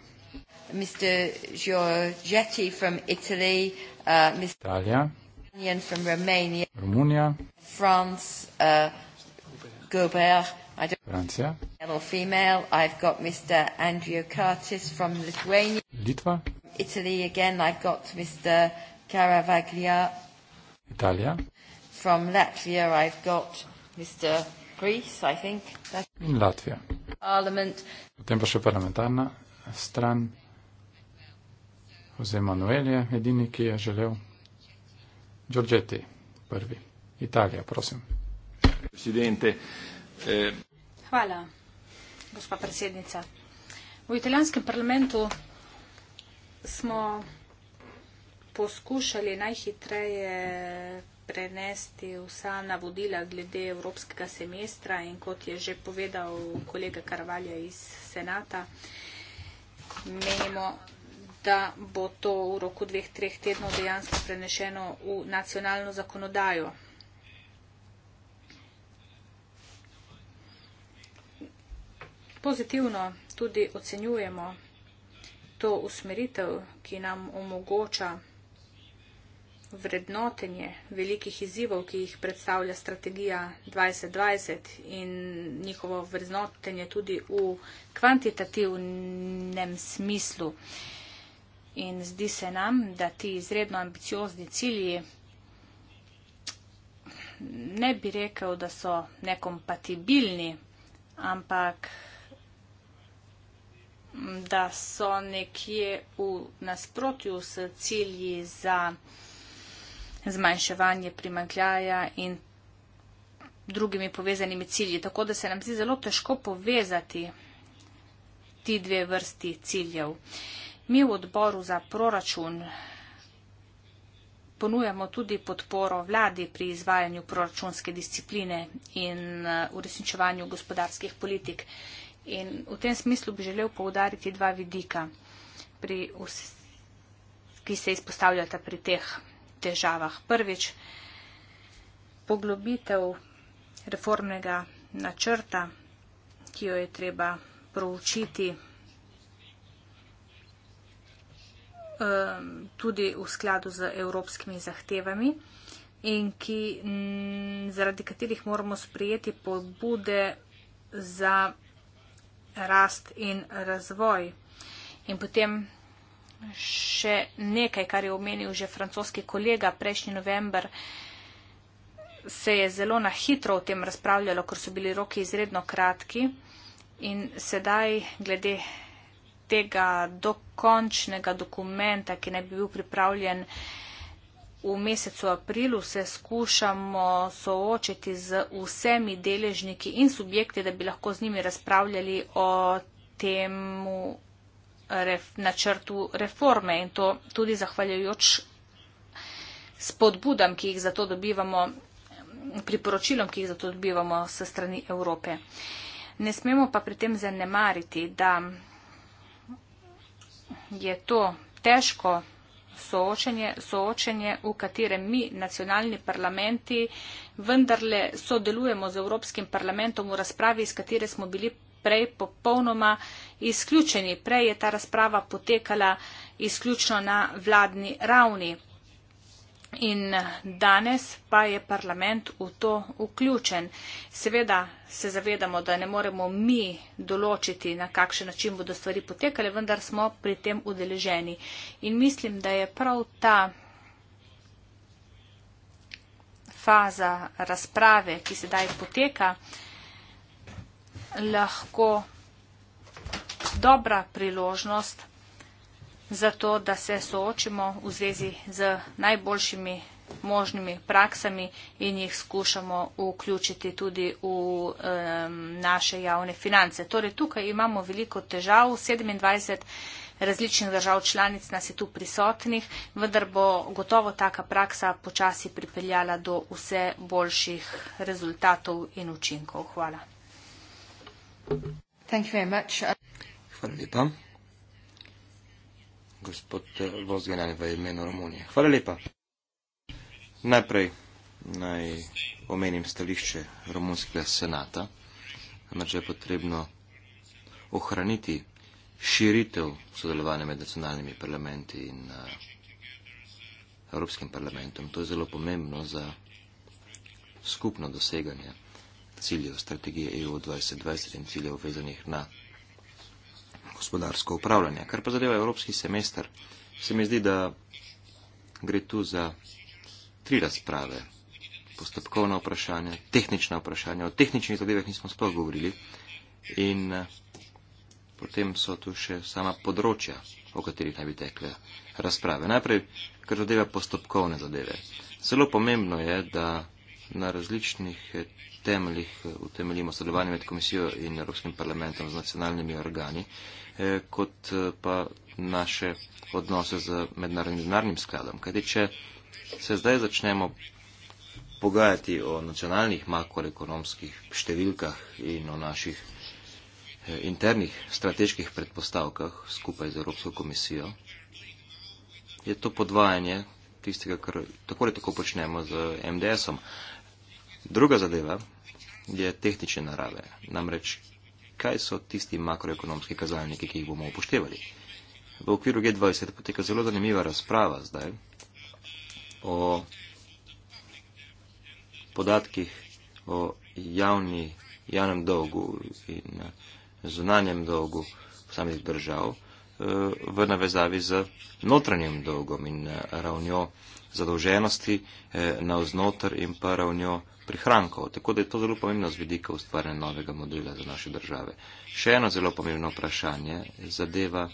Mr. Giorgetti from Italy, uh, Mr. Italia, Romanian from Romania, Romunia, France, uh, Gobert, Francia, male or female, I've got Mr. Andrew Curtis from Lithuania, Litva, Italy again, I've got Mr. Caravaglia, Italia, from Latvia, I've got Mr. Greece, I think, in Latvia. Potem pa še parlamentarna stran. Oziroma Manuel je edini, ki je želel. Giorgetti, prvi. Italija, prosim. Eh. Hvala, gospa predsednica. V italijanskem parlamentu smo poskušali najhitreje prenesti vsa navodila glede evropskega semestra in kot je že povedal kolega Karvalja iz Senata, menimo, da bo to v roku dveh, treh tednov dejansko prenešeno v nacionalno zakonodajo. Pozitivno tudi ocenjujemo to usmeritev, ki nam omogoča vrednotenje velikih izzivov, ki jih predstavlja strategija 2020 in njihovo vrednotenje tudi v kvantitativnem smislu. In zdi se nam, da ti izredno ambiciozni cilji ne bi rekel, da so nekompatibilni, ampak da so nekje v nasprotju s cilji za zmanjševanje primankljaja in drugimi povezanimi cilji. Tako da se nam zdi zelo težko povezati ti dve vrsti ciljev. Mi v odboru za proračun ponujamo tudi podporo vladi pri izvajanju proračunske discipline in uh, uresničevanju gospodarskih politik. In v tem smislu bi želel poudariti dva vidika, pri, ki se izpostavljata pri teh težavah. Prvič, poglobitev reformnega načrta, ki jo je treba proučiti eh, tudi v skladu z evropskimi zahtevami in ki, mm, zaradi katerih moramo sprijeti pobude za rast in razvoj. In potem še nekaj, kar je omenil že francoski kolega prejšnji november, se je zelo na hitro o tem razpravljalo, ker so bili roki izredno kratki in sedaj glede tega dokončnega dokumenta, ki naj bi bil pripravljen v mesecu aprilu, se skušamo soočiti z vsemi deležniki in subjekti, da bi lahko z njimi razpravljali o temu ref, načrtu reforme in to tudi zahvaljujoč spodbudam, ki jih zato dobivamo, priporočilom, ki jih zato dobivamo se strani Evrope. Ne smemo pa pri tem zanemariti, da je to težko soočenje, soočenje, v katerem mi, nacionalni parlamenti, vendarle sodelujemo z Evropskim parlamentom v razpravi, iz katere smo bili prej popolnoma izključeni. Prej je ta razprava potekala izključno na vladni ravni. In danes pa je parlament v to vključen. Seveda se zavedamo, da ne moremo mi določiti, na kakšen način bodo stvari potekale, vendar smo pri tem udeleženi. In mislim, da je prav ta faza razprave, ki sedaj poteka, lahko dobra priložnost za to, da se soočimo v zvezi z najboljšimi možnimi praksami in jih skušamo vključiti tudi v um, naše javne finance. Torej, tukaj imamo veliko težav, 27 različnih držav članic nas je tu prisotnih, vendar bo gotovo taka praksa počasi pripeljala do vse boljših rezultatov in učinkov. Hvala. Thank you very much. Hvala lepa. Gospod Vozgenan v imenu Romunije. Hvala lepa. Najprej naj omenim stališče Romunskega senata. Namreč je potrebno ohraniti širitev sodelovanja med nacionalnimi parlamenti in eh, Evropskim parlamentom. To je zelo pomembno za skupno doseganje ciljev strategije EU 2020 in ciljev vezanih na gospodarsko upravljanje. Kar pa zadeva evropski semester, se mi zdi, da gre tu za tri razprave. Postopkovna vprašanja, tehnična vprašanja. O tehničnih zadevah nismo sploh govorili. In eh, potem so tu še sama področja, o katerih naj bi tekle razprave. Najprej, kar zadeva postopkovne zadeve. Zelo pomembno je, da na različnih eh, temeljih utemeljimo sodelovanje med komisijo in Evropskim parlamentom z nacionalnimi organi, eh, kot eh, pa naše odnose z mednarodnim denarnim skladom. Kajti, če se zdaj začnemo pogajati o nacionalnih makroekonomskih številkah in o naših eh, internih strateških predpostavkah skupaj z Evropsko komisijo, je to podvajanje tistega, kar tako ali tako počnemo z MDS-om. Druga zadeva, je tehnične narave. Namreč, kaj so tisti makroekonomski kazalniki, ki jih bomo upoštevali? V okviru G20 poteka zelo zanimiva razprava zdaj o podatkih o javni, javnem dolgu in zunanjem dolgu posameznih držav eh, v navezavi z notranjim dolgom in eh, ravnjo zadolženosti eh, na vznotr in pa ravnjo prihrankov. Tako da je to zelo pomembno z vidika ustvarjanja novega modela za naše države. Še eno zelo pomembno vprašanje zadeva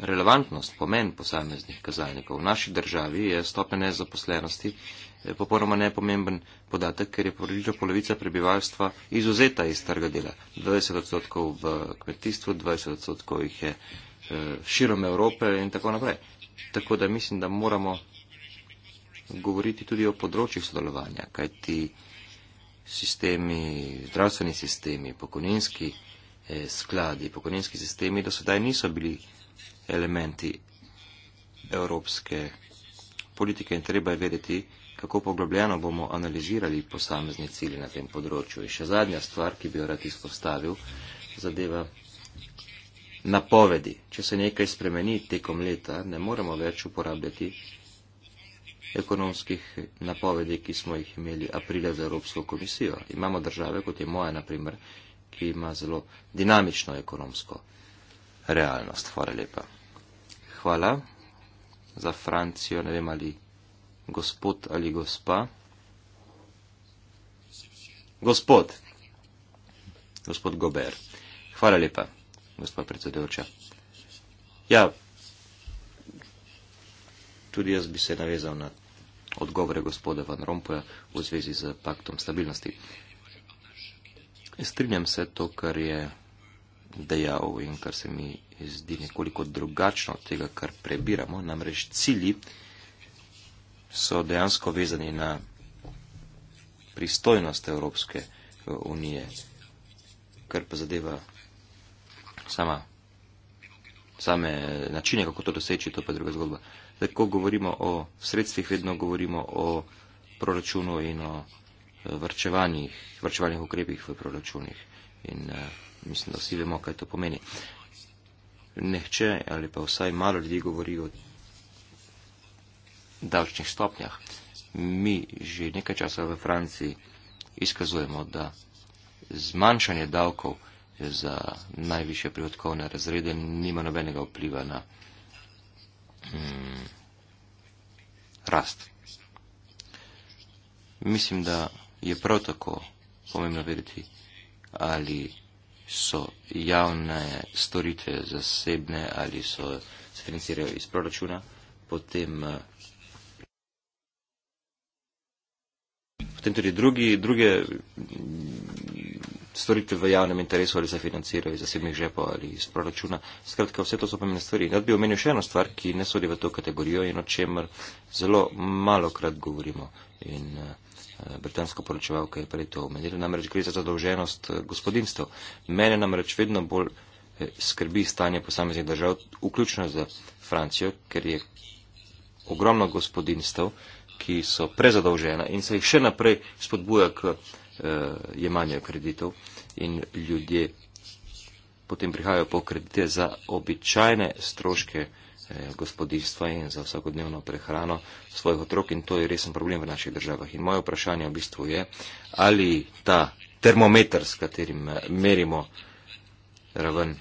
relevantnost, pomen posameznih kazalnikov. V naši državi je stopnja nezaposlenosti eh, popolnoma nepomemben podatek, ker je približno polovica prebivalstva izuzeta iz trga dela. 20 odstotkov v kmetijstvu, 20 odstotkov jih je eh, širom Evrope in tako naprej. Tako da mislim, da moramo govoriti tudi o področjih sodelovanja, kajti sistemi, zdravstveni sistemi, pokojninski eh, skladi, pokojninski sistemi do sedaj niso bili elementi evropske politike in treba je vedeti, kako poglobljeno bomo analizirali posamezne cilje na tem področju. In še zadnja stvar, ki bi jo rad izpostavil, zadeva napovedi. Če se nekaj spremeni tekom leta, ne moremo več uporabljati ekonomskih napovedi, ki smo jih imeli aprila za Evropsko komisijo. Imamo države, kot je moja, naprimer, ki ima zelo dinamično ekonomsko realnost. Hvala lepa. Hvala za Francijo, ne vem ali gospod ali gospa. Gospod. Gospod Gober. Hvala lepa, gospod predsedujoča. Ja, tudi jaz bi se navezal na odgovore gospoda Van Rompuja v zvezi z paktom stabilnosti. Strinjam se to, kar je dejal in kar se mi zdi nekoliko drugačno od tega, kar prebiramo, namreč cilji so dejansko vezani na pristojnost Evropske eh, unije, kar pa zadeva sama, same načine, kako to doseči, to pa je druga zgodba da ko govorimo o sredstvih, vedno govorimo o proračunu in o eh, vrčevanjih, vrčevanjih ukrepih v proračunih. In uh, mislim, da vsi vemo, kaj to pomeni. Nehče ali pa vsaj malo ljudi govori o davčnih stopnjah. Mi že nekaj časa v Franciji izkazujemo, da zmanjšanje davkov za najviše prihodkovne razrede nima nobenega vpliva na Mm, rast. Mislim, da je prav tako pomembno vedeti, ali so javne storitve zasebne, ali so se financirajo iz proračuna, potem, eh, potem tudi drugi, druge storitve v javnem interesu ali se financirajo iz zasebnih žepov ali iz proračuna. Skratka, vse to so pomembne stvari. Rad bi omenil še eno stvar, ki ne sodi v to kategorijo in o čemer zelo malo krat govorimo. In uh, eh, eh, britansko poročevalko je prej to omenila, namreč gre za zadolženost eh, gospodinstva. Mene namreč vedno bolj skrbi stanje posameznih držav, vključno z Francijo, ker je ogromno gospodinstv, ki so prezadolžena in se jih še naprej spodbuja k. Uh, uh, jemanja kreditov in ljudje potem prihajajo po kredite za običajne stroške eh, gospodinstva in za vsakodnevno prehrano svojih otrok in to je resen problem v naših državah. In moje vprašanje v bistvu je, ali ta termometer, s katerim eh, merimo raven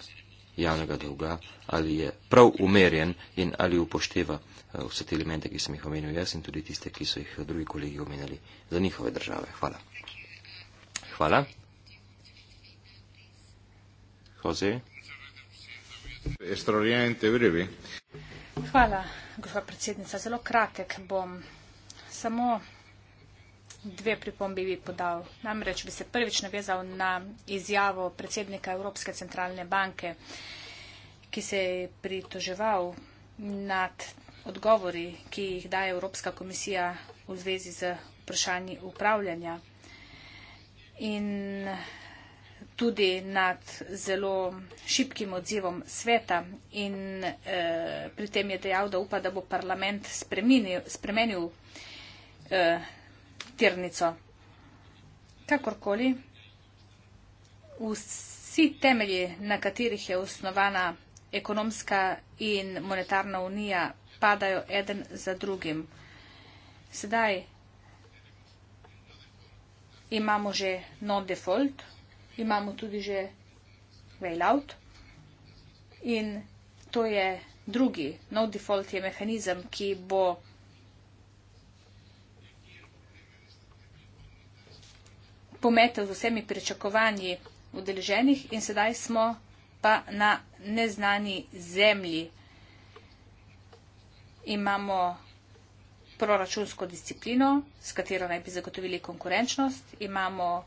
javnega dolga, ali je prav umerjen in ali upošteva eh, vse te elemente, ki sem jih omenil jaz in tudi tiste, ki so jih drugi kolegi omenjali za njihove države. Hvala. Hvala. Jose. Hvala, gospa predsednica. Zelo kratek bom. Samo dve pripombi bi podal. Namreč bi se prvič navezal na izjavo predsednika Evropske centralne banke, ki se je pritoževal nad odgovori, ki jih daje Evropska komisija v zvezi z vprašanji upravljanja in tudi nad zelo šipkim odzivom sveta in e, pri tem je dejal, da upa, da bo parlament spremenil, spremenil eh, e, tirnico. Kakorkoli, vsi temelji, na katerih je osnovana ekonomska in monetarna unija, padajo eden za drugim. Sedaj imamo že not default, imamo tudi že layout in to je drugi, not default je mehanizem, ki bo pometel z vsemi pričakovanji udeleženih in sedaj smo pa na neznani zemlji. Imamo proračunsko disciplino, s katero naj bi zagotovili konkurenčnost. Imamo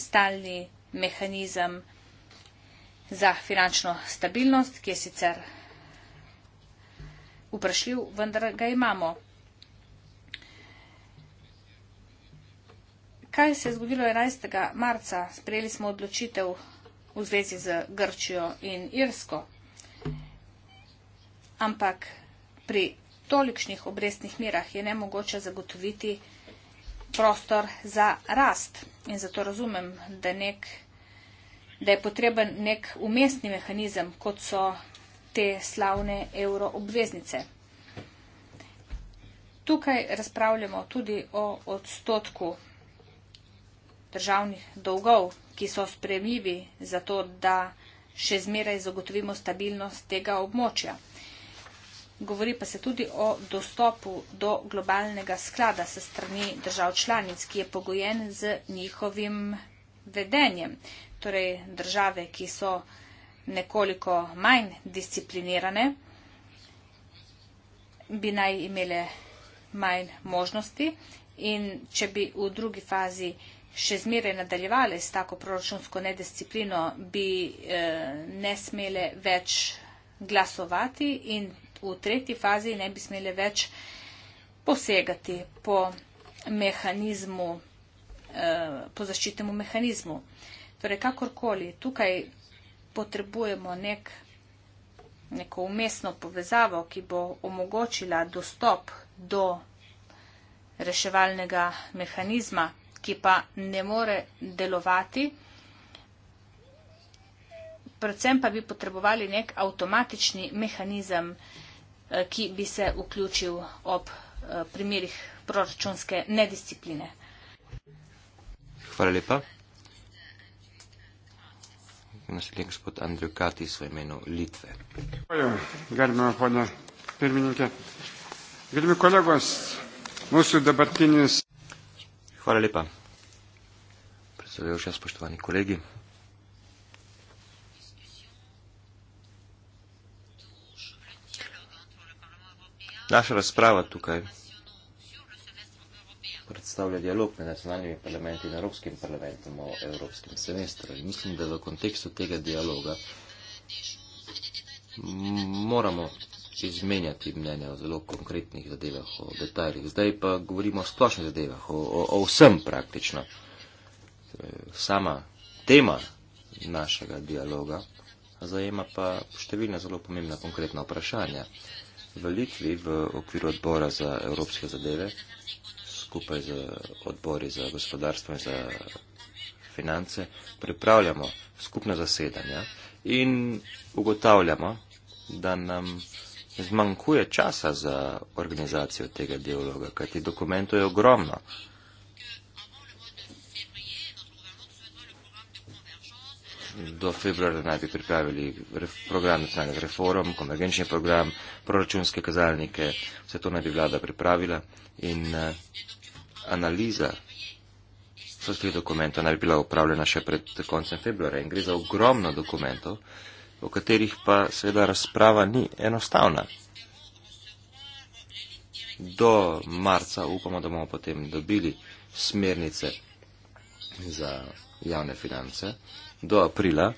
stalni mehanizem za finančno stabilnost, ki je sicer vprašljiv, vendar ga imamo. Kaj se je zgodilo 11. marca? Sprejeli smo odločitev v zvezi z Grčijo in Irsko. Ampak pri tolikšnih obrestnih mirah je nemogoče zagotoviti prostor za rast. In zato razumem, da, nek, da je potreben nek umestni mehanizem, kot so te slavne euroobveznice. Tukaj razpravljamo tudi o odstotku državnih dolgov, ki so spremljivi za to, da še zmeraj zagotovimo stabilnost tega območja. Govori pa se tudi o dostopu do globalnega sklada se strani držav članic, ki je pogojen z njihovim vedenjem. Torej države, ki so nekoliko manj disciplinirane, bi naj imele manj možnosti in če bi v drugi fazi še zmeraj nadaljevali s tako proračunsko nedisciplino, bi eh, ne smele več glasovati in v tretji fazi ne bi smeli več posegati po, mehanizmu, eh, po zaščitnemu mehanizmu. Torej, kakorkoli, tukaj potrebujemo nek, neko umestno povezavo, ki bo omogočila dostop do reševalnega mehanizma, ki pa ne more delovati. Predvsem pa bi potrebovali nek avtomatični mehanizem, Eh, ki bi se vključil ob eh, primerih proračunske nediscipline. Hvala lepa. Naslednji gospod Andrej Kati v imenu Litve. Hvala, gardi moja hodna predminjika. Gardi mi kolegos, musu da Bartinius. Hvala lepa. Predstavljajo še spoštovani kolegi. Naša razprava tukaj predstavlja dialog med nacionalnimi parlamenti in Evropskim parlamentom o Evropskem semestru. In mislim, da v kontekstu tega dialoga moramo izmenjati mnenja o zelo konkretnih zadevah, o detaljih. Zdaj pa govorimo o splošnih zadevah, o, o, o vsem praktično. Sama tema našega dialoga zajema pa številna zelo pomembna konkretna vprašanja v Litvi v okviru odbora za evropske zadeve skupaj z odbori za gospodarstvo in za finance pripravljamo skupna zasedanja in ugotavljamo, da nam zmanjkuje časa za organizacijo tega dialoga, kajti dokumentov je ogromno. do februarja naj bi pripravili program nacionalnih reform, konvergenčni program, proračunske kazalnike, vse to naj bi vlada pripravila in eh, analiza vseh teh dokumentov naj bi bila upravljena še pred koncem februarja in gre za ogromno dokumentov, o katerih pa seveda razprava ni enostavna. Do marca upamo, da bomo potem dobili smernice za javne finance do aprila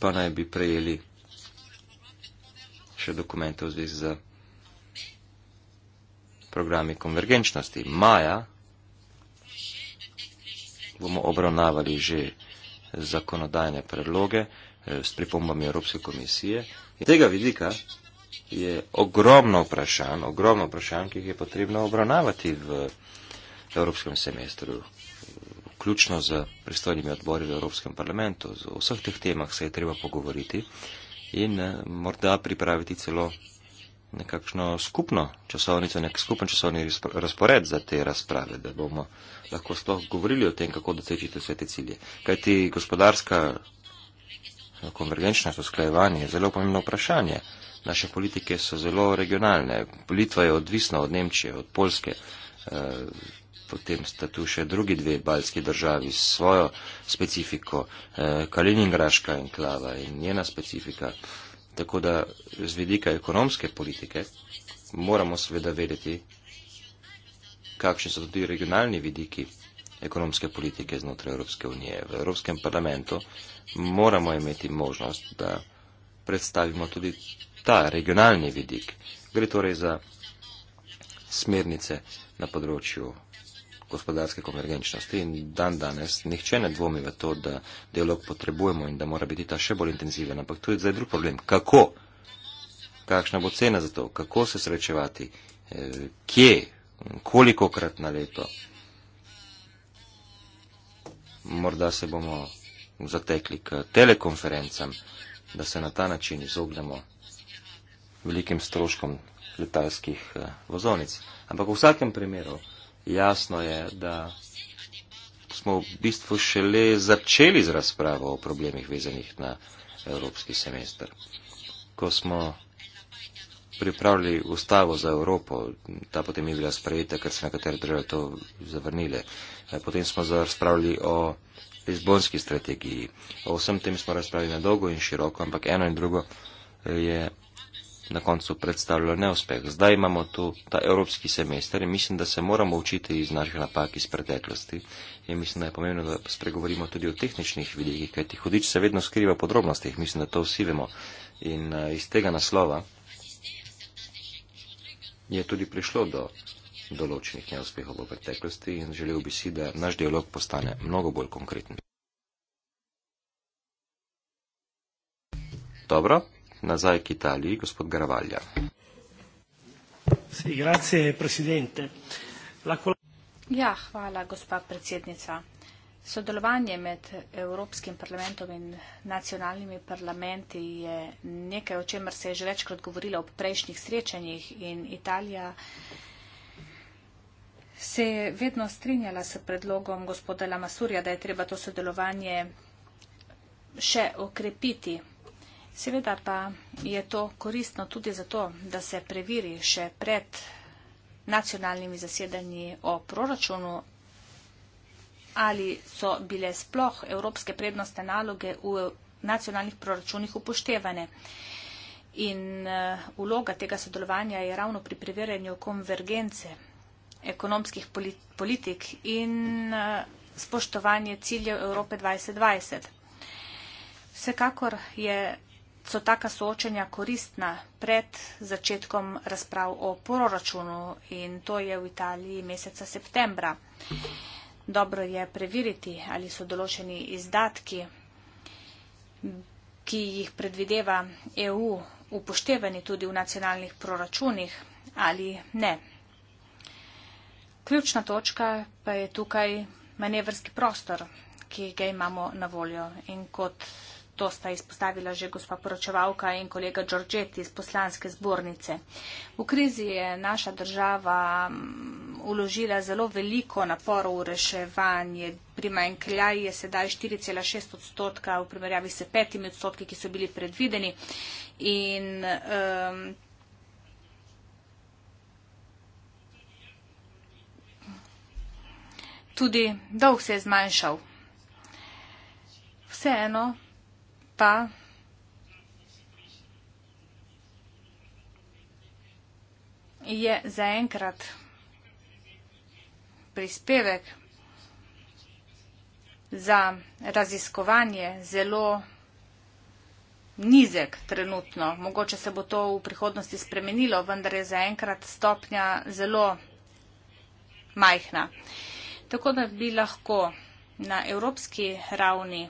pa naj bi prejeli še dokumente v zvezi z programi konvergenčnosti. Maja bomo obravnavali že zakonodajne predloge eh, s pripombami Evropske komisije. In tega vidika je ogromno vprašanj, ogromno vprašanj, ki jih je potrebno obravnavati v Evropskem semestru vključno z pristojnimi odbori v Evropskem parlamentu, z vseh teh temah se je treba pogovoriti in eh, morda pripraviti celo nekakšno skupno časovnico, nek skupen časovni razpored za te razprave, da bomo lahko sploh govorili o tem, kako doseči vse te cilje. Kajti gospodarska eh, konvergenčna sklajevanje je zelo pomembno vprašanje. Naše politike so zelo regionalne. Litva je odvisna od Nemčije, od Polske. Eh, potem sta tu še drugi dve baljski državi s svojo specifiko, eh, Kaliningraška enklava in njena specifika. Tako da z vidika ekonomske politike moramo seveda vedeti, kakšni so tudi regionalni vidiki ekonomske politike znotraj Evropske unije. V Evropskem parlamentu moramo imeti možnost, da predstavimo tudi ta regionalni vidik. Gre torej za smernice na področju gospodarske konvergenčnosti in dan danes nihče ne dvomi v to, da dialog potrebujemo in da mora biti ta še bolj intenziven. Ampak tu je zdaj drug problem. Kako? Kakšna bo cena za to? Kako se srečevati? Eh, kje? Kolikokrat na leto? Morda se bomo zatekli k telekonferencam, da se na ta način izognemo velikim stroškom letalskih eh, vozovnic. Ampak v vsakem primeru jasno je, da smo v bistvu šele začeli z razpravo o problemih vezanih na evropski semester. Ko smo pripravili ustavo za Evropo, ta potem je bila sprejeta, ker so nekatere države to zavrnile. Eh, potem smo razpravili o Lizbonski strategiji. O vsem tem smo razpravili na dolgo in široko, ampak eno in drugo je na koncu predstavljalo neuspeh. Zdaj imamo tu ta evropski semester in mislim, da se moramo učiti iz naših napak iz preteklosti. In mislim, da je pomembno, da spregovorimo tudi o tehničnih vidikih, kajti hudič se vedno skriva podrobnostih. Mislim, da to vsi vemo. In uh, iz tega naslova je tudi prišlo do določenih neuspehov v preteklosti in želel bi si, da naš dialog postane mnogo bolj konkreten. Dobro, nazaj k Italiji, gospod Garavalja. Ja, hvala, gospa predsednica. Sodelovanje med Evropskim parlamentom in nacionalnimi parlamenti je nekaj, o čemer se je že večkrat govorilo ob prejšnjih srečanjih in Italija se je vedno strinjala s predlogom gospoda Lamasurja, da je treba to sodelovanje še okrepiti. Seveda pa je to koristno tudi zato, da se preveri še pred nacionalnimi zasedanji o proračunu, ali so bile sploh evropske prednostne naloge v nacionalnih proračunih upoštevane. In eh, vloga tega sodelovanja je ravno pri preverjanju konvergence ekonomskih politik in eh, spoštovanje ciljev Evrope 2020. Vsekakor je so taka soočenja koristna pred začetkom razprav o proračunu in to je v Italiji meseca septembra. Dobro je preveriti, ali so določeni izdatki, ki jih predvideva EU, upoštevani tudi v nacionalnih proračunih ali ne. Ključna točka pa je tukaj manevrski prostor, ki ga imamo na voljo in kot To sta izpostavila že gospa poročevalka in kolega Đorđeti iz poslanske zbornice. V krizi je naša država uložila mm, zelo veliko naporo v reševanje. Primanjkljaj je sedaj 4,6 odstotka v primerjavi s petimi odstotki, ki so bili predvideni. In, um, tudi dolg se je zmanjšal. Vseeno, pa je zaenkrat prispevek za raziskovanje zelo nizek trenutno. Mogoče se bo to v prihodnosti spremenilo, vendar je zaenkrat stopnja zelo majhna. Tako da bi lahko na evropski ravni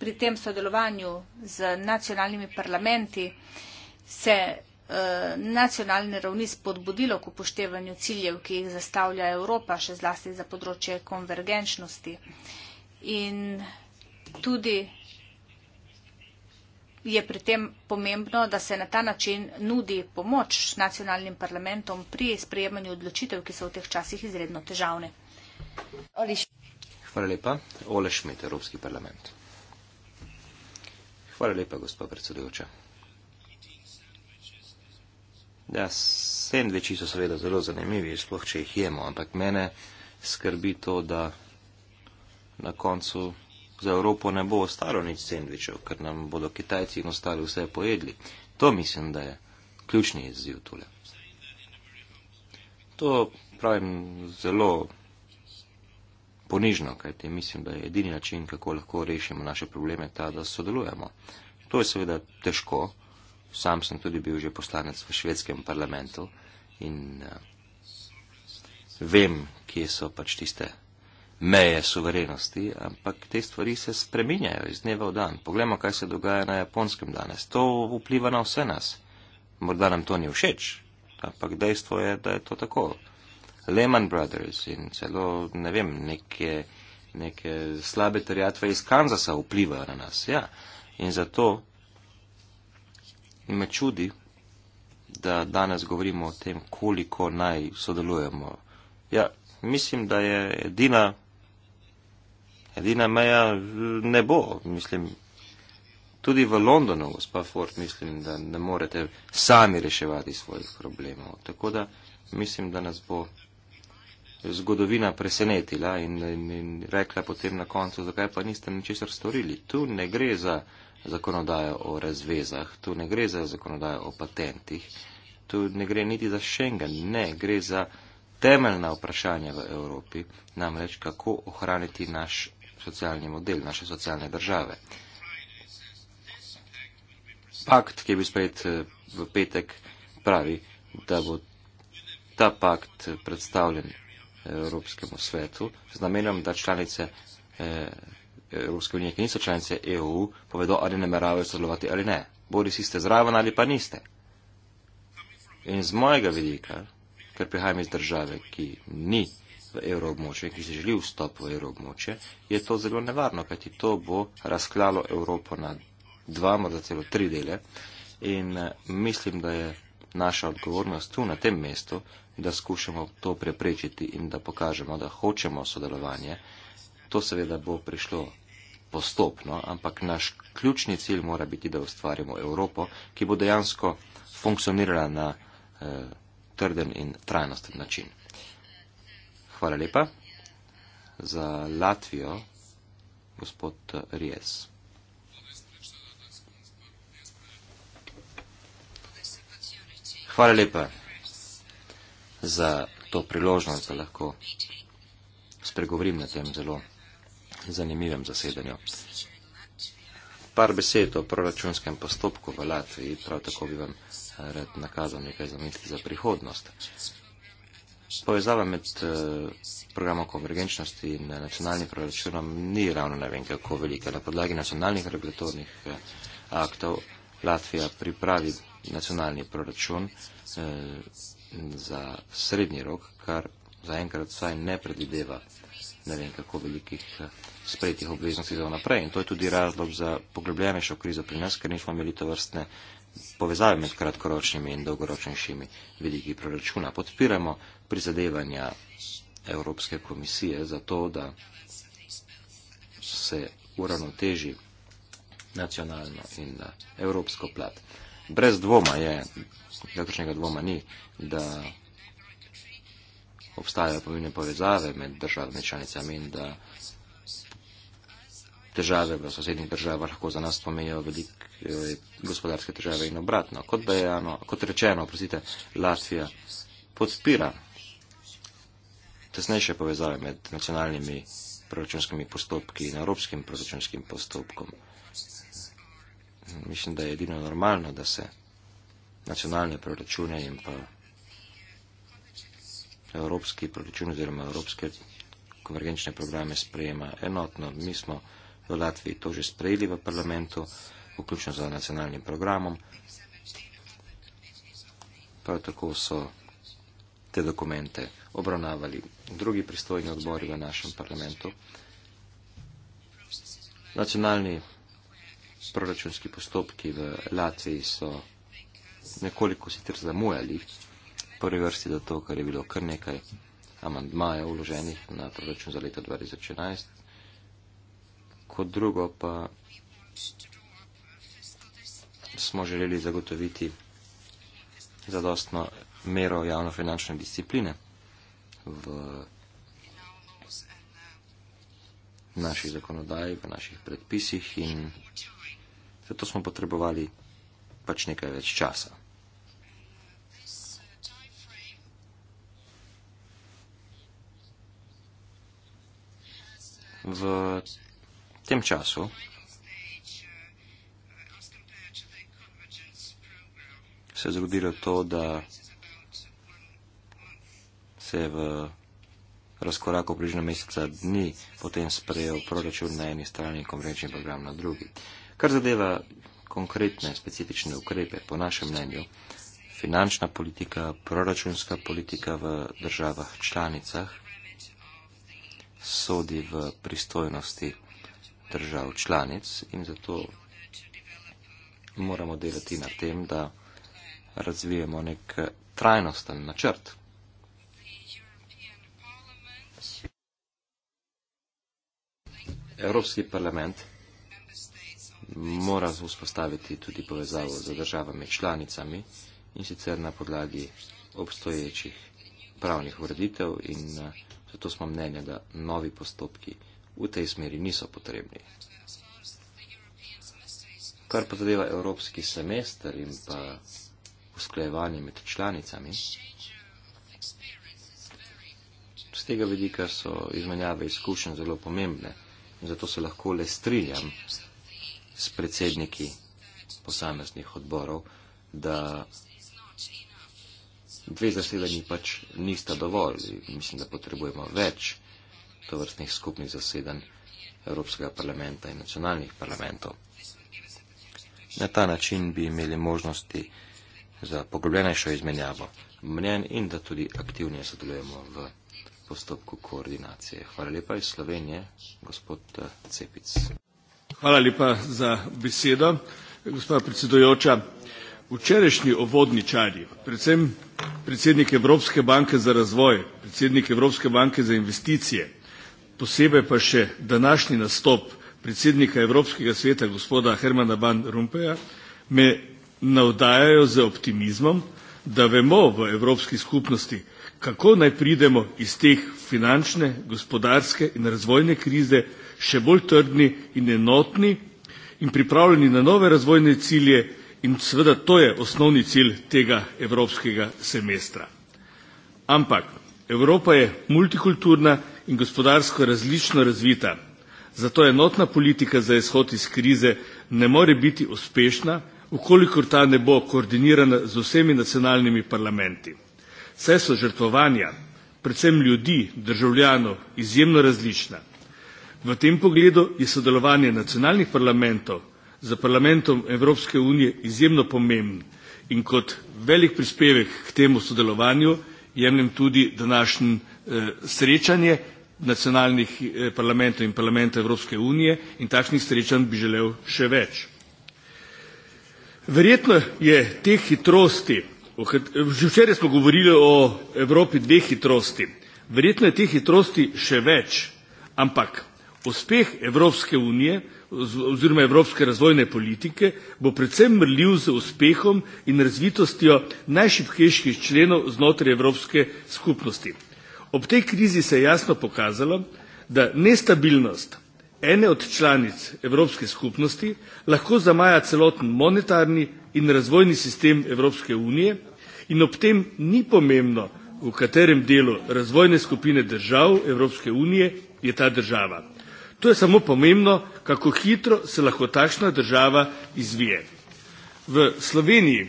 pri tem sodelovanju z nacionalnimi parlamenti se eh, nacionalne ravni spodbudilo k upoštevanju ciljev, ki jih zastavlja Evropa, še zlasti za področje konvergenčnosti. In tudi je pri tem pomembno, da se na ta način nudi pomoč nacionalnim parlamentom pri sprejemanju odločitev, ki so v teh časih izredno težavne. Hvala lepa. Ole Šmet, Evropski parlament. Hvala lepa, gospod predsedujoča. Ja, sendviči so seveda zelo zanimivi, sploh če jih jemo, ampak mene skrbi to, da na koncu za Evropo ne bo ostalo nič sendvičev, ker nam bodo Kitajci in ostali vse pojedli. To mislim, da je ključni izziv tule. To pravim zelo ponižno, kajte mislim, da je edini način, kako lahko rešimo naše probleme, ta, da sodelujemo. To je seveda težko. Sam sem tudi bil že poslanec v švedskem parlamentu in uh, vem, kje so pač tiste meje suverenosti, ampak te stvari se spreminjajo iz dneva v dan. Poglejmo, kaj se dogaja na japonskem danes. To vpliva na vse nas. Morda nam to ni všeč, ampak dejstvo je, da je to tako. Lehman Brothers in celo, ne vem, neke, neke slabe terjatve iz Kanzasa vplivajo na nas. Ja. In zato me čudi, da danes govorimo o tem, koliko naj sodelujemo. Ja, mislim, da je edina, edina meja eh, ne bo. Mislim, tudi v Londonu, gospa Ford, mislim, da ne morete sami reševati svojih problemov. Tako da mislim, da nas bo zgodovina presenetila in, in, in rekla potem na koncu, zakaj pa niste ničesar storili. Tu ne gre za zakonodajo o razvezah, tu ne gre za zakonodajo o patentih, tu ne gre niti za Schengen, ne gre za temeljna vprašanja v Evropi, namreč kako ohraniti naš socialni model, naše socialne države. Pakt, ki je bil sprejet eh, v petek, pravi, da bo ta pakt predstavljen Evropskemu svetu z namenom, da članice eh, Evropske unije, ki niso članice EU, povedo, ali ne meravajo sodelovati ali ne. Bodi si ste zraven ali pa niste. In z mojega vidika, ker prihajam iz države, ki ni v evroobmočju in ki se želi vstop v evroobmočje, je to zelo nevarno, kajti to bo razklalo Evropo na dva, morda celo tri dele. In eh, mislim, da je naša odgovornost tu, na tem mestu, da skušamo to preprečiti in da pokažemo, da hočemo sodelovanje. To seveda bo prišlo postopno, ampak naš ključni cilj mora biti, da ustvarimo Evropo, ki bo dejansko funkcionirala na eh, trden in trajnosten način. Hvala lepa. Za Latvijo, gospod Ries. Hvala lepa za to priložnost, da lahko spregovorim na tem zelo zanimivem zasedanju. Par besed o proračunskem postopku v Latviji, prav tako bi vam rad nakazal nekaj zamisli za prihodnost. Povezava med eh, programom konvergenčnosti in eh, nacionalnim proračunom ni ravno ne vem kako velika. Na podlagi nacionalnih regulatornih eh, aktov Latvija pripravi nacionalni proračun. Eh, za srednji rok, kar zaenkrat saj ne predvideva ne vem kako velikih eh, sprejetih obveznosti za naprej. In to je tudi razlog za poglobljenejšo krizo pri nas, ker nismo imeli to vrstne povezave med kratkoročnimi in dolgoročnejšimi vidiki proračuna. Podpiramo prizadevanja Evropske komisije za to, da se uravnoteži nacionalno in eh, evropsko plat brez dvoma je, nekakšnega dvoma ni, da obstajajo pomembne povezave med državami članicami in da težave v sosednjih državah lahko za nas pomenijo velike gospodarske težave in obratno. Kot, da je, ano, kot rečeno, prosite, Latvija podpira tesnejše povezave med nacionalnimi proračunskimi postopki in evropskim proračunskim postopkom mislim, da je edino normalno, da se nacionalne proračune in pa evropski proračun oziroma evropske konvergenčne programe sprejema enotno. Mi smo v Latviji to že sprejeli v parlamentu, vključno za nacionalnim programom. Prav tako so te dokumente obravnavali drugi pristojni odbori v našem parlamentu. Nacionalni proračunski postopki v Laciji so nekoliko sitr zamujali, prvi vrsti do to, kar je bilo kar nekaj amandmajev vloženih na proračun za leto 2011, kot drugo pa smo želeli zagotoviti zadostno mero javnofinančne discipline v naših zakonodaji, v naših predpisih in zato smo potrebovali pač nekaj več časa. V tem času se je zgodilo to, da se je v razkoraku približno meseca dni potem sprejel proračun na eni strani in konvenčni program na drugi. Kar zadeva konkretne, specifične ukrepe, po našem mnenju, finančna politika, proračunska politika v državah članicah sodi v pristojnosti držav članic in zato moramo delati na tem, da razvijemo nek trajnosten načrt. Evropski parlament mora vzpostaviti tudi povezavo z državami članicami in sicer na podlagi obstoječih pravnih ureditev in eh, zato smo mnenja, da novi postopki v tej smeri niso potrebni. Kar pa zadeva evropski semester in pa usklajevanje med članicami, z tega vidika so izmenjave izkušenj zelo pomembne in zato se lahko le strinjam, s predsedniki posameznih odborov, da dve zasedanji pač nista dovolj. Mislim, da potrebujemo več tovrstnih skupnih zasedanj Evropskega parlamenta in nacionalnih parlamentov. Na ta način bi imeli možnosti za poglobljenejšo izmenjavo mnen in da tudi aktivnije sodelujemo v postopku koordinacije. Hvala lepa iz Slovenije, gospod Cepic. Hvala lepa za besedo, gospa predsedujoča. Včerajšnji uvodničarji, predvsem predsednik Evropske banke za razvoj, predsednik Evropske banke za investicije, posebej pa še današnji nastop predsednika Evropskega sveta gospoda Hermana Van Rompuya me navdajajo z optimizmom, da vemo v evropski skupnosti, kako naj pridemo iz te finančne, gospodarske in razvojne krize še bolj trdni in enotni in pripravljeni na nove razvojne cilje in seveda to je osnovni cilj tega evropskega semestra. Ampak Evropa je multikulturna in gospodarsko različno razvita, zato enotna politika za izhod iz krize ne more biti uspešna, ukolikor ta ne bo koordinirana z vsemi nacionalnimi parlamenti. Vse so žrtvovanja, predvsem ljudi, državljanov, izjemno različna. V tem pogledu je sodelovanje nacionalnih parlamentov za parlamentom Evropske unije izjemno pomembno in kot velik prispevek k temu sodelovanju jemljem tudi današnje eh, srečanje nacionalnih eh, parlamentov in parlamenta Evropske unije in takšnih srečanj bi želel še več. Verjetno je te hitrosti, že včeraj smo govorili o Evropi dveh hitrosti, verjetno je te hitrosti še več, ampak Uspeh Evropske unije oziroma Evropske razvojne politike bo predvsem mrljiv z uspehom in razvitostjo najšipkejših členov znotraj Evropske skupnosti. Ob tej krizi se je jasno pokazalo, da nestabilnost ene od članic Evropske skupnosti lahko zamaja celoten monetarni in razvojni sistem Evropske unije in ob tem ni pomembno, v katerem delu razvojne skupine držav Evropske unije je ta država. To je samo pomembno, kako hitro se lahko takšna država izvije. V Sloveniji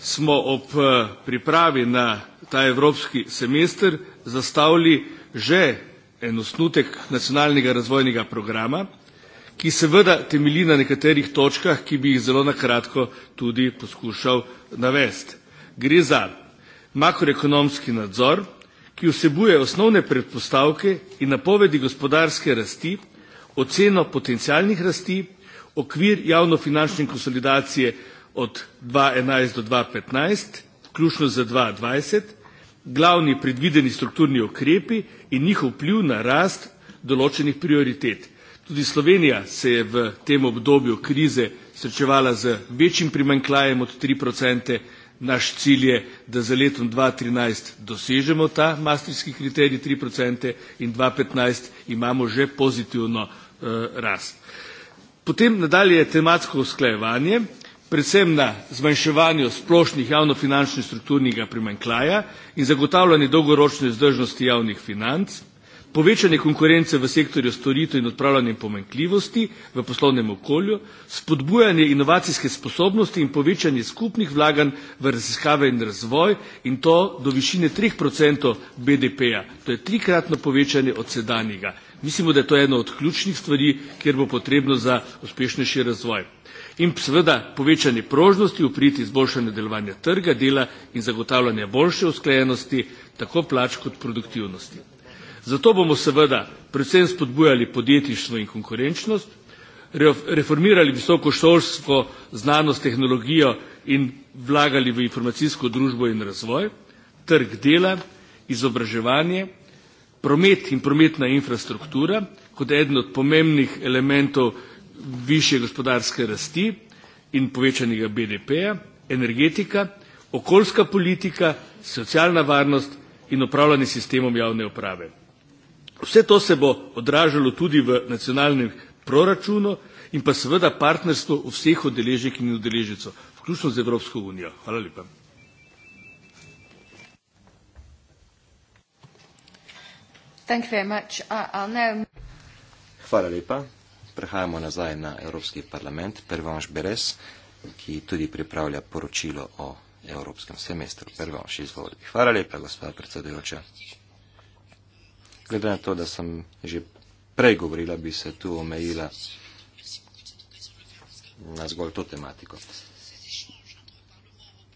smo ob eh, pripravi na ta evropski semester zastavili že en osnutek nacionalnega razvojnega programa, ki seveda temelji na nekaterih točkah, ki bi jih zelo nakratko tudi poskušal navesti. Gre za makroekonomski nadzor, ki vsebuje osnovne predpostavke in napovedi gospodarske rasti, oceno potencialnih rasti, okvir javnofinančne konsolidacije od dvajset enajst do dvajset petnajst, vključno z dvajset dvajset, glavni predvideni strukturni ukrepi in njihov vpliv na rast določenih prioritet. Tudi Slovenija se je v tem obdobju krize srečevala z večjim primanjkljajem od tri odstotke, naš cilj je, da za letom dvajset trinajst dosežemo ta maastrichtski kriterij tri odstotke in dvajset petnajst imamo že pozitivno Eh, rast. Potem nadalje tematsko usklajevanje, predvsem na zmanjševanju splošnih javnofinančnih strukturnega primankljaja in zagotavljanje dolgoročne vzdržnosti javnih financ, povečanje konkurence v sektorju storitev in odpravljanje pomankljivosti v poslovnem okolju, spodbujanje inovacijske sposobnosti in povečanje skupnih vlaganj v raziskave in razvoj in to do višine tri odstotke BDP-ja. To je trikratno povečanje od sedanjega. Mislimo, da je to ena od ključnih stvari, kjer bo potrebno za uspešnejši razvoj. In seveda povečanje prožnosti, upriti izboljšanje delovanja trga, dela in zagotavljanje boljše usklajenosti, tako plač kot produktivnosti. Zato bomo seveda predvsem spodbujali podjetništvo in konkurenčnost, reformirali visokošolsko znanost, tehnologijo in vlagali v informacijsko družbo in razvoj, trg dela, izobraževanje, Promet in prometna infrastruktura kot eden od pomembnih elementov višje gospodarske rasti in povečanega BDP-ja, energetika, okoljska politika, socialna varnost in upravljanje sistemom javne uprave. Vse to se bo odražalo tudi v nacionalnem proračunu in pa seveda partnerstvo vseh udeležik in udeležicov, vključno z Evropsko unijo. Hvala lepa. Thank you very much. I'll now... Hvala lepa. Prehajamo nazaj na Evropski parlament. Pervanš Beres, ki tudi pripravlja poročilo o Evropskem semestru. Pervanš, izvoli. Hvala lepa, gospod predsedujoča. Glede na to, da sem že prej govorila, bi se tu omejila na zgolj to tematiko.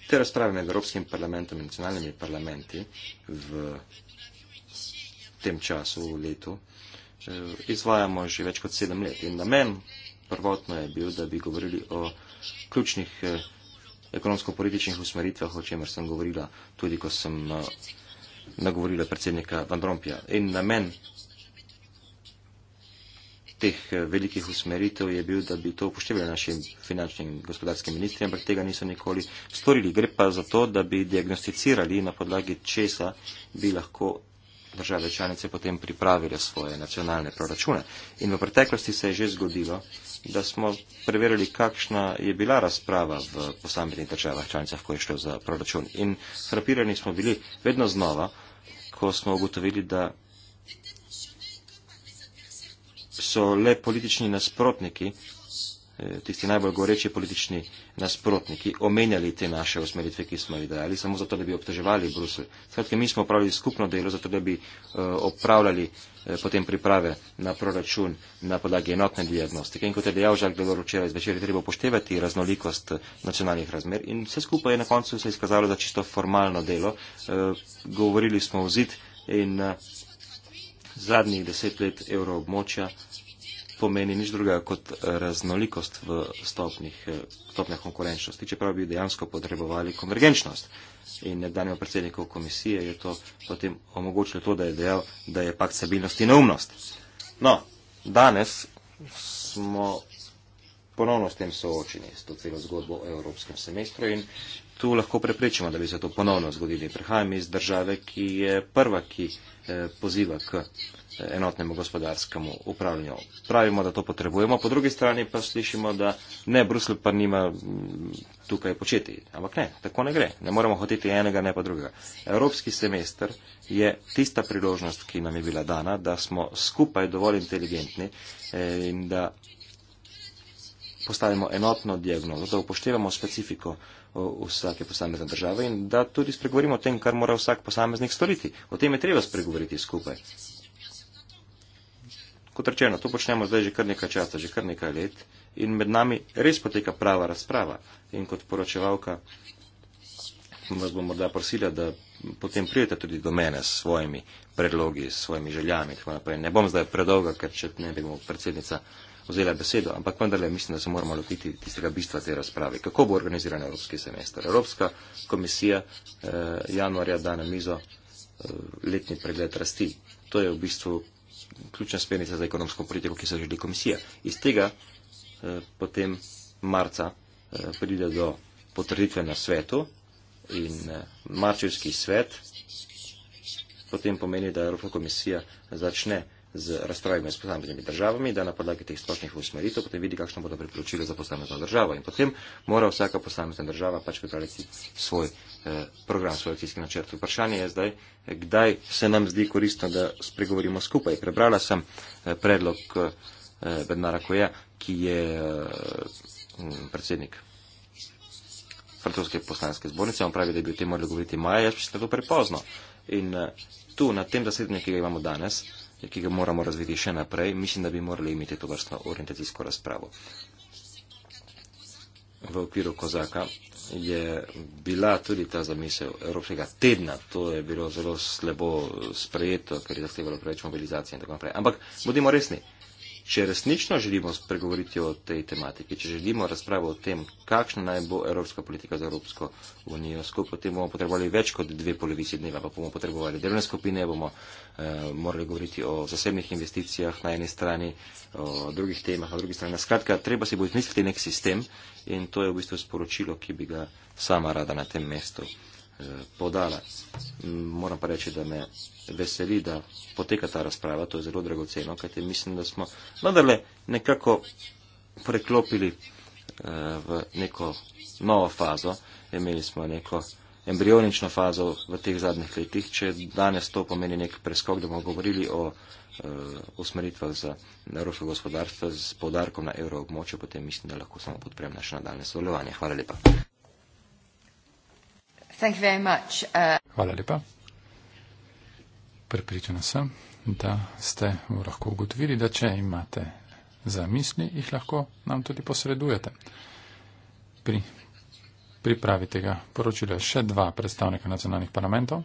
Te razprave med Evropskim parlamentom in nacionalnimi parlamenti v tem času v letu. Eh, izvajamo že več kot sedem let in namen prvotno je bil, da bi govorili o ključnih eh, ekonomsko-političnih usmeritvah, o čemer sem govorila tudi, ko sem eh, nagovorila predsednika Van Rompija. In namen teh velikih usmeritev je bil, da bi to upoštevali našim finančnim in gospodarskim ministrijem, ampak tega niso nikoli storili. Gre pa za to, da bi diagnosticirali na podlagi česa bi lahko države članice potem pripravile svoje nacionalne proračune. In v preteklosti se je že zgodilo, da smo preverili, kakšna je bila razprava v posameznih državah članicah, ko je šlo za proračun. In frapirani smo bili vedno znova, ko smo ugotovili, da so le politični nasprotniki Eh, tisti najbolj goreči politični nasprotniki omenjali te naše usmeritve, ki smo jih dajali, samo zato, da bi obtoževali Brusel. Skratka, mi smo opravili skupno delo, zato da bi eh, opravljali eh, potem priprave na proračun na podlagi enotne diagnostike. In kot je dejal Žak Delor včeraj zvečer, treba upoštevati raznolikost nacionalnih razmer. In vse skupaj je na koncu se izkazalo za čisto formalno delo. Govorili smo o zid in zadnjih deset let evroobmočja pomeni nič druga kot raznolikost v stopnih, eh, stopnjah konkurenčnosti, čeprav bi dejansko potrebovali konvergenčnost. In nedanjemu predsedniku komisije je to potem omogočilo to, da je dejal, da je pakt stabilnosti neumnost. No, danes smo ponovno s tem soočeni, s to celo zgodbo o evropskem semestru in tu lahko preprečimo, da bi se to ponovno zgodili. Prihajam iz države, ki je prva, ki eh, poziva k. Eh, enotnemu gospodarskemu upravljanju. Pravimo, da to potrebujemo, po drugi strani pa slišimo, da ne, Bruselj pa nima tukaj početi. Ampak ne, tako ne gre. Ne moremo hoteti enega, ne pa drugega. Evropski semester je tista priložnost, ki nam je bila dana, da smo skupaj dovolj inteligentni eh, in da postavimo enotno diagnozo, da upoštevamo specifiko vsake posamezne države in da tudi spregovorimo o tem, kar mora vsak posameznik storiti. O tem je treba spregovoriti skupaj. Kot rečeno, to počnemo zdaj že kar nekaj časa, že kar nekaj let in med nami res poteka prava razprava. In kot poročevalka vas bom morda prosila, da potem prijete tudi do mene s svojimi predlogi, s svojimi željami. Ne bom zdaj predolga, ker če ne bi mu predsednica vzela besedo, ampak vendarle mislim, da se moramo lotiti tistega bistva te razprave. Kako bo organiziran Evropski semester? Evropska komisija eh, januarja da na mizo eh, letni pregled rasti. To je v bistvu ključna smernica za ekonomsko politiko, ki se želi komisija. Iz tega eh, potem marca eh, pride do potrditve na svetu in eh, marčevski svet potem pomeni, da Evropska komisija začne komisija z razpravami s posameznimi državami, da na podlagi teh splošnih usmeritev potem vidi, kakšno bodo priporočila za posamezno državo. In potem mora vsaka posamezna država pač pripraviti svoj eh, program, svoj akcijski načrt. Vprašanje je zdaj, kdaj se nam zdi koristno, da spregovorimo skupaj. Prebrala sem eh, predlog eh, Bernara Koja, ki je eh, predsednik francoske poslanske zbornice. On pravi, da bi o tem morali govoriti maja, jaz mislim, da je to prepozno. In eh, tu, na tem zasedanju, ki ga imamo danes, ki ga moramo razviti še naprej, mislim, da bi morali imeti to vrstno orientacijsko razpravo. V okviru Kozaka je bila tudi ta zamisel Evropskega tedna, to je bilo zelo slabo sprejeto, ker je zahtevalo preveč mobilizacije in tako naprej. Ampak bodimo resni, Če resnično želimo spregovoriti o tej tematiki, če želimo razpravo o tem, kakšna naj bo evropska politika za Evropsko unijo, skupaj potem bomo potrebovali več kot dve polovici dneva, pa bomo potrebovali delovne skupine, bomo eh, morali govoriti o zasebnih investicijah na eni strani, o drugih temah na drugi strani. Skratka, treba si bo izmisliti nek sistem in to je v bistvu sporočilo, ki bi ga sama rada na tem mestu Eh, podala. Moram pa reči, da me veseli, da poteka ta razprava, to je zelo dragoceno, kajte mislim, da smo nadalje nekako preklopili eh, v neko novo fazo. Imeli smo neko embrionično fazo v teh zadnjih letih. Če danes to pomeni nek preskok, da bomo govorili o eh, usmeritvah za evropsko gospodarstvo s podarkom na evroobmočje, potem mislim, da lahko samo podprem naše nadaljne sodelovanje. Hvala lepa. Thank you very much. Uh, Hvala lepa. Pripričana sem, da ste lahko ugotovili, da če imate za misli, jih lahko nam tudi posredujete. Pri pripravi tega poročila še dva predstavnika nacionalnih parlamentov,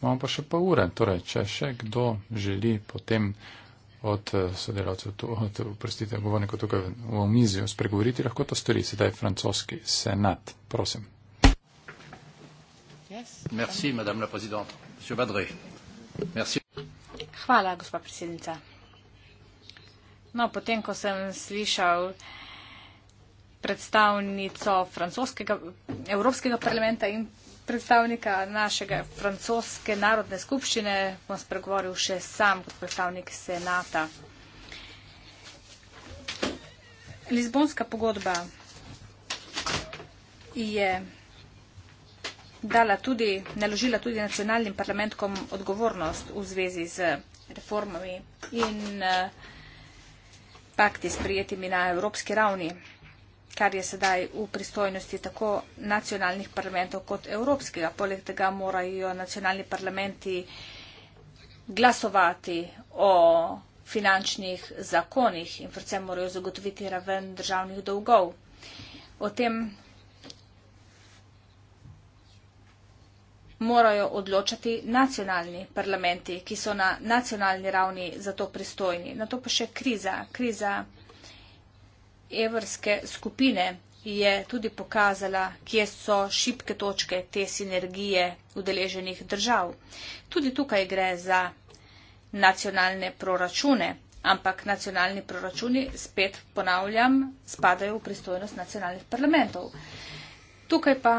imamo pa še pa ure. Torej, če še kdo želi potem od eh, sodelavcev, od, prostite, govornikov tukaj v omizijo spregovoriti, lahko to stori. Sedaj francoski senat, prosim. Hvala, gospa predsednica. No, potem, ko sem slišal predstavnico francoskega, evropskega parlamenta in predstavnika našega francoske narodne skupščine, bom spregovoril še sam kot predstavnik senata. Lizbonska pogodba je dala tudi, naložila tudi nacionalnim parlamentkom odgovornost v zvezi z reformami in eh, pakti sprijetimi na evropski ravni, kar je sedaj v pristojnosti tako nacionalnih parlamentov kot evropskega. Poleg tega morajo nacionalni parlamenti glasovati o finančnih zakonih in predvsem morajo zagotoviti raven državnih dolgov. O tem morajo odločati nacionalni parlamenti, ki so na nacionalni ravni za to pristojni. Na to pa še kriza. Kriza evrske skupine je tudi pokazala, kje so šibke točke te sinergije udeleženih držav. Tudi tukaj gre za nacionalne proračune, ampak nacionalni proračuni, spet ponavljam, spadajo v pristojnost nacionalnih parlamentov. Tukaj pa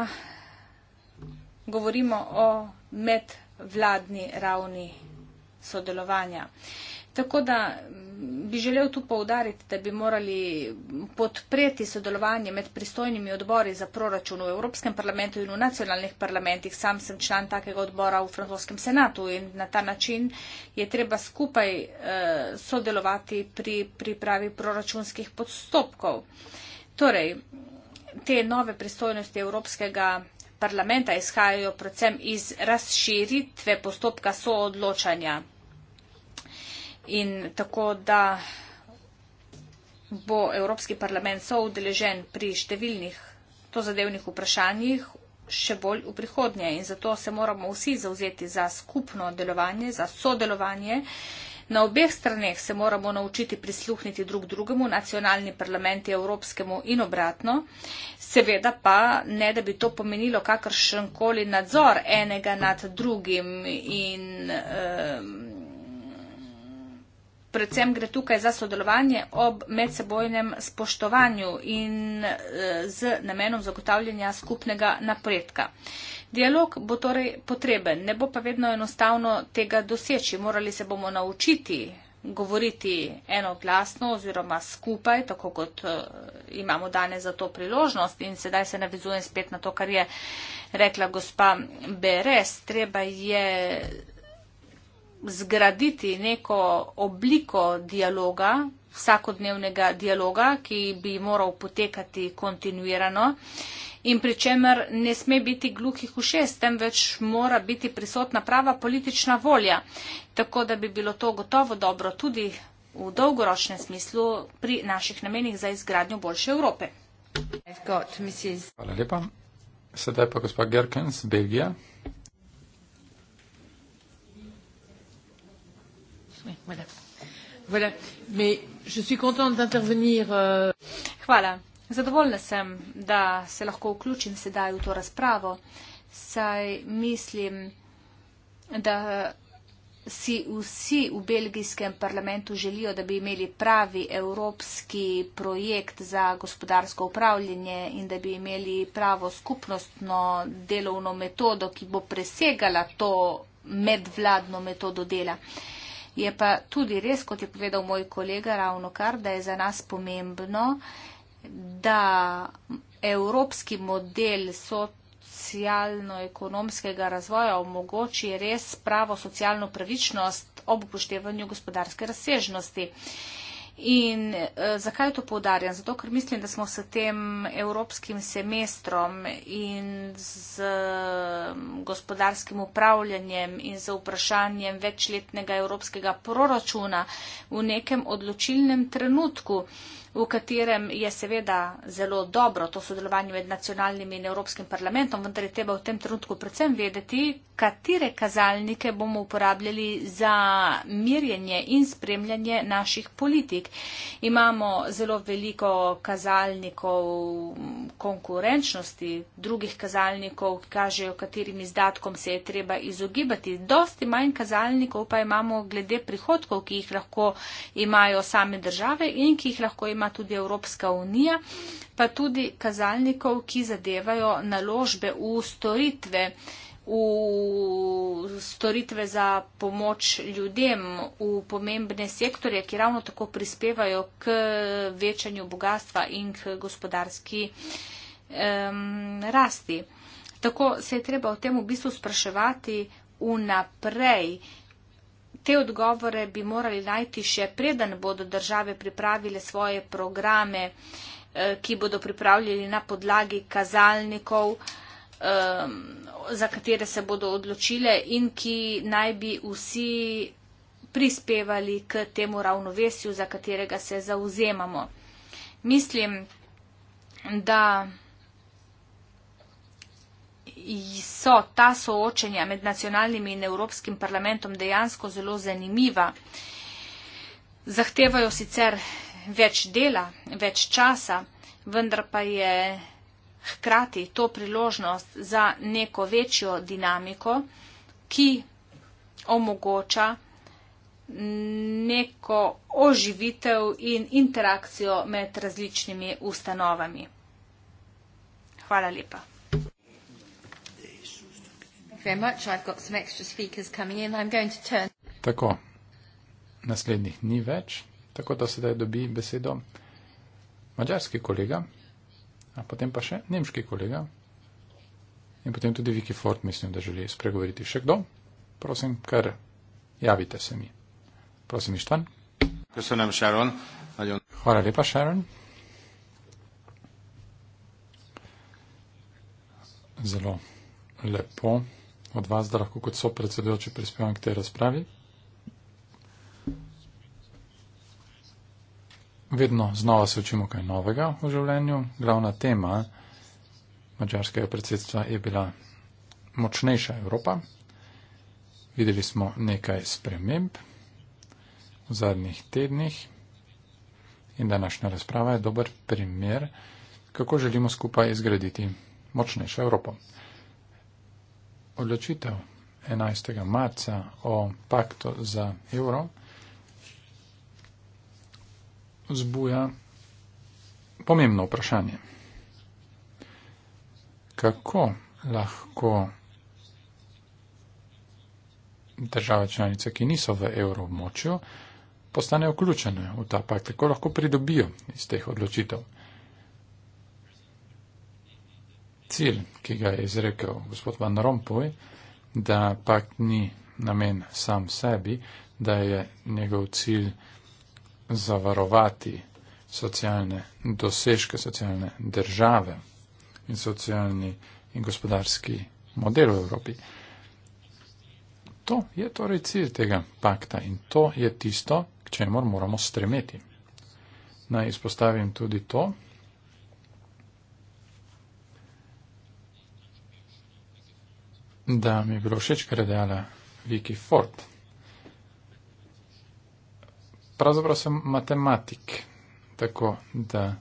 govorimo o medvladni ravni sodelovanja. Tako da mm, bi želel tu poudariti, da bi morali podpreti sodelovanje med pristojnimi odbori za proračun v Evropskem parlamentu in v nacionalnih parlamentih. Sam sem član takega odbora v francoskem senatu in na ta način je treba skupaj uh, sodelovati pri pripravi proračunskih podstopkov. Torej, te nove pristojnosti Evropskega parlamenta parlamenta izhajajo predvsem iz razširitve postopka soodločanja. In tako da bo Evropski parlament soudeležen pri številnih tozadevnih vprašanjih še bolj v prihodnje. In zato se moramo vsi zauzeti za skupno delovanje, za sodelovanje. Na obeh straneh se moramo naučiti prisluhniti drug drugemu, nacionalni parlamenti evropskemu in obratno, seveda pa ne, da bi to pomenilo kakršenkoli nadzor enega nad drugim in. Um, predvsem gre tukaj za sodelovanje ob medsebojnem spoštovanju in eh, z namenom zagotavljanja skupnega napredka. Dialog bo torej potreben, ne bo pa vedno enostavno tega doseči. Morali se bomo naučiti govoriti enoglasno oziroma skupaj, tako kot eh, imamo danes za to priložnost in sedaj se navizujem spet na to, kar je rekla gospa Beres. Treba je zgraditi neko obliko dialoga, vsakodnevnega dialoga, ki bi moral potekati kontinuirano in pri čemer ne sme biti gluhih ušes, temveč mora biti prisotna prava politična volja. Tako da bi bilo to gotovo dobro tudi v dolgoročnem smislu pri naših namenih za izgradnjo boljše Evrope. Hvala lepa. Sedaj pa gospod Gerkens, Belgija. voilà. voilà. Mais je suis contente d'intervenir. Euh... Voilà. Zadovoljna sem, da se lahko vključim sedaj v to razpravo, saj mislim, da si vsi v belgijskem parlamentu želijo, da bi imeli pravi evropski projekt za gospodarsko upravljanje in da bi imeli pravo skupnostno delovno metodo, ki bo presegala to medvladno metodo dela. Uh, Je pa tudi res, kot je povedal moj kolega ravno kar, da je za nas pomembno, da evropski model so socialno-ekonomskega razvoja omogoči res pravo socialno pravičnost ob upoštevanju gospodarske razsežnosti. Uh, In uh, zakaj to poudarjam? Zato, ker mislim, da smo s tem evropskim semestrom in z mm, gospodarskim upravljanjem in z vprašanjem večletnega evropskega proračuna v nekem odločilnem trenutku. Uh, v katerem je seveda zelo dobro to sodelovanje med nacionalnim in Evropskim parlamentom, vendar je treba v tem trenutku predvsem vedeti, katere kazalnike bomo uporabljali za mirjenje in spremljanje naših politik. Imamo zelo veliko kazalnikov konkurenčnosti, drugih kazalnikov, ki kažejo, katerim izdatkom se je treba izogibati. Dosti manj kazalnikov pa imamo glede prihodkov, ki jih lahko imajo same države in ki jih lahko imajo ima tudi Evropska unija, pa tudi kazalnikov, ki zadevajo naložbe v storitve, v storitve za pomoč ljudem, v pomembne sektorje, ki ravno tako prispevajo k večanju bogatstva in k gospodarski um, rasti. Tako se je treba o tem v bistvu spraševati vnaprej. Te odgovore bi morali najti še preden bodo države pripravile svoje programe, eh, ki bodo pripravljali na podlagi kazalnikov, ehm, za katere se bodo odločile in ki naj bi vsi prispevali k temu ravnovesju, za katerega se zauzemamo. Mislim, da so ta soočenja med nacionalnimi in Evropskim parlamentom dejansko zelo zanimiva. Zahtevajo sicer več dela, več časa, vendar pa je hkrati to priložnost za neko večjo dinamiko, ki omogoča neko oživitev in interakcijo med različnimi ustanovami. Hvala lepa very much. I've got some extra speakers coming in. I'm going to turn. Tako, naslednjih ni več, tako da sedaj dobi besedo mađarski kolega, a potem pa še nemški kolega in potem tudi Vicky Ford, mislim, da želi spregovoriti. Še kdo? Prosim, kar javite se mi. Prosim, Ištvan. Hvala lepa, Sharon. Zelo lepo od vas, da lahko kot so predsedujoči prispevam k tej razpravi. Vedno znova se učimo kaj novega v življenju. Glavna tema mačarskega predsedstva je bila močnejša Evropa. Videli smo nekaj sprememb v zadnjih tednih in današnja razprava je dober primer, kako želimo skupaj izgraditi močnejšo Evropo odločitev 11. marca o paktu za evro zbuja pomembno vprašanje. Kako lahko države članice, ki niso v evroobmočju, postanejo vključene v ta pakt, kako lahko pridobijo iz teh odločitev? cilj, ki ga je izrekel gospod Van Rompuy, da pakt ni namen sam sebi, da je njegov cilj zavarovati socialne dosežke, socialne države in socialni in gospodarski model v Evropi. To je torej cilj tega pakta in to je tisto, k čemu moramo stremeti. Naj izpostavim tudi to, da mi je bilo všeč, kar je dejala Vicky Ford. Pravzaprav sem matematik, tako da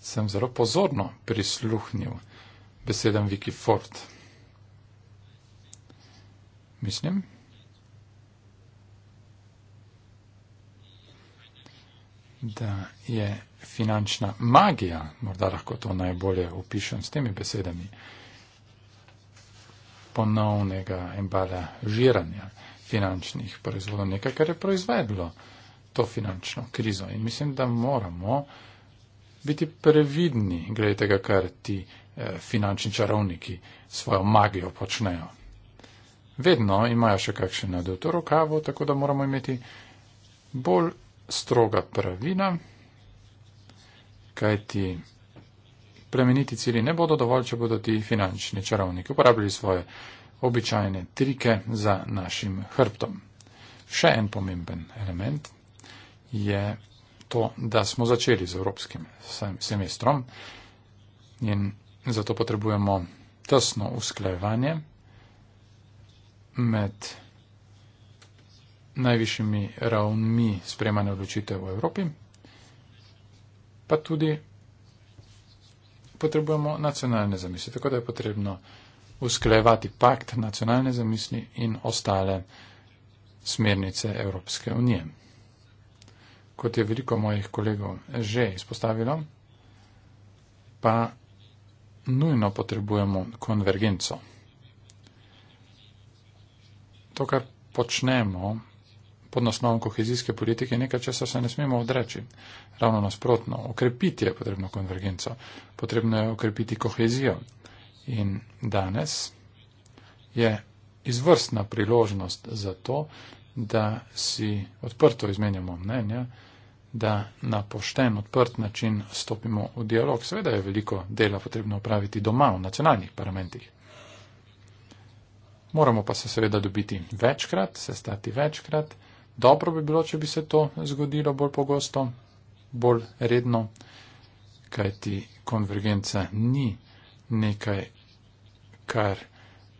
sem zelo pozorno prisluhnil besedam Vicky Ford. Mislim, da je finančna magija, morda lahko to najbolje opišem s temi besedami, ponovnega embalažiranja finančnih proizvodov, nekaj, kar je proizvedlo to finančno krizo. In mislim, da moramo biti previdni, glede tega, kar ti eh, finančni čarovniki svojo magijo počnejo. Vedno imajo še kakšen nadel to rokavo, tako da moramo imeti bolj stroga pravila, kajti plemeniti cilji ne bodo dovolj, če bodo ti finančni čarovniki uporabljali svoje običajne trike za našim hrbtom. Še en pomemben element je to, da smo začeli z evropskim semestrom in zato potrebujemo tesno usklejevanje med najvišjimi ravnmi sprejmanja odločitev v Evropi, pa tudi potrebujemo nacionalne zamisli. Tako da je potrebno usklejevati pakt nacionalne zamisli in ostale smernice Evropske unije. Kot je veliko mojih kolegov že izpostavilo, pa nujno potrebujemo konvergenco. To, kar počnemo, pod naslovom kohezijske politike nekaj, česar se ne smemo odreči. Ravno nasprotno, okrepiti je potrebno konvergenco, potrebno je okrepiti kohezijo. In danes je izvrstna priložnost za to, da si odprto izmenjamo mnenja, da na pošten, odprt način stopimo v dialog. Seveda je veliko dela potrebno upraviti doma v nacionalnih parlamentih. Moramo pa se seveda dobiti večkrat, se stati večkrat. Dobro bi bilo, če bi se to zgodilo bolj pogosto, bolj redno, kajti konvergenca ni nekaj, kar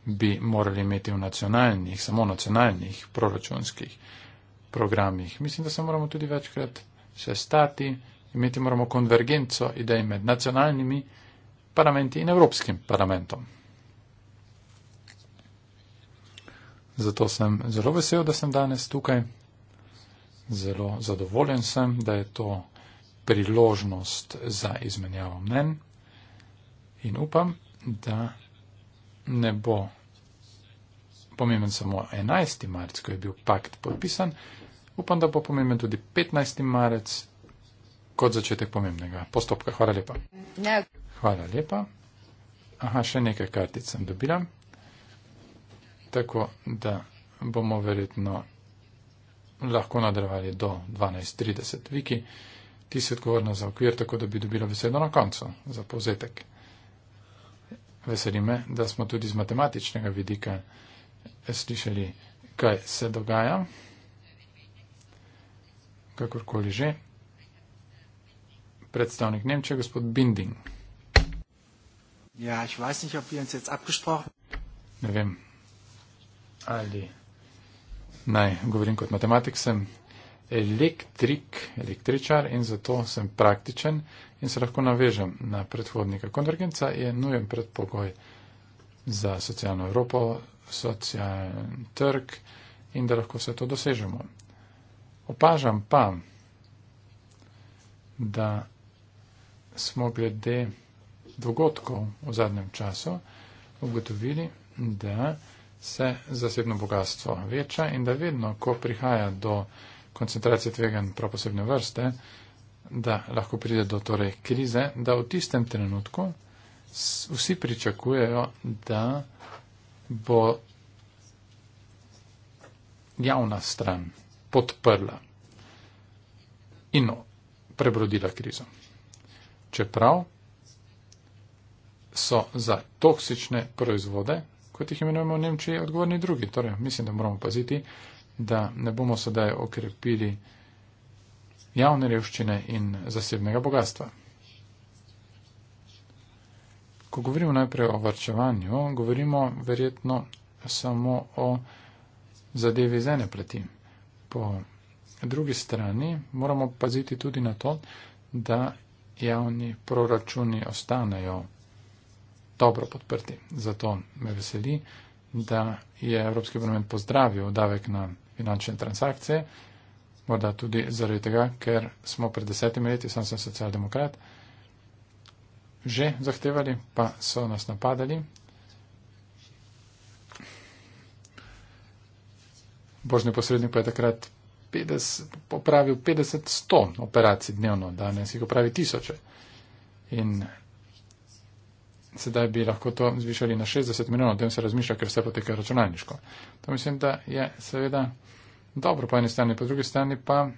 bi morali imeti v nacionalnih, samo nacionalnih proračunskih programih. Mislim, da se moramo tudi večkrat sestati, imeti moramo konvergenco idej med nacionalnimi parlamenti in Evropskim parlamentom. Zato sem zelo vesel, da sem danes tukaj zelo zadovoljen sem, da je to priložnost za izmenjavo mnen in upam, da ne bo pomemben samo 11. marec, ko je bil pakt podpisan, upam, da bo pomemben tudi 15. marec kot začetek pomembnega postopka. Hvala lepa. Hvala lepa. Aha, še nekaj kartic sem dobila. Tako da bomo verjetno lahko nadaljevali do 12.30. Viki, ti si odgovorna za okvir, tako da bi dobila besedo na koncu, za povzetek. Veseli me, da smo tudi z matematičnega vidika slišali, kaj se dogaja. Kakorkoli že. Predstavnik Nemčije, gospod Binding. Ja, ich weiß nicht, ob wir uns jetzt abgesprochen. Ne vem. Ali naj govorim kot matematik, sem elektrik, električar in zato sem praktičen in se lahko navežem na predhodnika. Konvergenca je nujen predpogoj za socialno Evropo, socialni trg in da lahko vse to dosežemo. Opažam pa, da smo glede dogodkov v zadnjem času ugotovili, da se zasebno bogatstvo veča in da vedno, ko prihaja do koncentracije tvegan prav posebne vrste, da lahko pride do torej krize, da v tistem trenutku vsi pričakujejo, da bo javna stran podprla in prebrodila krizo. Čeprav so za toksične proizvode kot jih imenujemo v Nemčiji, odgovorni drugi. Torej, mislim, da moramo paziti, da ne bomo sedaj okrepili javne revščine in zasebnega bogatstva. Ko govorimo najprej o varčevanju, govorimo verjetno samo o zadevi z ene plati. Po drugi strani moramo paziti tudi na to, da javni proračuni ostanejo dobro podprti. Zato me veseli, da je Evropski parlament pozdravil davek na finančne transakcije, morda tudi zaradi tega, ker smo pred desetimi leti, sam sem socialdemokrat, že zahtevali, pa so nas napadali. Božni posrednik pa je takrat 50, popravil 50-100 operacij dnevno, danes jih opravi tisoče. In sedaj bi lahko to zvišali na 60 milijonov, o tem se razmišlja, ker vse poteka računalniško. To mislim, da je seveda dobro po eni strani, po drugi strani pa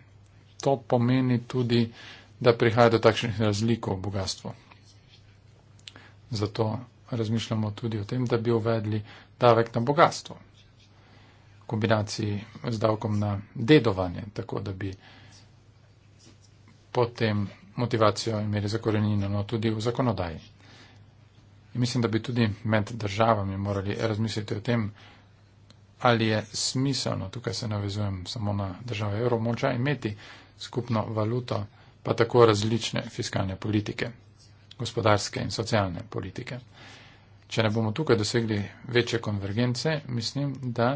to pomeni tudi, da prihaja do takšnih razlik v bogatstvu. Zato razmišljamo tudi o tem, da bi uvedli davek na bogatstvo v kombinaciji z davkom na dedovanje, tako da bi potem motivacijo imeli zakorenjeno no, tudi v zakonodaji. In mislim, da bi tudi med državami morali razmisliti o tem, ali je smiselno, tukaj se navezujem samo na države evromoča, imeti skupno valuto, pa tako različne fiskalne politike, gospodarske in socialne politike. Če ne bomo tukaj dosegli večje konvergence, mislim, da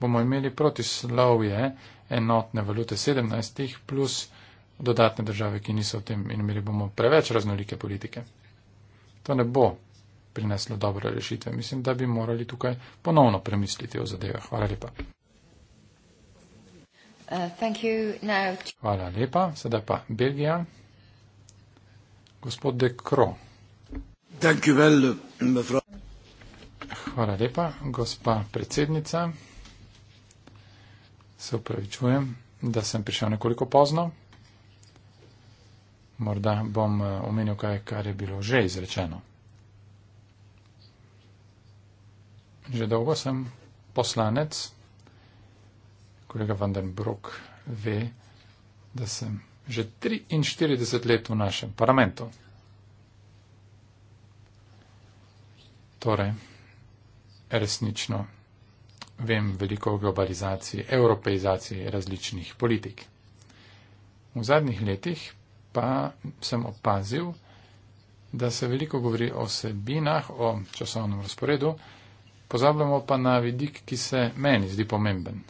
bomo imeli protislovje enotne valute 17 plus dodatne države, ki niso v tem in imeli bomo preveč raznolike politike. To ne bo prinesla dobre rešitve. Mislim, da bi morali tukaj ponovno premisliti o zadevah. Hvala lepa. Uh, Hvala lepa. Sedaj pa Belgija. Gospod De Cro. Hvala lepa, gospa predsednica. Se upravičujem, da sem prišel nekoliko pozno. Morda bom eh, omenil kaj, kar je bilo že izrečeno. Že dolgo sem poslanec. Kolega Vandenbrok ve, da sem že 43 let v našem parlamentu. Torej, resnično vem veliko o globalizaciji, evropeizaciji različnih politik. V zadnjih letih pa sem opazil, da se veliko govori o sebinah, o časovnem razporedu, pozabljamo pa na vidik, ki se meni zdi pomemben.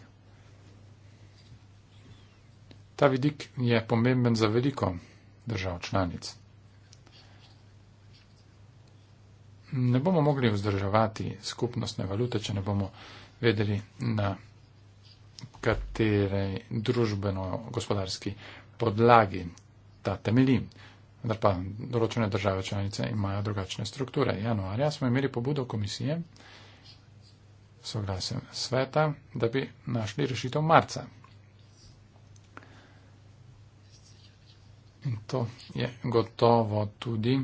Ta vidik je pomemben za veliko držav članic. Ne bomo mogli vzdrževati skupnostne valute, če ne bomo vedeli, na katerej družbeno-gospodarski podlagi ta temelji. Vendar pa določene države članice imajo drugačne strukture. Januarja smo imeli pobudo komisije, soglasjem sveta, da bi našli rešitev marca. In to je gotovo tudi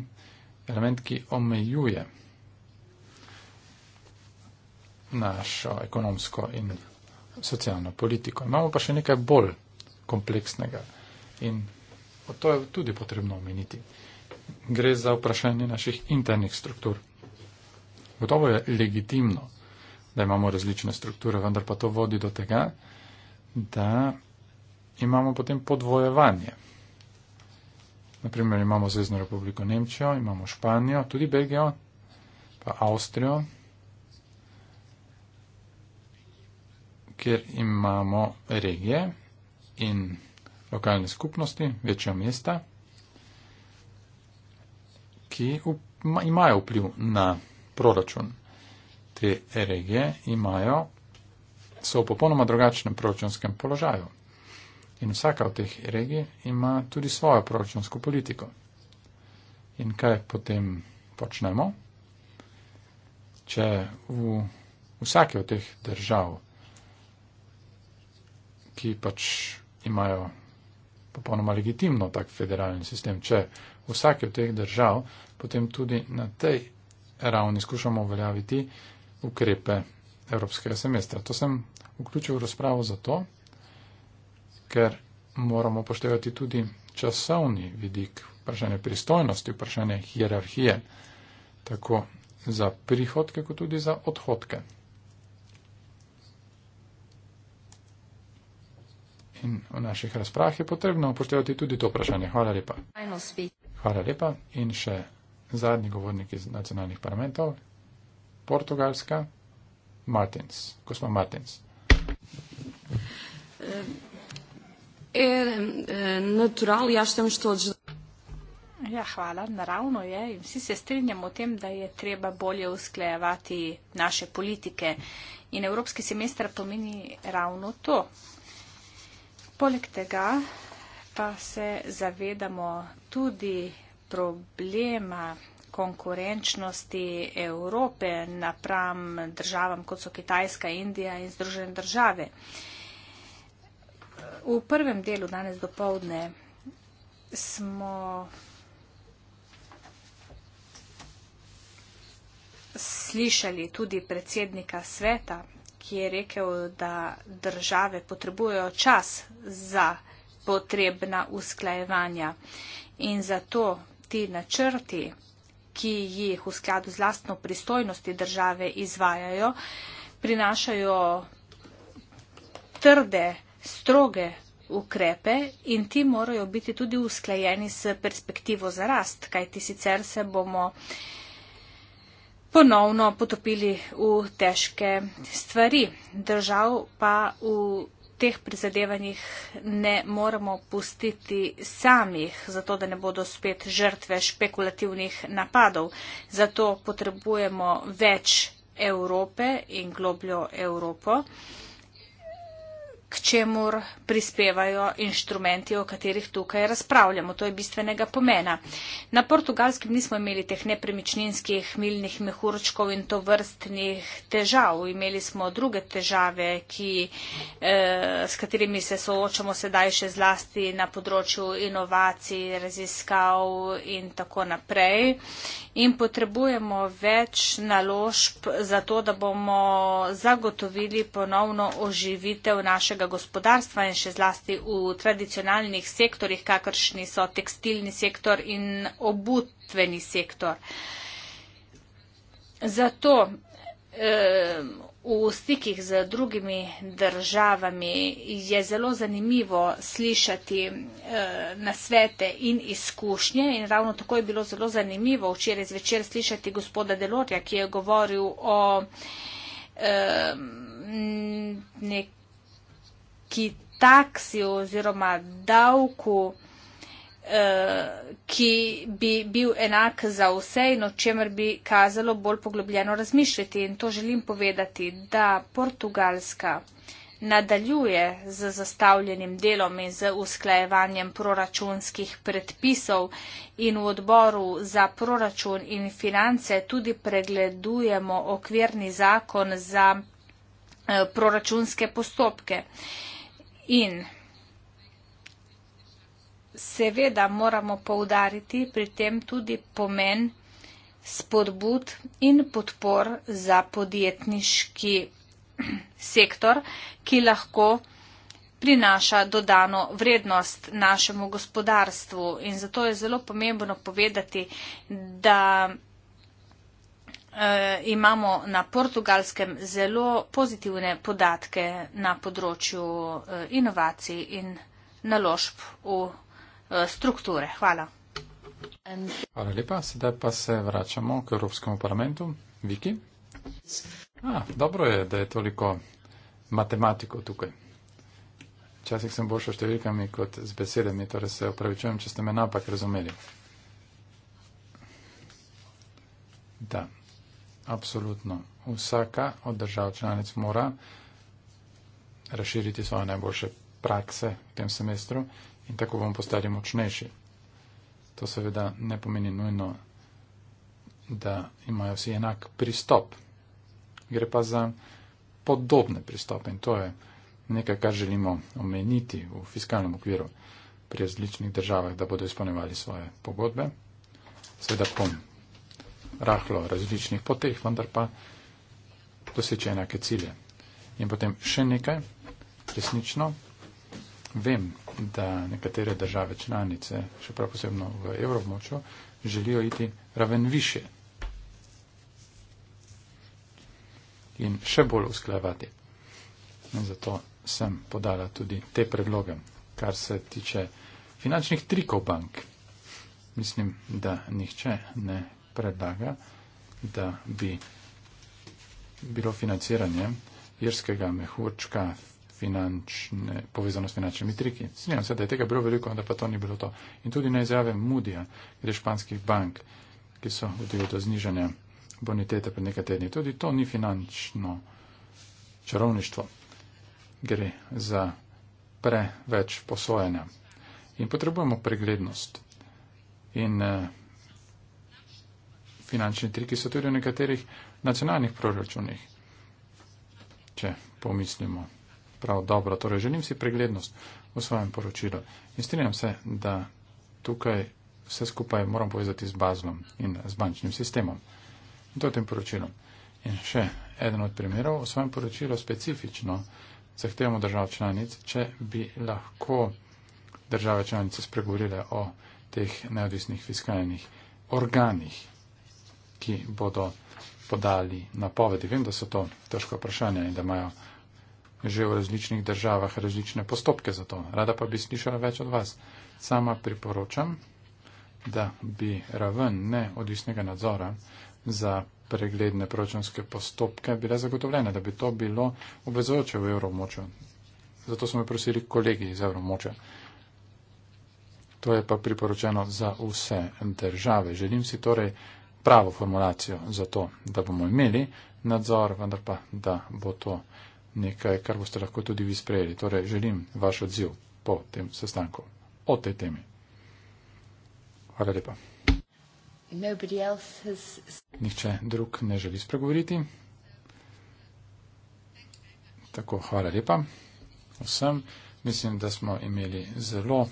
element, ki omejuje našo ekonomsko in socialno politiko. Imamo pa še nekaj bolj kompleksnega in to je tudi potrebno omeniti. Gre za vprašanje naših internih struktur. Gotovo je legitimno da imamo različne strukture, vendar pa to vodi do tega, da imamo potem podvojevanje. Naprimer imamo Zvezdno republiko Nemčijo, imamo Španijo, tudi Belgijo, pa Avstrijo, kjer imamo regije in lokalne skupnosti, večja mesta, ki imajo vpliv na proračun te regije imajo, so v popolnoma drugačnem proračunskem položaju. In vsaka od teh regij ima tudi svojo proračunsko politiko. In kaj potem počnemo? Če v vsake od teh držav, ki pač imajo popolnoma legitimno tak federalni sistem, če vsake od teh držav potem tudi na tej ravni skušamo uveljaviti uh, ukrepe evropskega semestra. To sem vključil v razpravo zato, ker moramo poštevati tudi časovni vidik, vprašanje pristojnosti, vprašanje hierarhije, tako za prihodke, kot tudi za odhodke. In v naših razprah je potrebno upoštevati tudi to vprašanje. Hvala lepa. Hvala lepa. In še zadnji govornik iz nacionalnih parlamentov, Portugalska, Martins, gospod Martins. E, natural, jaz sem što od. Ja, hvala. Naravno je in vsi se strinjamo o tem, da je treba bolje usklejevati naše politike. In evropski semester pomeni ravno to. Poleg tega pa se zavedamo tudi problema konkurenčnosti Evrope napram državam, kot so Kitajska, Indija in Združene države. V prvem delu danes do povdne smo, slišali tudi predsednika sveta, ki je rekel, da države potrebujejo čas za potrebna usklajevanja in zato ti načrti ki jih v skladu z lastno pristojnosti države izvajajo, prinašajo trde, stroge ukrepe in ti morajo biti tudi usklajeni s perspektivo za rast, kajti sicer se bomo ponovno potopili v težke stvari. Držav pa v teh prizadevanjih ne moremo pustiti samih, zato da ne bodo spet žrtve špekulativnih napadov. Zato potrebujemo več Evrope in globljo Evropo k čemur prispevajo inštrumenti, o katerih tukaj razpravljamo. To je bistvenega pomena. Na portugalskem nismo imeli teh nepremičninskih milnih mehurčkov in to vrstnih težav. Imeli smo druge težave, ki, eh, s katerimi se soočamo sedaj še zlasti na področju inovacij, raziskav in tako naprej. In potrebujemo več naložb za to, da bomo zagotovili ponovno oživitev našega slovenskega gospodarstva in še zlasti v tradicionalnih sektorjih, kakršni so tekstilni sektor in obutveni sektor. Zato v stikih z drugimi državami je zelo zanimivo slišati e, nasvete in izkušnje in ravno tako je bilo zelo zanimivo včeraj zvečer slišati gospoda Delorja, ki je govoril o nekaj ki taksi oziroma davku, eh, ki bi bil enak za vse in o čemer bi kazalo bolj poglobljeno razmišljati. In to želim povedati, da Portugalska nadaljuje z zastavljenim delom in z usklajevanjem proračunskih predpisov in v odboru za proračun in finance tudi pregledujemo okvirni zakon za eh, proračunske postopke. In seveda moramo poudariti pri tem tudi pomen spodbud in podpor za podjetniški sektor, ki lahko prinaša dodano vrednost našemu gospodarstvu. In zato je zelo pomembno povedati, da Eh, imamo na portugalskem zelo pozitivne podatke na področju eh, inovacij in naložb v eh, strukture. Hvala. Hvala lepa. Sedaj pa se vračamo k Evropskemu parlamentu. Viki. Ah, dobro je, da je toliko matematiko tukaj. Včasih sem boljša številkami kot z besedami, torej se opravičujem, če ste me napak razumeli. Da. Absolutno. Vsaka od držav članic mora razširiti svoje najboljše prakse v tem semestru in tako bomo postali močnejši. To seveda ne pomeni nujno, da imajo vsi enak pristop. Gre pa za podobne pristope in to je nekaj, kar želimo omeniti v fiskalnem okviru pri različnih državah, da bodo izpolnevali svoje pogodbe. Seveda pomeni rahlo različnih poteh, vendar pa doseče enake cilje. In potem še nekaj, resnično, vem, da nekatere države članice, še prav posebno v evromočju, želijo iti raven više in še bolj usklajevati. In zato sem podala tudi te predloge, kar se tiče finančnih trikov bank. Mislim, da nihče ne predlaga, da bi bilo financiranje irskega mehurčka finančne, povezano s finančnimi triki. Snimam se, da je tega bilo veliko, da pa to ni bilo to. In tudi na izjave Mudija, glede španskih bank, ki so vodili do znižanja bonitete pred nekaj tedni. Tudi to ni finančno čarovništvo. Gre za preveč posojanja. In potrebujemo preglednost. In eh, finančni triki so tudi v nekaterih nacionalnih proračunih. Če pomislimo prav dobro, torej želim si preglednost v svojem poročilu in strinjam se, da tukaj vse skupaj moram povezati z bazlom in z bančnim sistemom. In to je tem poročilom. In še eden od primerov, v svojem poročilu specifično zahtevamo držav članic, če bi lahko države članice spregovorile o teh neodvisnih fiskalnih organih ki bodo podali napovedi. Vem, da so to težko vprašanje in da imajo že v različnih državah različne postopke za to. Rada pa bi slišala več od vas. Sama priporočam, da bi raven neodvisnega nadzora za pregledne proračunske postopke bila zagotovljena, da bi to bilo obvezujoče v evromočju. Zato smo prosili kolegi iz evromočja. To je pa priporočeno za vse države. Želim si torej pravo formulacijo za to, da bomo imeli nadzor, vendar pa, da bo to nekaj, kar boste lahko tudi vi sprejeli. Torej, želim vaš odziv po tem sestanku o tej temi. Hvala lepa. Nihče drug ne želi spregovoriti. Tako, hvala lepa vsem. Mislim, da smo imeli zelo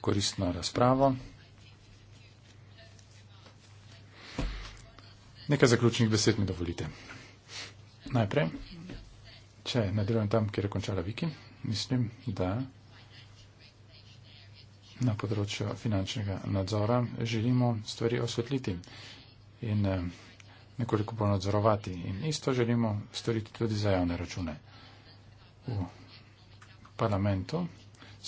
koristno razpravo. Nekaj zaključnih besed mi dovolite. Najprej, če nadaljujem tam, kjer je končala Viki, mislim, da na področju finančnega nadzora želimo stvari osvetliti in eh, nekoliko bolj nadzorovati. In isto želimo storiti tudi za javne račune. V parlamentu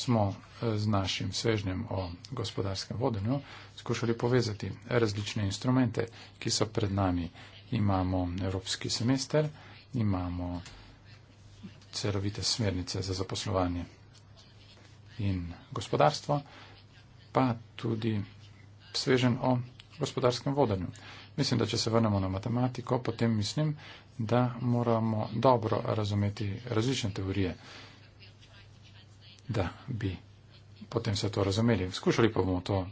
smo z našim svežnjem o gospodarskem vodenju skušali povezati različne instrumente, ki so pred nami. Imamo evropski semester, imamo celovite smernice za zaposlovanje in gospodarstvo, pa tudi svežen o gospodarskem vodenju. Mislim, da če se vrnemo na matematiko, potem mislim, da moramo dobro razumeti različne teorije, da bi potem vse to razumeli. Skušali pa bomo to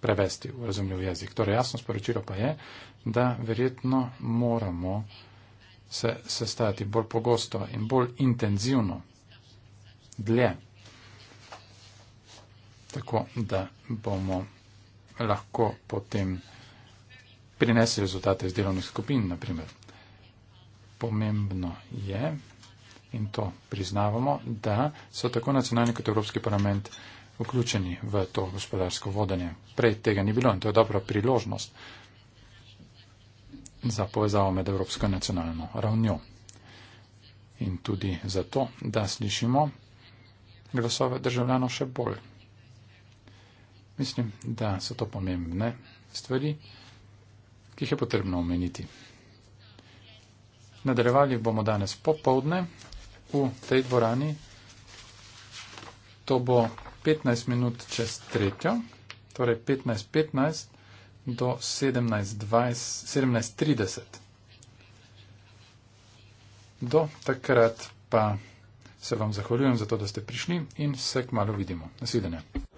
prevesti v razumljiv jezik. Torej, jasno sporočilo pa je, da verjetno moramo se sestajati bolj pogosto in bolj intenzivno, dlje, tako da bomo lahko potem prinesli rezultate iz delovnih skupin, naprimer. Pomembno je, in to priznavamo, da so tako nacionalni kot Evropski parlament vključeni v to gospodarsko vodenje. Prej tega ni bilo in to je dobra priložnost za povezavo med Evropsko in nacionalno ravnjo. In tudi zato, da slišimo glasove državljanov še bolj. Mislim, da so to pomembne stvari, ki jih je potrebno omeniti. Nadaljevali bomo danes popovdne v tej dvorani. To bo 15 minut čez tretjo, torej 15.15 .15 do 17.30. Do takrat pa se vam zahvaljujem za to, da ste prišli in se k malu vidimo. Nasvidenje.